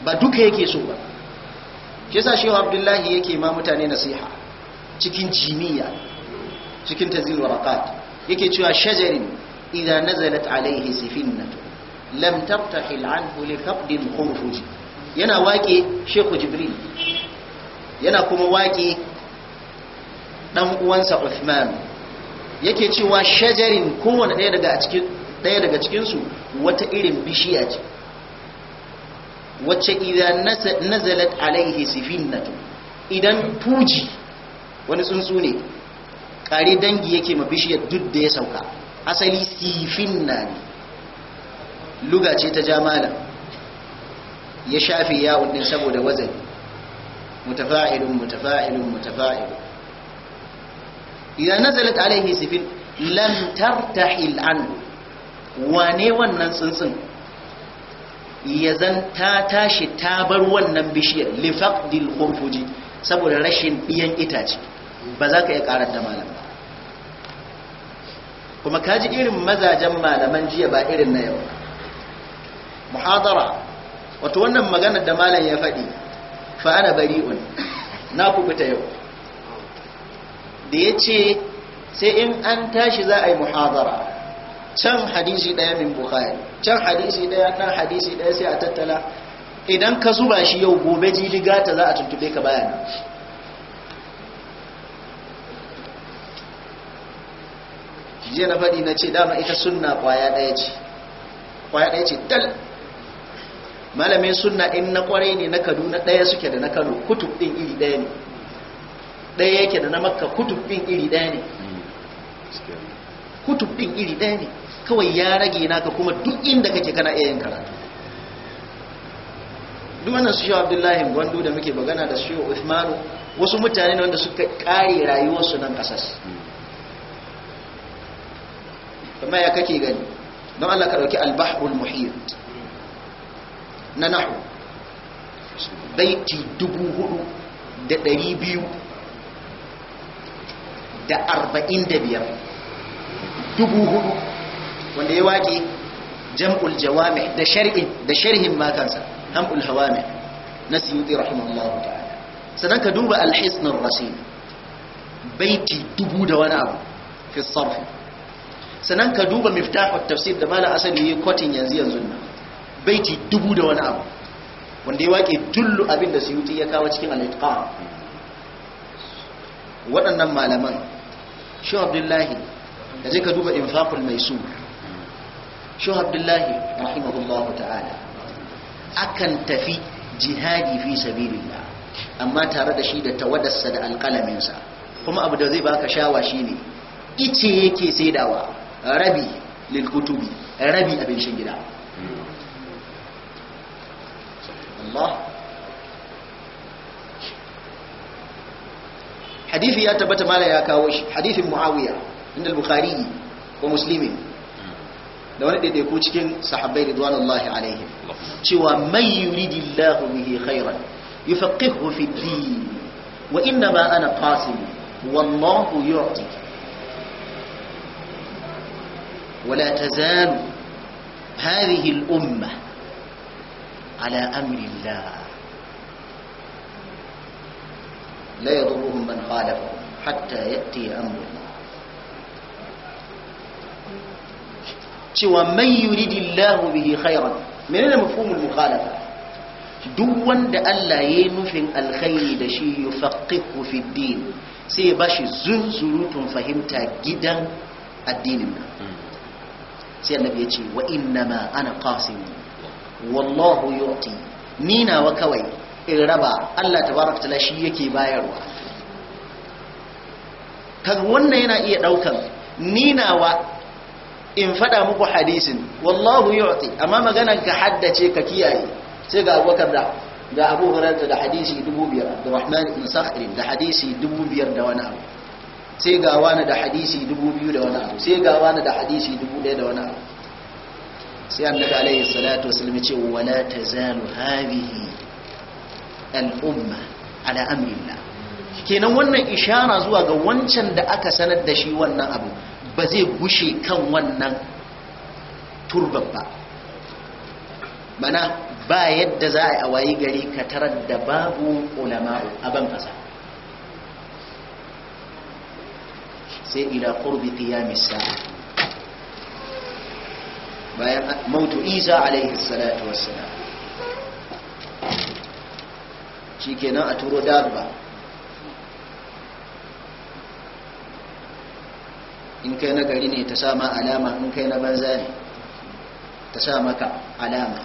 ba duka yake so ba Ke sa shehu abdullahi yake ma mutane nasiha cikin jiniya cikin tazil waraqat yake cewa shajarin idza nazalat alaihi sifinnatu lam tartahil anhu li faqdin yana waƙe shehu jibril yana kuma waƙe dan uwansa uthman yake cewa shajarin kowane ɗaya daga cikinsu wata irin bishiya ce wacce idan nazalat alaihi sifinnatu idan fuji wani tsuntsu ne kare dangi yake ma bishiyar duk da ya sauka asali sifin na ne luga ce ta jamala ya shafe yawon din saboda wazani mutafa'ilun mutafa'ilun mutafa'ilun idan nazalat alaihi sifil lan tartahil wane wannan tsuntsun ya zan ta tashi ta bar wannan bishiyar lifaqdil khurfuji saboda rashin iyan itace ba za ka iya karar da malam ba kuma kaji irin mazajen malaman jiya ba irin na yau muhadara wato wannan maganar da malam ya faɗi fa bari'un na kubuta yau da ya ce sai in an tashi za a yi muhazara can hadisi ɗaya min bukhari can hadisi ɗaya ɗan hadisi ɗaya sai a tattala idan ka zuba shi yau gobe jiliga ta za a tuntube ka bayan jiya na faɗi na ce dama ita sunna kwaya ɗaya ce kwaya ɗaya ce dal malamin sunna in na ƙwarai ne na kaduna ɗaya suke da na kano kutub ɗin iri ɗaya ne ɗaya yake da na makka kutub ɗin iri ɗaya ne kutub ɗin iri ɗaya ne kawai ya rage naka kuma duk inda kake kana iya yin karatu duk wannan su shehu abdullahi gwandu da muke magana da shehu uthmanu wasu mutane wanda suka kare rayuwarsu nan ƙasas. kuma ya kake gani don allah ka ɗauki albahul muhir na nahu baiti dubu hudu da ɗari biyu da arba'in da biyar dubu hudu wanda ya waƙe jam'ul jawami da shar'in da sharhin makansa ham'ul hawami na siyuti rahimahullahu ta'ala sannan ka duba alhisnin rasim baiti dubu da wani abu fi sarfi sannan ka duba miftahut tafsir da mala asali yi kotin yanzu yanzu nan baiti dubu da wani abu wanda ya waƙe tullu abin da suyuti ya kawo cikin al'itqan waɗannan malaman shi abdullahi da zai ka duba mai su shi abdullahi rahimahullah ta'ala akan tafi jihadi fi sabilillah amma tare da shi da tawadarsa da alƙalaminsa kuma abu da zai baka shawa shine ice yake saidawa rabi lilkutubi, rabi abin shin gida hmm. Allah حديثي أتبت مالا يا كاوش حديث معاوية من البخاري ومسلمين لو نقدر يكون كن صحابي رضوان الله عليهم شو من يريد الله به خيرا يفقهه في الدين وإنما أنا قاسم والله يعطي ولا تزال هذه الأمة على أمر الله la yadurruhum man khalafa hatta yati amru cewa man yuridillahu bihi khairan menene mafhumul mukhalafa duk wanda Allah ya yi nufin alkhairi da shi yi yufaqihu fi din sai ya bashi zunzurutun fahimta gidan addinin nan sai annabi ya ce wa inna ma ana qasim wallahu yu'ti ni nawa kawai in raba Allah tabaraka ta'ala shi yake bayarwa kaga wannan yana iya daukan ninawa in fada muku hadisin wallahu yu'ti amma maganan ka haddace ka kiyaye sai ga Abubakar da ga Abu Hurairah da hadisi 2500 da Rahman ibn Sakhrin da hadisi 2500 da wani abu sai ga wani da hadisi 2000 da wani abu sai ga wani da hadisi 1000 da wani abu sai annabi alaihi salatu wasallam ya ce wala tazalu hadhihi al'umma ala kenan wannan ishara zuwa ga wancan da aka sanar da shi wannan abu ba zai gushe kan wannan turban ba mana ba yadda za a wayi gari ka tarar da babu ulama a ban kasa sai ila qurbi qiyamis sa'a bayan mautu isa alaihi salatu wassalam shikenan a turo dabba in kai na gari ne ta sa ma alama in kai na banza ne ta sa maka alama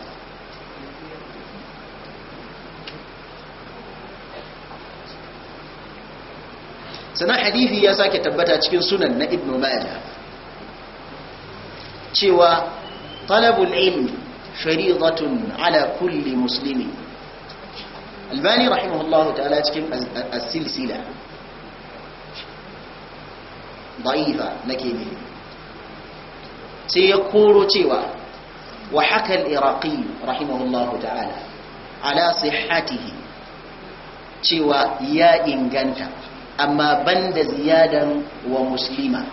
sannan hadithi ya sake tabbata cikin sunan na ibn majah cewa talabul ilmi shari'atun ala kulli muslimin الباني رحمه الله تعالى تكلم السلسلة ضعيفة نكيمه سيقول تيوا وحكى الإراقي رحمه الله تعالى على صحته تيوا يا إنجنتا أما بند زيادا ومسلمة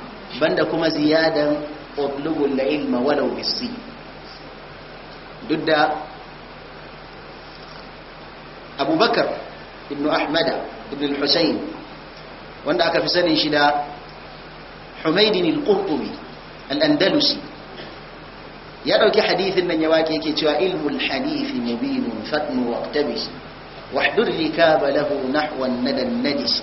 بندكم زيادا أطلبوا العلم ولو بالسين ضد أبو بكر ابن أحمد ابن الحسين وندعك في سنة شداء حميد القرطبي الأندلسي يدعك حديث من يواكي كتوى علم الحديث مبين فتن واقتبس واحدر ركاب له نحو الندى الندس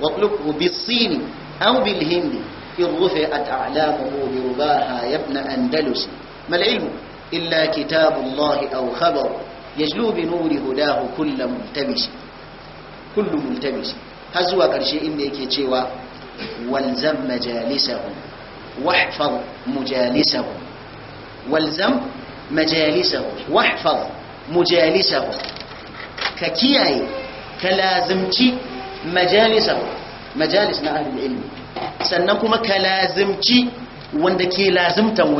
واطلقه بالصين أو بالهند إن رفعت أعلامه برباها يا ابن أندلس ما العلم إلا كتاب الله أو خبر يجلو بنور هداه كل ملتمس كل ملتمس هزوا قرشي إن يكي تشيوا والزم مجالسهم واحفظ مجالسهم والزم مجالسهم واحفظ مجالسهم ككياي كلازمتي مجالسهم مجالس na العلم ilmi sannan kuma ka lazimci wanda ke lazimtan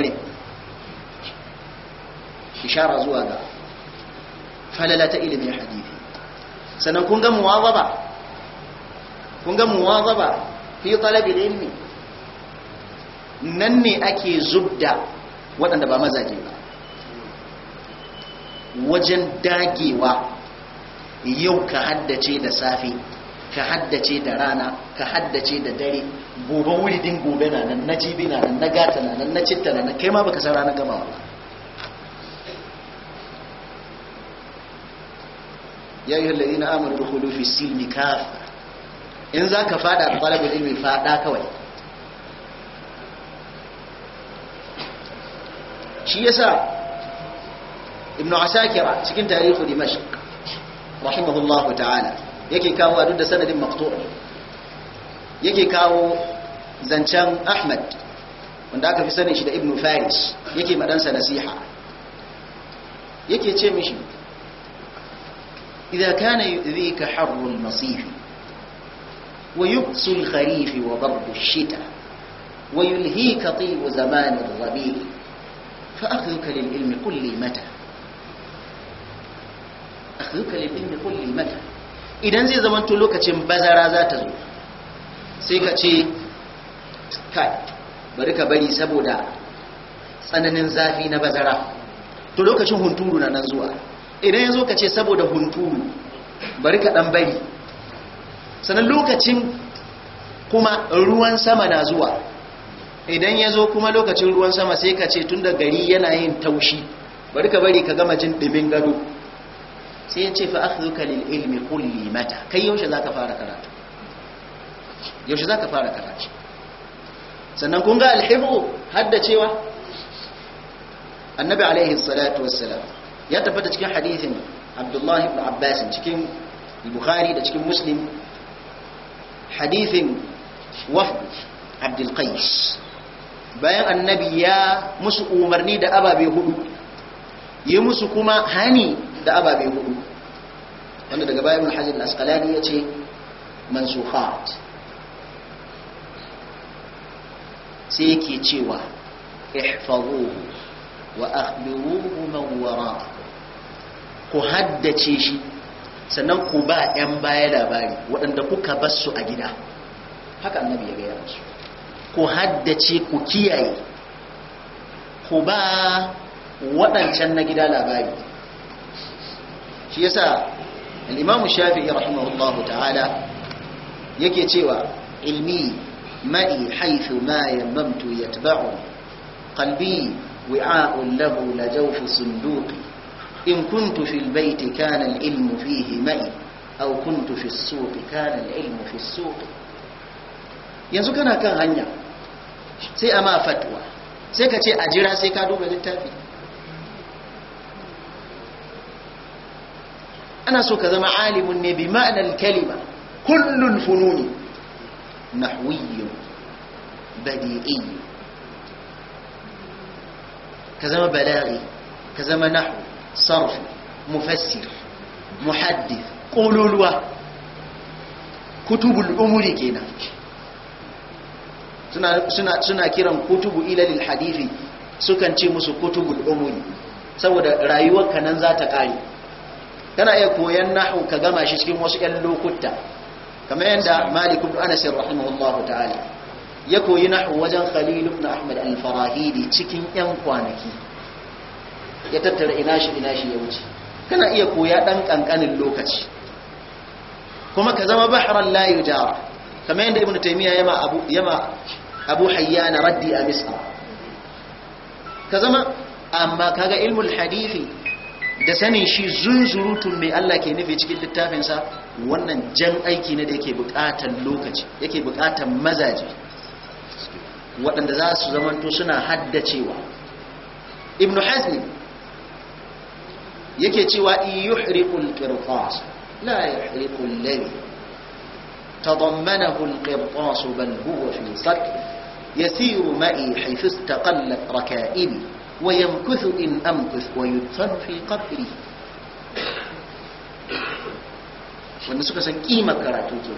falala ta ilimin hadisi sannan kun ga muwazaba kun ga muwazaba fi talabil ilmi nan ne ake zubda waɗanda ba mazaje ba wajen dagewa yau ka haddace da safe ka haddace da rana ka haddace da dare gobe wuridin gobe na nan na jibi na nan na gata na nan na citta na nan kai ma baka san ranar gama ba ya yi hallari na amur da hulufi silmi kafa in za ka fada a ɓalabar ilmi fada kawai shi ya sa ibn asakira cikin tarihi dimashq rahimahullahu ta'ala yake kawo duk da sanadin maqtu' yake kawo zancen ahmad wanda aka fi sanin shi da ibn faris yake madansa nasiha yake ce mishi إذا كان يؤذيك حر المصيف ويقص الخريف وضرب الشتاء ويلهيك طيب زمان الربيع فأخذك للعلم قل لي متى أخذك للعلم قل لي متى إذا زي زمان تلوك تشم بزرا ذات زور سيكا تشي كاي بركة بني سبودا tsananin zafi na تلوك تشم هنتورنا hunturu idan ya zo ka ce saboda hunturu bari ka ɗan bari sannan lokacin kuma ruwan sama na zuwa idan ya zo kuma lokacin ruwan sama sai ka ce tun da gari yana yin taushi bari ka bari ka gama jin ɗimin gado sai ya ce fa akhzuka lil ilmi kulli mata kai yaushe za ka fara karatu yaushe ka fara karatu sannan kun ga alhibu da cewa annabi alaihi salatu wassalam ya tabbata cikin hadisin Abdullah ibn abbas cikin bukhari da cikin muslim hadisin wafd abdul qais bayan annabi ya musu umarni da ababe hudu yi musu kuma hani da ababe hudu wanda daga bayan ibn mulhajjin al-asqalani yace ce mansukhat sai yake cewa ihfazuhu wa akhbiruhu man wara'a ku haddace shi sannan ku ba 'yan baya labari waɗanda kuka bar su a gida haka annabi ya gaya musu ku haddace ku kiyaye ku ba waɗancan na gida labari shi yasa al-imamu shafi'i rahimahullahu ta'ala yake cewa ilmi ma'i haifu ma yammamtu yatba'u qalbi wi'a'un lahu la jawfu sunduqi إن كنت في البيت كان العلم فيه معي أو كنت في السوق كان العلم في السوق ينزكنا كان هنيا سي أما فتوى سي كتي أجرا سي كادوبة للتافي أنا سوك زم عالم بمعنى الكلمة كل الفنون نحوي بديعي كزما بلاغي كزما نحو sarf mufassir muhaddith ƙololuwa kutubul umuri kenan suna suna kiran kutubu ilalil hadithi sukan ce musu kutubul umuri saboda rayuwar ka nan za ta kare kana iya koyan nahu ka gama shi cikin wasu 'yan lokuta kamar yadda Malik ibn Anas rahimahullahu ta'ala ya koyi nahu wajen khalilu na Ahmad al-Farahidi cikin 'yan kwanaki ya tattara ina shi ina shi ya wuce kana iya koya dan kankanin lokaci kuma ka zama bahran la yujara kamar yadda ibnu taymiya yama abu yama abu hayyan raddi a ka zama amma kaga ilmul hadisi da sanin shi zunzurutun mai Allah ke nufi cikin littafinsa wannan jan aiki ne da yake bukatar lokaci yake bukatar mazaje waɗanda za su zamanto suna haddacewa ibnu hazmi yake cewa yuhriqul qirtas la yuhriqul ladhi tadammanahu al-qirtas bal huwa fi ma'i يسير معي raka'ibi wa yamkuthu in amkuth wa ويدفن fi qabri wannan suka san kima karatu ce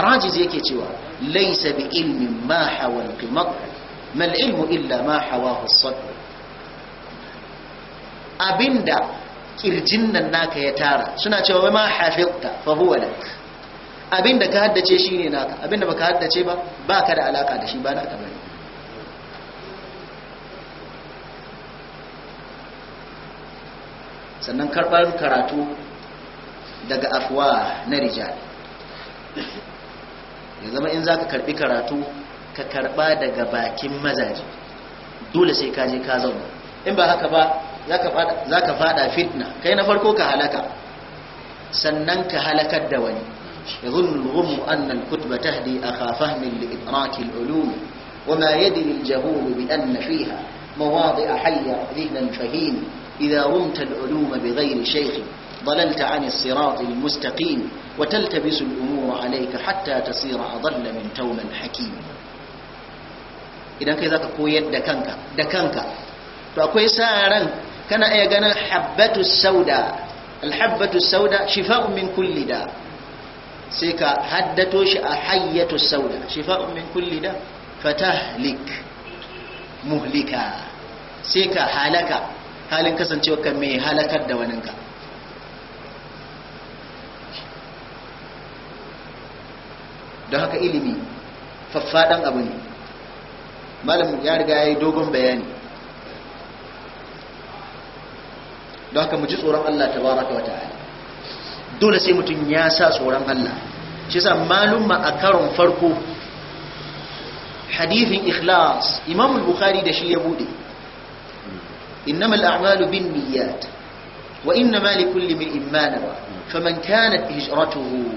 rajiz yake cewa laysa bi ilmin ma hawa al mal ilmu illa ma hawa as-sadr abinda kirjin nan naka ya tara suna cewa wai ma hafizta fa huwa lak abinda ka haddace shine naka abinda baka haddace ba baka da alaka da shi ba naka bane sannan karbar karatu daga afwa na rijal ya zama in zaka karbi karatu ka karba daga bakin mazaje dole sai ka je ka zauna in ba haka ba za ka fada fitna kai na farko ka halaka sannan ka halakar da wani يظن الغم أن الكتب تهدي أخا فهم لإدراك العلوم وما يدري الجهول بأن فيها مواضع حية ذهن فهيم إذا رمت العلوم بغير شيخ ضللت عن الصراط المستقيم وتلتبس الأمور عليك حتى تصير أضل من توم حكيم إذا كذا كويت دكانك دكانك فأكوي سارا kana iya ganin habbatu sauda alhabbatu sauda shifa'un min kulli da sai ka haddato shi a hayyatu sauda shifa'un min kulli da fatahlik muhlika sai ka halaka halin kasancewa ka mai halakar da waninka don haka ilimi faffaɗan abu ne malam ya riga ya yi dogon bayani don haka mu ji tsoron Allah tabaraka wa ta'ala dole sai mutum ya sa tsoron Allah shi yasa malumma a karon farko hadithin ikhlas imam al-bukhari da shi ya bude innamal a'malu bin niyyat wa innama kulli min ma wa faman kanat hijratuhu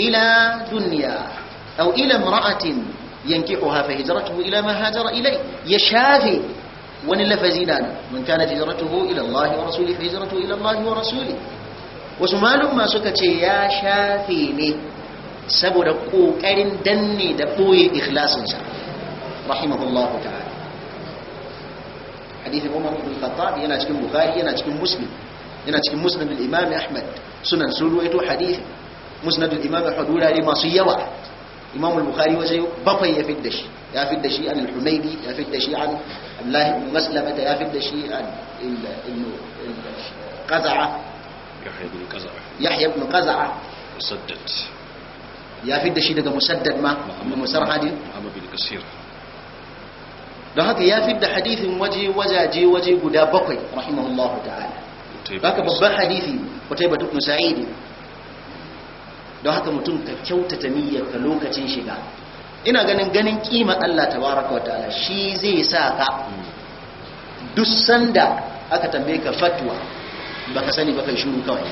ila dunya aw ila imra'atin yankihuha fa hijratuhu ila ma hajara ilay yashafi wani lafazi na mun kana hijratuhu ila Allah wa rasuli fa hijratuhu ila Allah wa rasuli wasu malumma suka ce ya shafe ne saboda kokarin danne da boye ikhlasin sa rahimahullah ta'ala hadithin Umar ibn Khattab yana cikin Bukhari yana cikin Muslim yana cikin Musnad al-Imam Ahmad sunan sun ruwaito hadithin Musnad al-Imam Hudurari masu yawa إمام البخاري وزي بقي يا فدش يا فدشي عن الحميدي يا فدشي عن الله بن مسلمة يا فدشي عن القزعة يحيى بن قزعة يحيى بن قزعة مسدد يا فدشي ده مسدد ما محمد مسرح هذه محمد بن كثير دون يا فد حديث وجه وزاجي وجه بقي رحمه الله تعالى هكا ببا حديثي وتيبة ابن سعيد don haka mutum ka kyautata niyyar ka lokacin shiga ina ganin ganin kima Allah tabaraka wa ta'ala shi zai sa ka duk sanda aka tambaye ka fatwa baka sani ba shiru kawai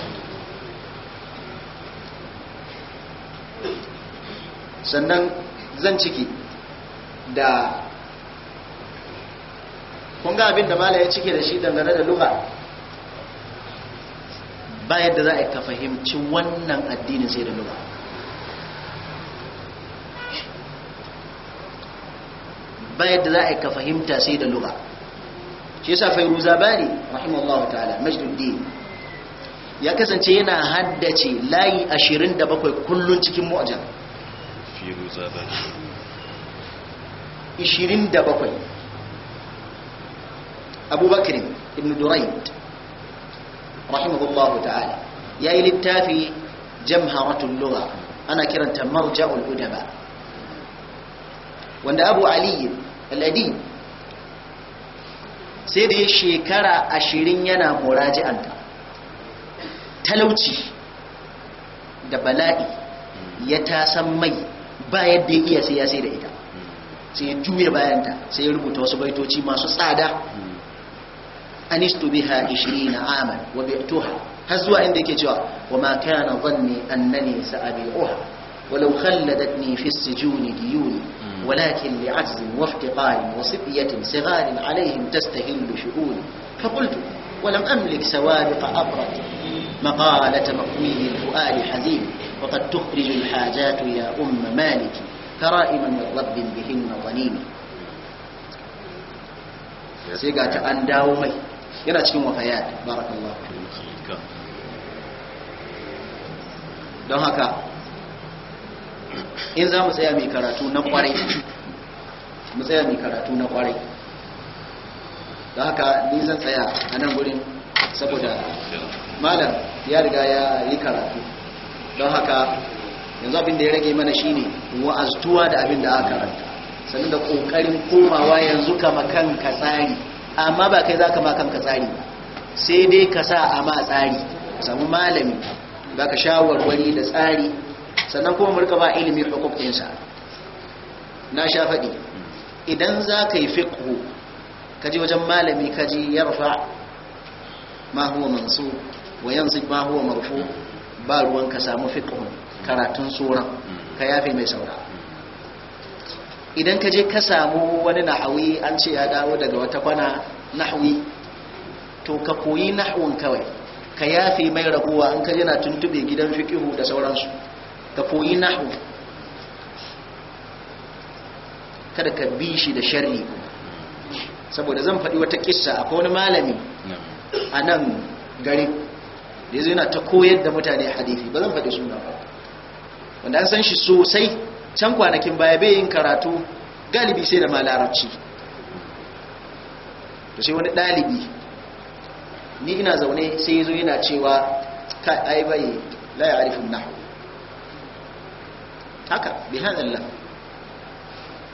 sannan zan ciki da kun ga abin da mala ya cike da shi dangane da lugha ba yadda za a ka fahimci wannan addinin sai da lura ba yadda za a ka fahimta sai da lura shi yasa fairu zabari rahimahullahu ta'ala majduddin ya kasance yana haddace layi 27 kullun cikin mu'jam fairu zabari 27 abubakar ibn durayd rahimahullahu ya yi littafi jamharatul lugha ana kiranta marja'ul udaba wanda abu ali al sai da shekara ashirin yana muraji'anta talauci da bala'i ya ta san mai ba yadda iya sai ya sai da ita sai ya juya bayanta sai ya rubuta wasu baitoci masu tsada anistu بها 20 عاما wa bi'tuha عندك zuwa وما كان ظني أنني سأبيعها ولو خلدتني في السجون ديوني ولكن لعجز وافتقار وصبية صغار عليهم تستهل شؤوني فقلت ولم أملك سوابق أبرد مقالة مقوي الفؤاد حزين وقد تخرج الحاجات يا أم مالك كرائما من رب بهن ظنيني sai ga ta yana cikin wafayat barakallahu don haka in za mu tsaya mai karatu na kwarai mu tsaya mai karatu na kwarai don haka ni zan tsaya a nan gudun saboda malam ya riga ya yi karatu don haka yanzu abin da ya rage mana shi ne wa'aztuwa da abin da aka karanta sannan da kokarin komawa yanzu kama kan ka tsari amma ba kai zaka ma kanka tsari sai dai ka sa a ma tsari samu malami ba sha shawarwari da tsari sannan kuma murka ba ilimin hukuk na sha faɗi idan za ka yi fiƙo ka wajen malami ka ji ya rufa mahuwa mansu wa yanzu mahuwa ba ruwan ka samu fiƙo karatun tsoron ka yafe mai saura idan ka je ka samu wani nahawi an ce ya dawo daga wata kwana nahawi to ka koyi nahawun kawai ka yafe mai raguwa an ka yana tuntube gidan fikihu da sauransu ka koyi nahawun kada ka bi shi da sharri saboda zan faɗi wata kissa a kowane malami a nan gari da yana ta koyar da mutane hadithi ba zan faɗi suna ba wanda an san shi sosai can kwanakin baya bai yin karatu galibi sai da ma larabci to sai wani ɗalibi ni ina zaune sai ya zo yana cewa ka ai bai la ya arifin nahu haka bi hanallah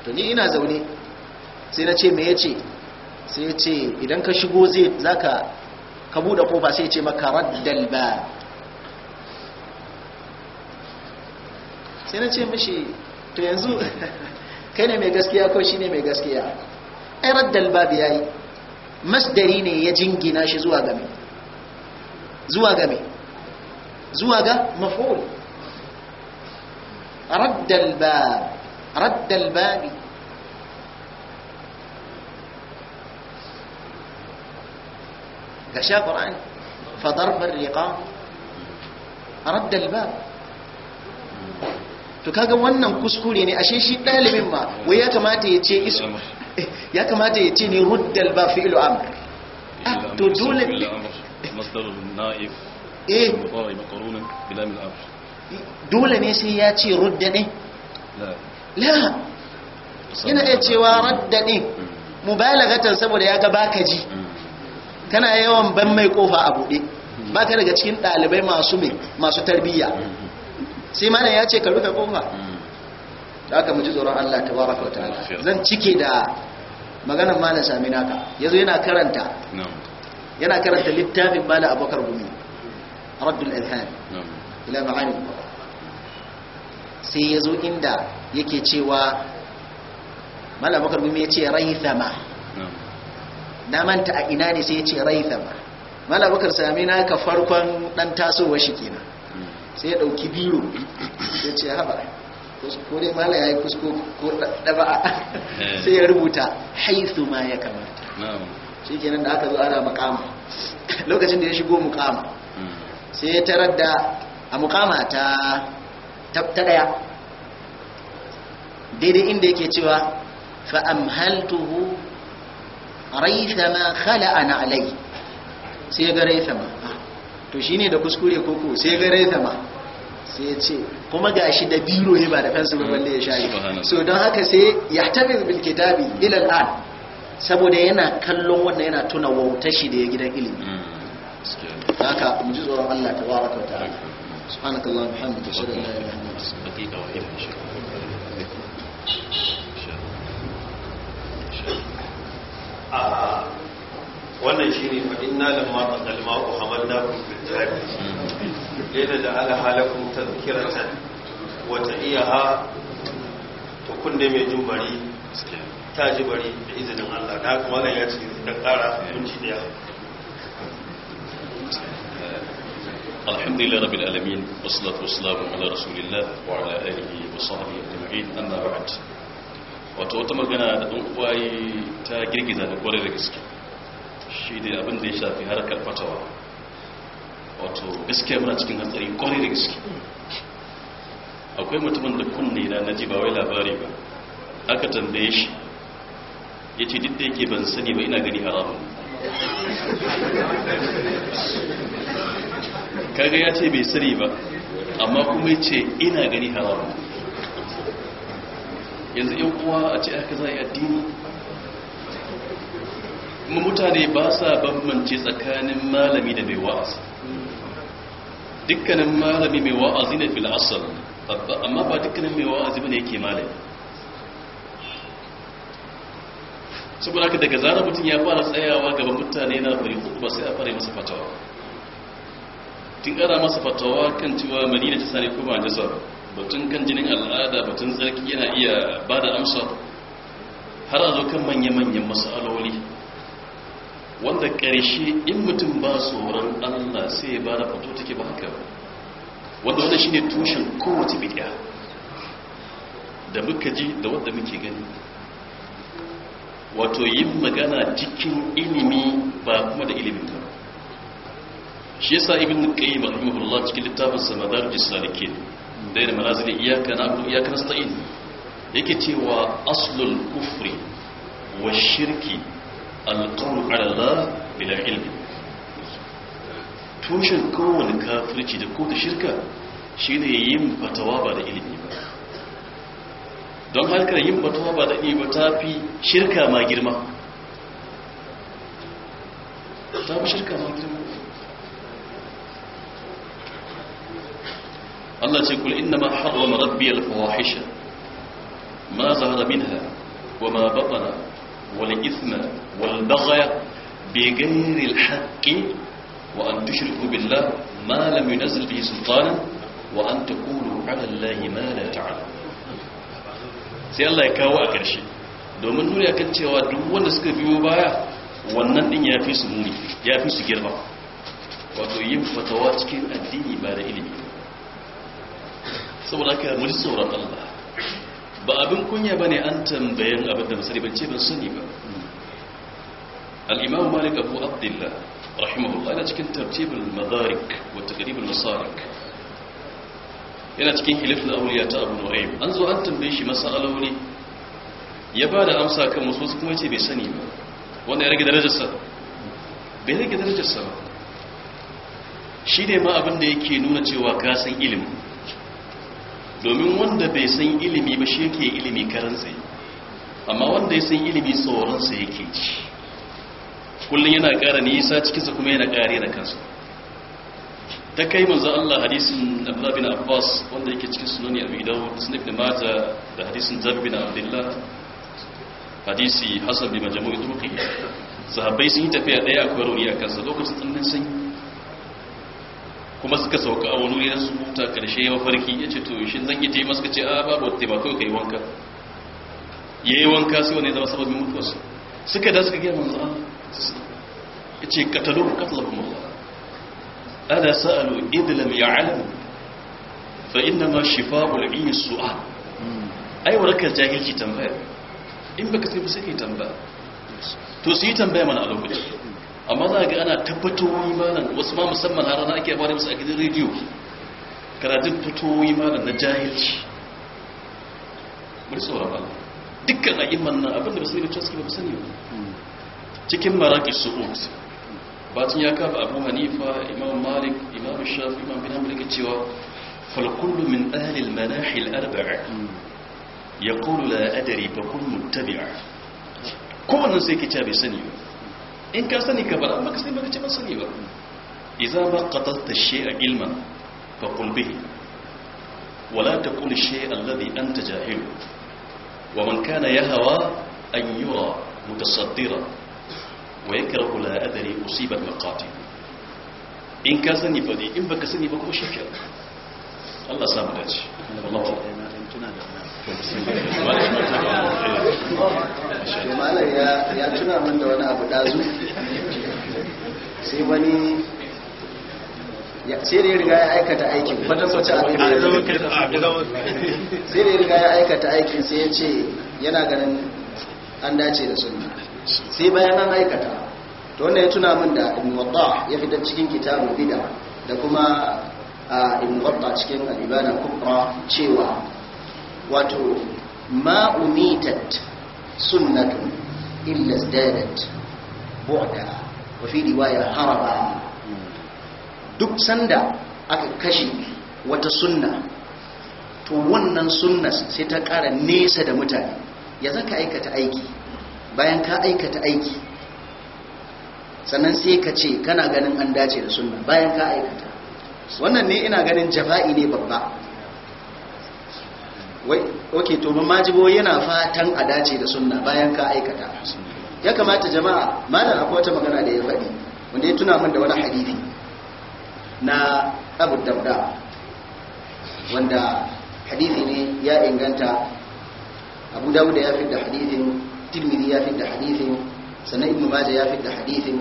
to ni ina zaune sai na ce me ya ce sai ya ce idan ka shigo zai zaka ka buɗe kofa sai ya ce maka raddal ba sai na ce mashi to yanzu kai ne mai gaskiya ko shi ne mai gaskiya ai raddal babu yayi masdari ne ya jingina shi zuwa game zuwa game zuwa ga maf'ul raddal bab raddal babi ga sha qur'ani fa darb ar-riqab raddal bab to kaga wannan kuskure ne ashe shi dalibin ma wai ya kamata ya ce isu eh, ya kamata ya ce ni ruddal ba fi'lu amr ah, to dole ne. eh dole ne sai ya ce rudda ne la yana iya cewa radda ne hmm. mubalagatan saboda ya ga baka ji hmm. kana yawan ban mai kofa a bude hmm. ka daga cikin dalibai masu masu tarbiyya sai malam ya ce ka rufe kofa da hmm. aka muji tsoron Allah ta baraka wa ta'ala zan cike da maganar malam sami naka yazo yana karanta yana karanta littafin malam Abokar gumi raddul adhan ila ma'ani sai yazo inda yake cewa malam abokar gumi ce, raithama na manta a ina ne sai yace raithama malam Abokar sami naka farkon dan tasowa shi kenan sai ya ɗauki biro ya ce haɓa ko dai mala ya yi kusko ko ɗaba eh. sai ya rubuta haithu ma ya kamata shi kenan da aka zo ana mukama lokacin da ya shigo mukama sai ya tarar da a mukama ta ta daya daidai inda yake cewa fa'amhaltuhu raithama khala'ana alai sai ya ga raithama to shine da kuskure koko sai gare ta ma sai ya ce kuma ga shi da biro ne ba da kansu ba balle ya shayi so don haka sai ya tabi bil kitabi ila al'an saboda yana kallon wannan yana tuna wautar shi da ya gidan ilimi mm, haka mu ji tsoron Allah tabaraka wa ta'ala subhanakallahu bihamdika ashhadu an la wa atubu ilaik wannan shi ne faɗin na lamma ƙasar mako hamar na kufin jari lena da ala halakun ta kiratan wata iya ha ta kunne mai jin bari ta ji bari da izinin allah da haka malam ya ce da ƙara minci ɗaya الحمد لله رب العالمين والصلاة والسلام على رسول الله وعلى آله وصحبه أجمعين أما بعد وتوتم magana da ɗan uwaye ta girgiza da kwarai da gaske shi ne abin da ya shafi harkar fatawa wato gaske muna cikin hatsari kwarai da gaske akwai mutumin da kunne na naji ba wai labari ba aka tambaye shi ya ce duk da yake ban sani ba ina gani haramun kaga ya ce bai sani ba amma kuma ce ina gani haramun yanzu yan uwa a ce aka zai addini kuma mutane ba sa bambance tsakanin malami da mai wa'azi dukkanin malami mai wa'azi ne fil asal amma ba dukkanin mai wa'azi bane yake malami saboda haka daga zarar mutum ya fara tsayawa gaban mutane yana bari hukuma sai a fara masa fatawa tun ƙara masa fatawa kan cewa madina ta sani kuma da jasa batun kan jinin al'ada batun tsarki yana iya ba da amsa har a zo kan manya-manyan masu aloli wanda ƙarshe in mutum ba tsoron allah sai ya ba na fato take ba haka wanda wanda shi ne tushen kowace bidiya da muka ji da wanda muke gani wato yin magana cikin ilimi ba kuma da ilimin ka shi yasa ibn qayyim rahimahullah cikin littafin sa madarij salikin da yana manazili iyaka na abu iyaka nasta'in yake cewa aslul kufri wa shirki القول على الله بلا علم توشن كون كافرتي ده كو ده شركه شي ده ييم فتوى بعد علمي با دون هلكر ييم فتوى بعد علمي با تافي شركه ما غيرما تافي شركه ما غيرما الله يقول انما حرم ربي الفواحش ما ظهر منها وما بطن والاثم والبغي بغير الحق وأن تشركوا بالله ما لم ينزل به سلطانا وأن تقولوا على الله ما لا تعلم sai Allah ya kawo a ƙarshe domin ya kan cewa duk wanda suka biyo baya wannan din ya fi su muni ya fi su girma wato yin fatawa cikin addini ba da ilimi saboda haka yi ji sauran Allah ba abin kunya ne an tambayen abin da musali ban ce ban sani ba al-imam malik abu abdullah rahimahullah yana cikin tartibul madarik wa taqribul masarik yana cikin na awliya ta abu nu'aym an zo an tambaye shi masaloli ya ba da amsa kan wasu kuma ce bai sani ba wanda ya rage darajarsa bai rage darajarsa ba shi ne ma abin da yake nuna cewa ka san ilimi domin wanda bai san ilimi ba shi yake ilimi karansa amma wanda ya san ilimi tsoron tsoronsa yake ci kullum yana ƙara nisa cikinsa kuma yana ƙare da kansa ta kai manzo Allah hadisin Abdullah bin Abbas wanda yake cikin sunani abu Dawud sunan Ibn Maza da hadisin Jabir bin Abdullah hadisi Hasan bi majmu'i turqi sahabbai sun yi tafiya daya akwai rauni a kansa lokacin tsananin sanyi kuma suka sauka a wani wurin su ta karshe ya mafarki ya ce to shin zan yi taimaka suka ce a babu wata taimaka kai wanka yayi wanka sai wani zama sababin mutuwarsa suka da suka gaya manzo Allah yace qataluhu qatlahum Allah ala sa'alu ya ya'lam fa innama shifa'ul 'ayyi su'a ai warakar jahilci tambaya in ka sai ba sai tambaya to su yi tambaya mana a lokaci amma za ga ana tabbatowi malam wasu ma musamman har na ake bari musu a gidan rediyo karatun fitowi malam na jahilci bari tsoron Allah dukkan a'imman nan abinda basu da cikin ba sani ba cikin maraki su'ud batun ya kafa abu hanifa imam malik imam shafi imam bin hamdan cewa fal kullu min ahli al manahi al arba'a yaqulu la adri fa kun muttabi'a kowanne sai kice bai sani ba in ka sani ka bar amma ka sani ba ka ce ba sani ba idza ba qatatta shay'a ilman fa qul bihi ولا تقول الشيء الذي أنت جاهله ومن كان يهوى أن يرى متصدرا ويكره لا أدري أصيب المقاتل إن كسني فدي إن سني بك شكر الله سامدك الله أكبر malam ya tuna min da wani sai da riga ya aikata aikin kwatankwacin abin da ya sai riga ya aikata aikin sai ya ce yana ganin an dace da sunna sai bayan an aikata to wannan ya tuna min da ibn wadda ya fitar cikin kitabun bida da kuma ibn wadda cikin al'ibana kubra cewa wato ma umitat sunnatun illa zdadat bu'da wa fi riwaya haraba duk sanda aka kashe wata sunna to wannan sunna sai ta ƙara nesa da mutane ya zaka aikata aiki bayan ka aikata aiki sannan sai ka ce kana ganin an dace da sunna bayan ka aikata wannan ne ina ganin jafa'i ne babba wai ok to majibo yana fatan a dace da sunna bayan ka aikata ya kamata jama'a malam akwai wata magana da ya faɗi wanda ya tuna min da wani hadithi na abu dauda wanda hadisi ne ya inganta abu dauda ya fidda hadithin tirmidhi ya fidda hadithin sannan ibnu majah ya fidda hadithin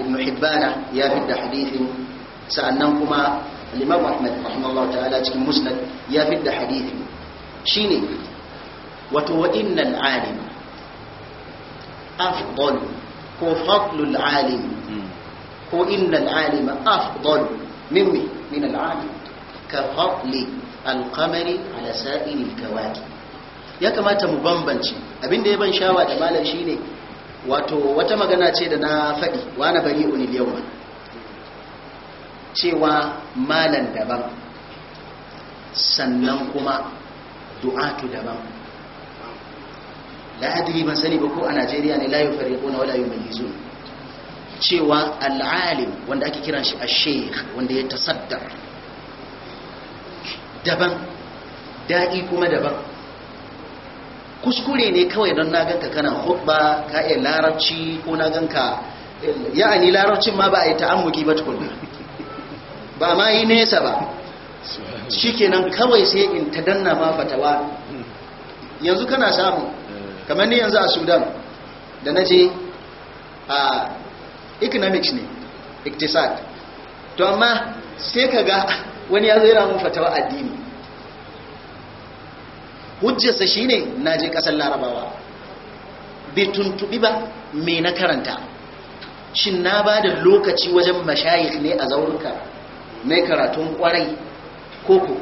ibnu hibbana ya fidda hadithin sa'annan kuma al-imam ahmad rahimahullah ta'ala cikin musnad ya fidda hadithin shine wato wa innal alim afdal ko fadlul alim hmm. ko innal al'alima afdal mimmi min al'alim karhatli alkamari ala sa'iri kawaki ya kamata mu bambance abinda ya ban shawa da malam shine wato wata magana ce da na faɗi na bari unil yau cewa malam daban sannan kuma du'atu daban la ban sani ba ko a Najeriya ne la yufarriquna wala yumayyizuna cewa al'alim wanda ake kiran shi a sheikh wanda ya tasaddar daban da'i kuma daban kuskure ne kawai don na ganka kana ka iya larabci ko na ganka ya'ani larabcin ma ba a yi ta'ammuki ba tukunna ba ma yi nesa ba shikenan kawai sai in ta danna ma fatawa yanzu kana samu kamar ni yanzu a sudan da na je a economics ne iktisad to amma sai kaga wani ya zai mun fatawa addini hujjarsa shine na je ƙasar larabawa bai tuntubi ba me na karanta shin na bada lokaci wajen mashayikh ne a zauruka mai karatun kwarai koko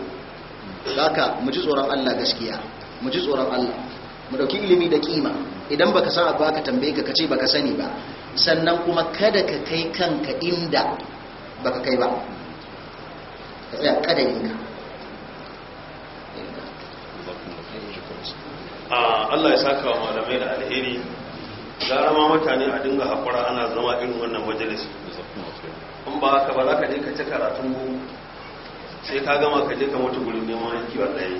za ka mu ji tsoron allah gaskiya mu ji tsoron allah mu dauki ilimi da kima idan baka san abu aka tambaye ka kace baka sani ba sannan kuma kada ka kai kanka inda baka kai ba ka kada kadarin ka Allah ya saka wa malamai da alheri gara ma mutane a dinga hakura ana zama irin wannan majalisi in ba haka ba za ka je ka ci karatun sai ka gama ka je ka mutu gurin neman kiwon ɗaya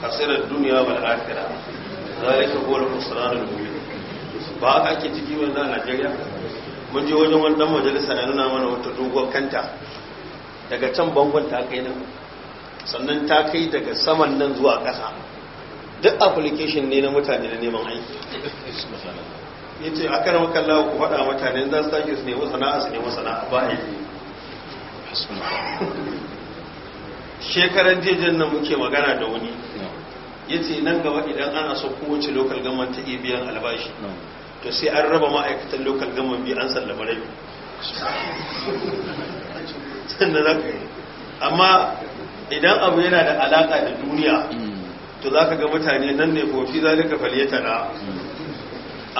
khasirar duniya ba. akhirah zalika huwa al-khusran musulmanin mu. ba ka ake ciki wannan a Najeriya mun je wajen wani dan majalisa ya nuna mana wata doguwar kanta daga can bangon ta kai nan sannan ta kai daga saman nan zuwa ƙasa duk application ne na mutane na neman aiki ya ce a kan makalla ku faɗa mutane za su sake su nemi sana'a su nemi sana'a ba aiki shekaran jejin nan muke magana da wani yace nan gaba idan ana so kowace local government ta iya biyan albashi to sai an raba ma'aikatan local government biyu an sallama rai sannan za ka amma idan abu yana da alaka da duniya mm. to za ka ga mutane nan ne kofi za ka falyata na mm.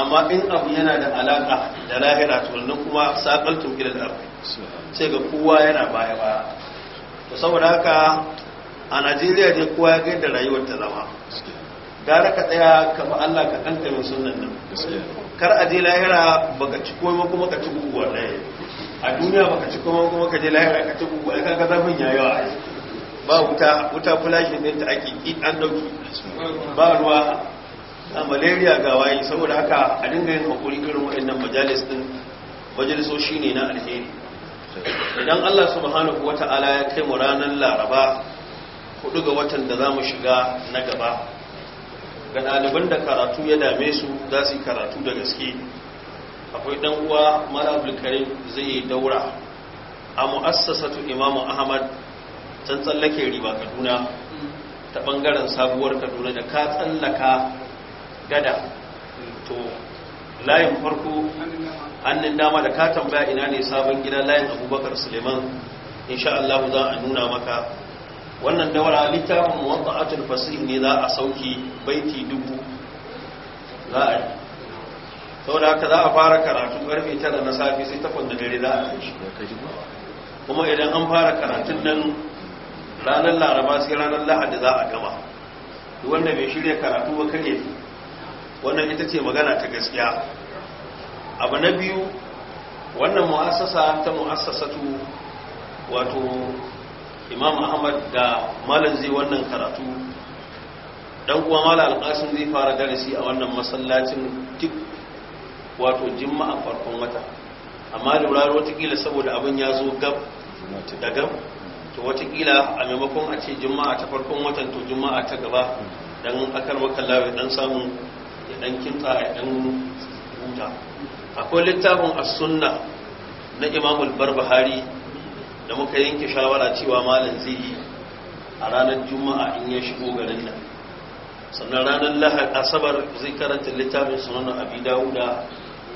amma in abu yana da alaka da lahira to nan kuma sakaltun gidan abu sai ga kowa yana baya baya to saboda haka a najeriya ne kowa ya gaida rayuwar ta zama gara ka tsaya ka Allah ka kanta yin sunan nan kar a je lahira baka ci komai kuma ka ci guguwa ɗaya a duniya baka ci komai kuma ka je lahira ka ci guguwa ɗaya kaga zafin ya yawa ba wuta wuta ne ta ake ƙi an ɗauki ba ruwa a malaria ga waye saboda haka a dinga yin hakuri irin waɗannan majalis ɗin shi ne na alheri idan Allah subhanahu wata'ala ya kai mu ranar laraba hudu ga watan da za mu shiga na gaba ga ɗaliban da karatu ya dame su za su yi karatu da gaske akwai ɗan uwa mara abulkarin zai yi daura a mu'assasatu imamu ahmad can tsallake riba kaduna ta ɓangaren sabuwar kaduna da ka tsallaka gada to layin farko hannun dama da ka tambaya ina ne sabon gida layin abubakar suleiman insha Allah za a nuna maka wannan dawara littafin muwadda'atul fasih ne za a sauki baiti dubu za a yi saboda haka za a fara karatu karfe 9 na safe sai ta da dare za a kai shi kuma idan an fara karatun nan ranar laraba sai ranar lahadi za a gama wanda bai shirya karatu ba kake wannan ita ce magana ta gaskiya abu na biyu wannan mu'assasa ta mu'assasatu wato imam ahmad da malam zai wannan karatu dan uwa malam alƙasin zai fara darasi a wannan masallacin duk wato juma'a farkon wata amma lura watakila saboda abin ya zo gab da gab to watakila a maimakon a ce juma'a ta farkon watan to juma'a ta gaba dan akar makallawa dan samu ya dan kinta ya dan huta akwai littafin as-sunna na imam al-barbahari da muka yanke shawara cewa malam zai yi a ranar juma'a in ya shigo garin nan sannan ranar lahar asabar zai karanta littafin sunan abi dawuda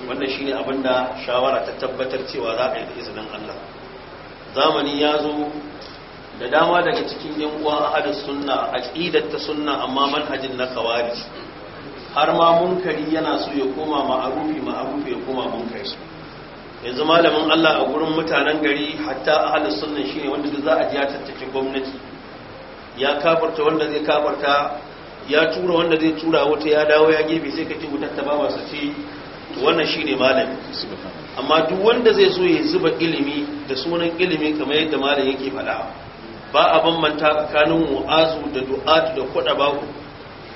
wannan shi ne abinda shawara ta tabbatar cewa za a yi da izinin allah zamani ya zo da dama daga cikin yan uwa hada sunna aqidar ta sunna amma manhajin na kawari har ma munkari yana so ya koma ma'arufi ma'arufi ya koma munkari yanzu malamin Allah a gurin mutanen gari hatta ahlus sunna shine wanda duk za a ji ya tattake gwamnati ya kafarta wanda zai kafarta ya tura wanda zai tura wata ya dawo ya gebe sai ka ci wutar ba su ci wannan shine malami amma duk wanda zai so ya zuba ilimi da sunan ilimi kamar yadda malam yake faɗa ba a bambanta tsakanin mu'azu da du'atu da kuɗa babu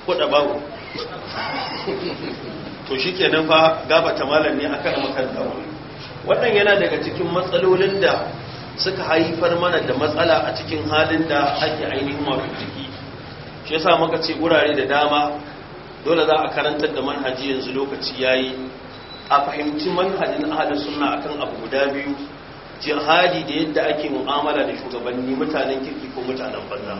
kuɗa babu [LAUGHS] to shikenan fa gabata malam ne akan makaranta wannan yana daga cikin matsalolin da suka haifar mana da matsala a cikin halin da ake ainihin mafi jiki. shi yasa muka ce wurare da dama dole za a karantar da manhaji yanzu lokaci yi. a fahimci manhajin ahadin sunna akan abu guda biyu jihadi da yadda ake mu'amala da shugabanni mutanen kirki ko mutanen banza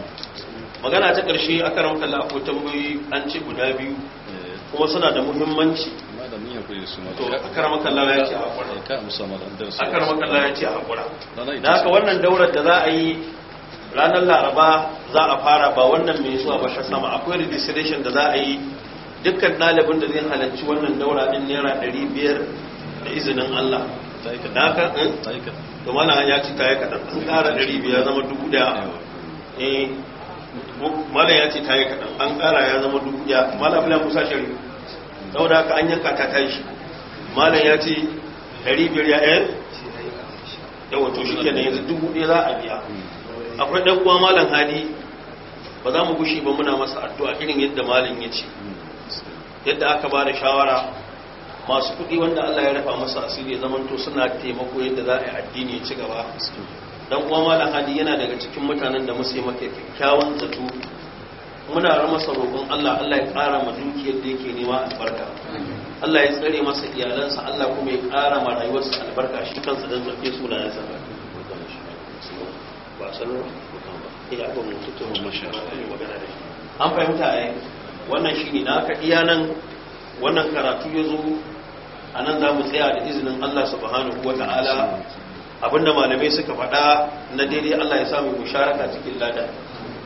magana ta ƙarshe aka ramka lafo tambayoyi an ce guda biyu kuma suna da muhimmanci kuje su ma to akarama ya ce a hakura ka ya ce a hakura da haka wannan daurar da za a yi ranar laraba za a fara ba wannan mai zuwa ba sama akwai registration da za a yi dukkan ɗalibin da zai halarci wannan daura ɗin naira ɗari biyar da izinin Allah da haka eh? to mana ya ci ta yi kaɗan an ƙara ɗari biyar zama dubu ɗaya eh, mala ya ce ta yi kaɗan an ƙara ya zama dubu ɗaya mala filan kusa shari'a saboda ka an yanka ta tashi malam ya ce 500 ya eh? yan da wato shi da yanzu dubu ɗaya za a biya akwai ɗan uwa malam hadi ba za mu gushi ba muna masa addu'a irin yadda malam ya ce yadda aka ba da shawara masu kuɗi wanda Allah ya rafa masa asiri ya zamanto suna taimako yadda za a yi addini ya ci gaba dan uwa malam hadi yana daga cikin mutanen da musu yi maka kyakkyawan zato muna rama roƙon Allah Allah ya ƙara ma dukiyar da yake nema albarka Allah ya tsare masa iyalansa Allah kuma ya ƙara ma rayuwarsa albarka shi kansa dan zafe suna ya saba, ba sanar ila ga mutum to mashara ne magana da shi an fahimta ai eh? wannan shine na ka iya nan wannan karatu ya zo a nan za mu tsaya da izinin Allah subhanahu wa abinda malamai suka faɗa na daidai Allah ya samu musharaka cikin lada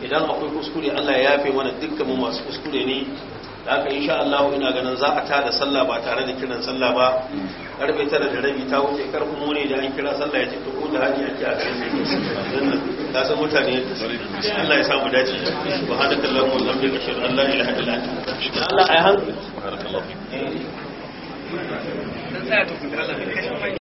idan akwai kuskure Allah ya yafe mana dukkan mu masu kuskure ne da haka insha Allah ina ganin za a tada sallah ba tare da kiran sallah ba karfe tara da rabi ta wuce karfin mu ne da an kira sallah ya ce to ko da haji ake a cikin da san mutane Allah ya samu dace subhanakallahu wa bihamdika ashhadu an la ilaha illa anta Allah ya hankali subhanakallahu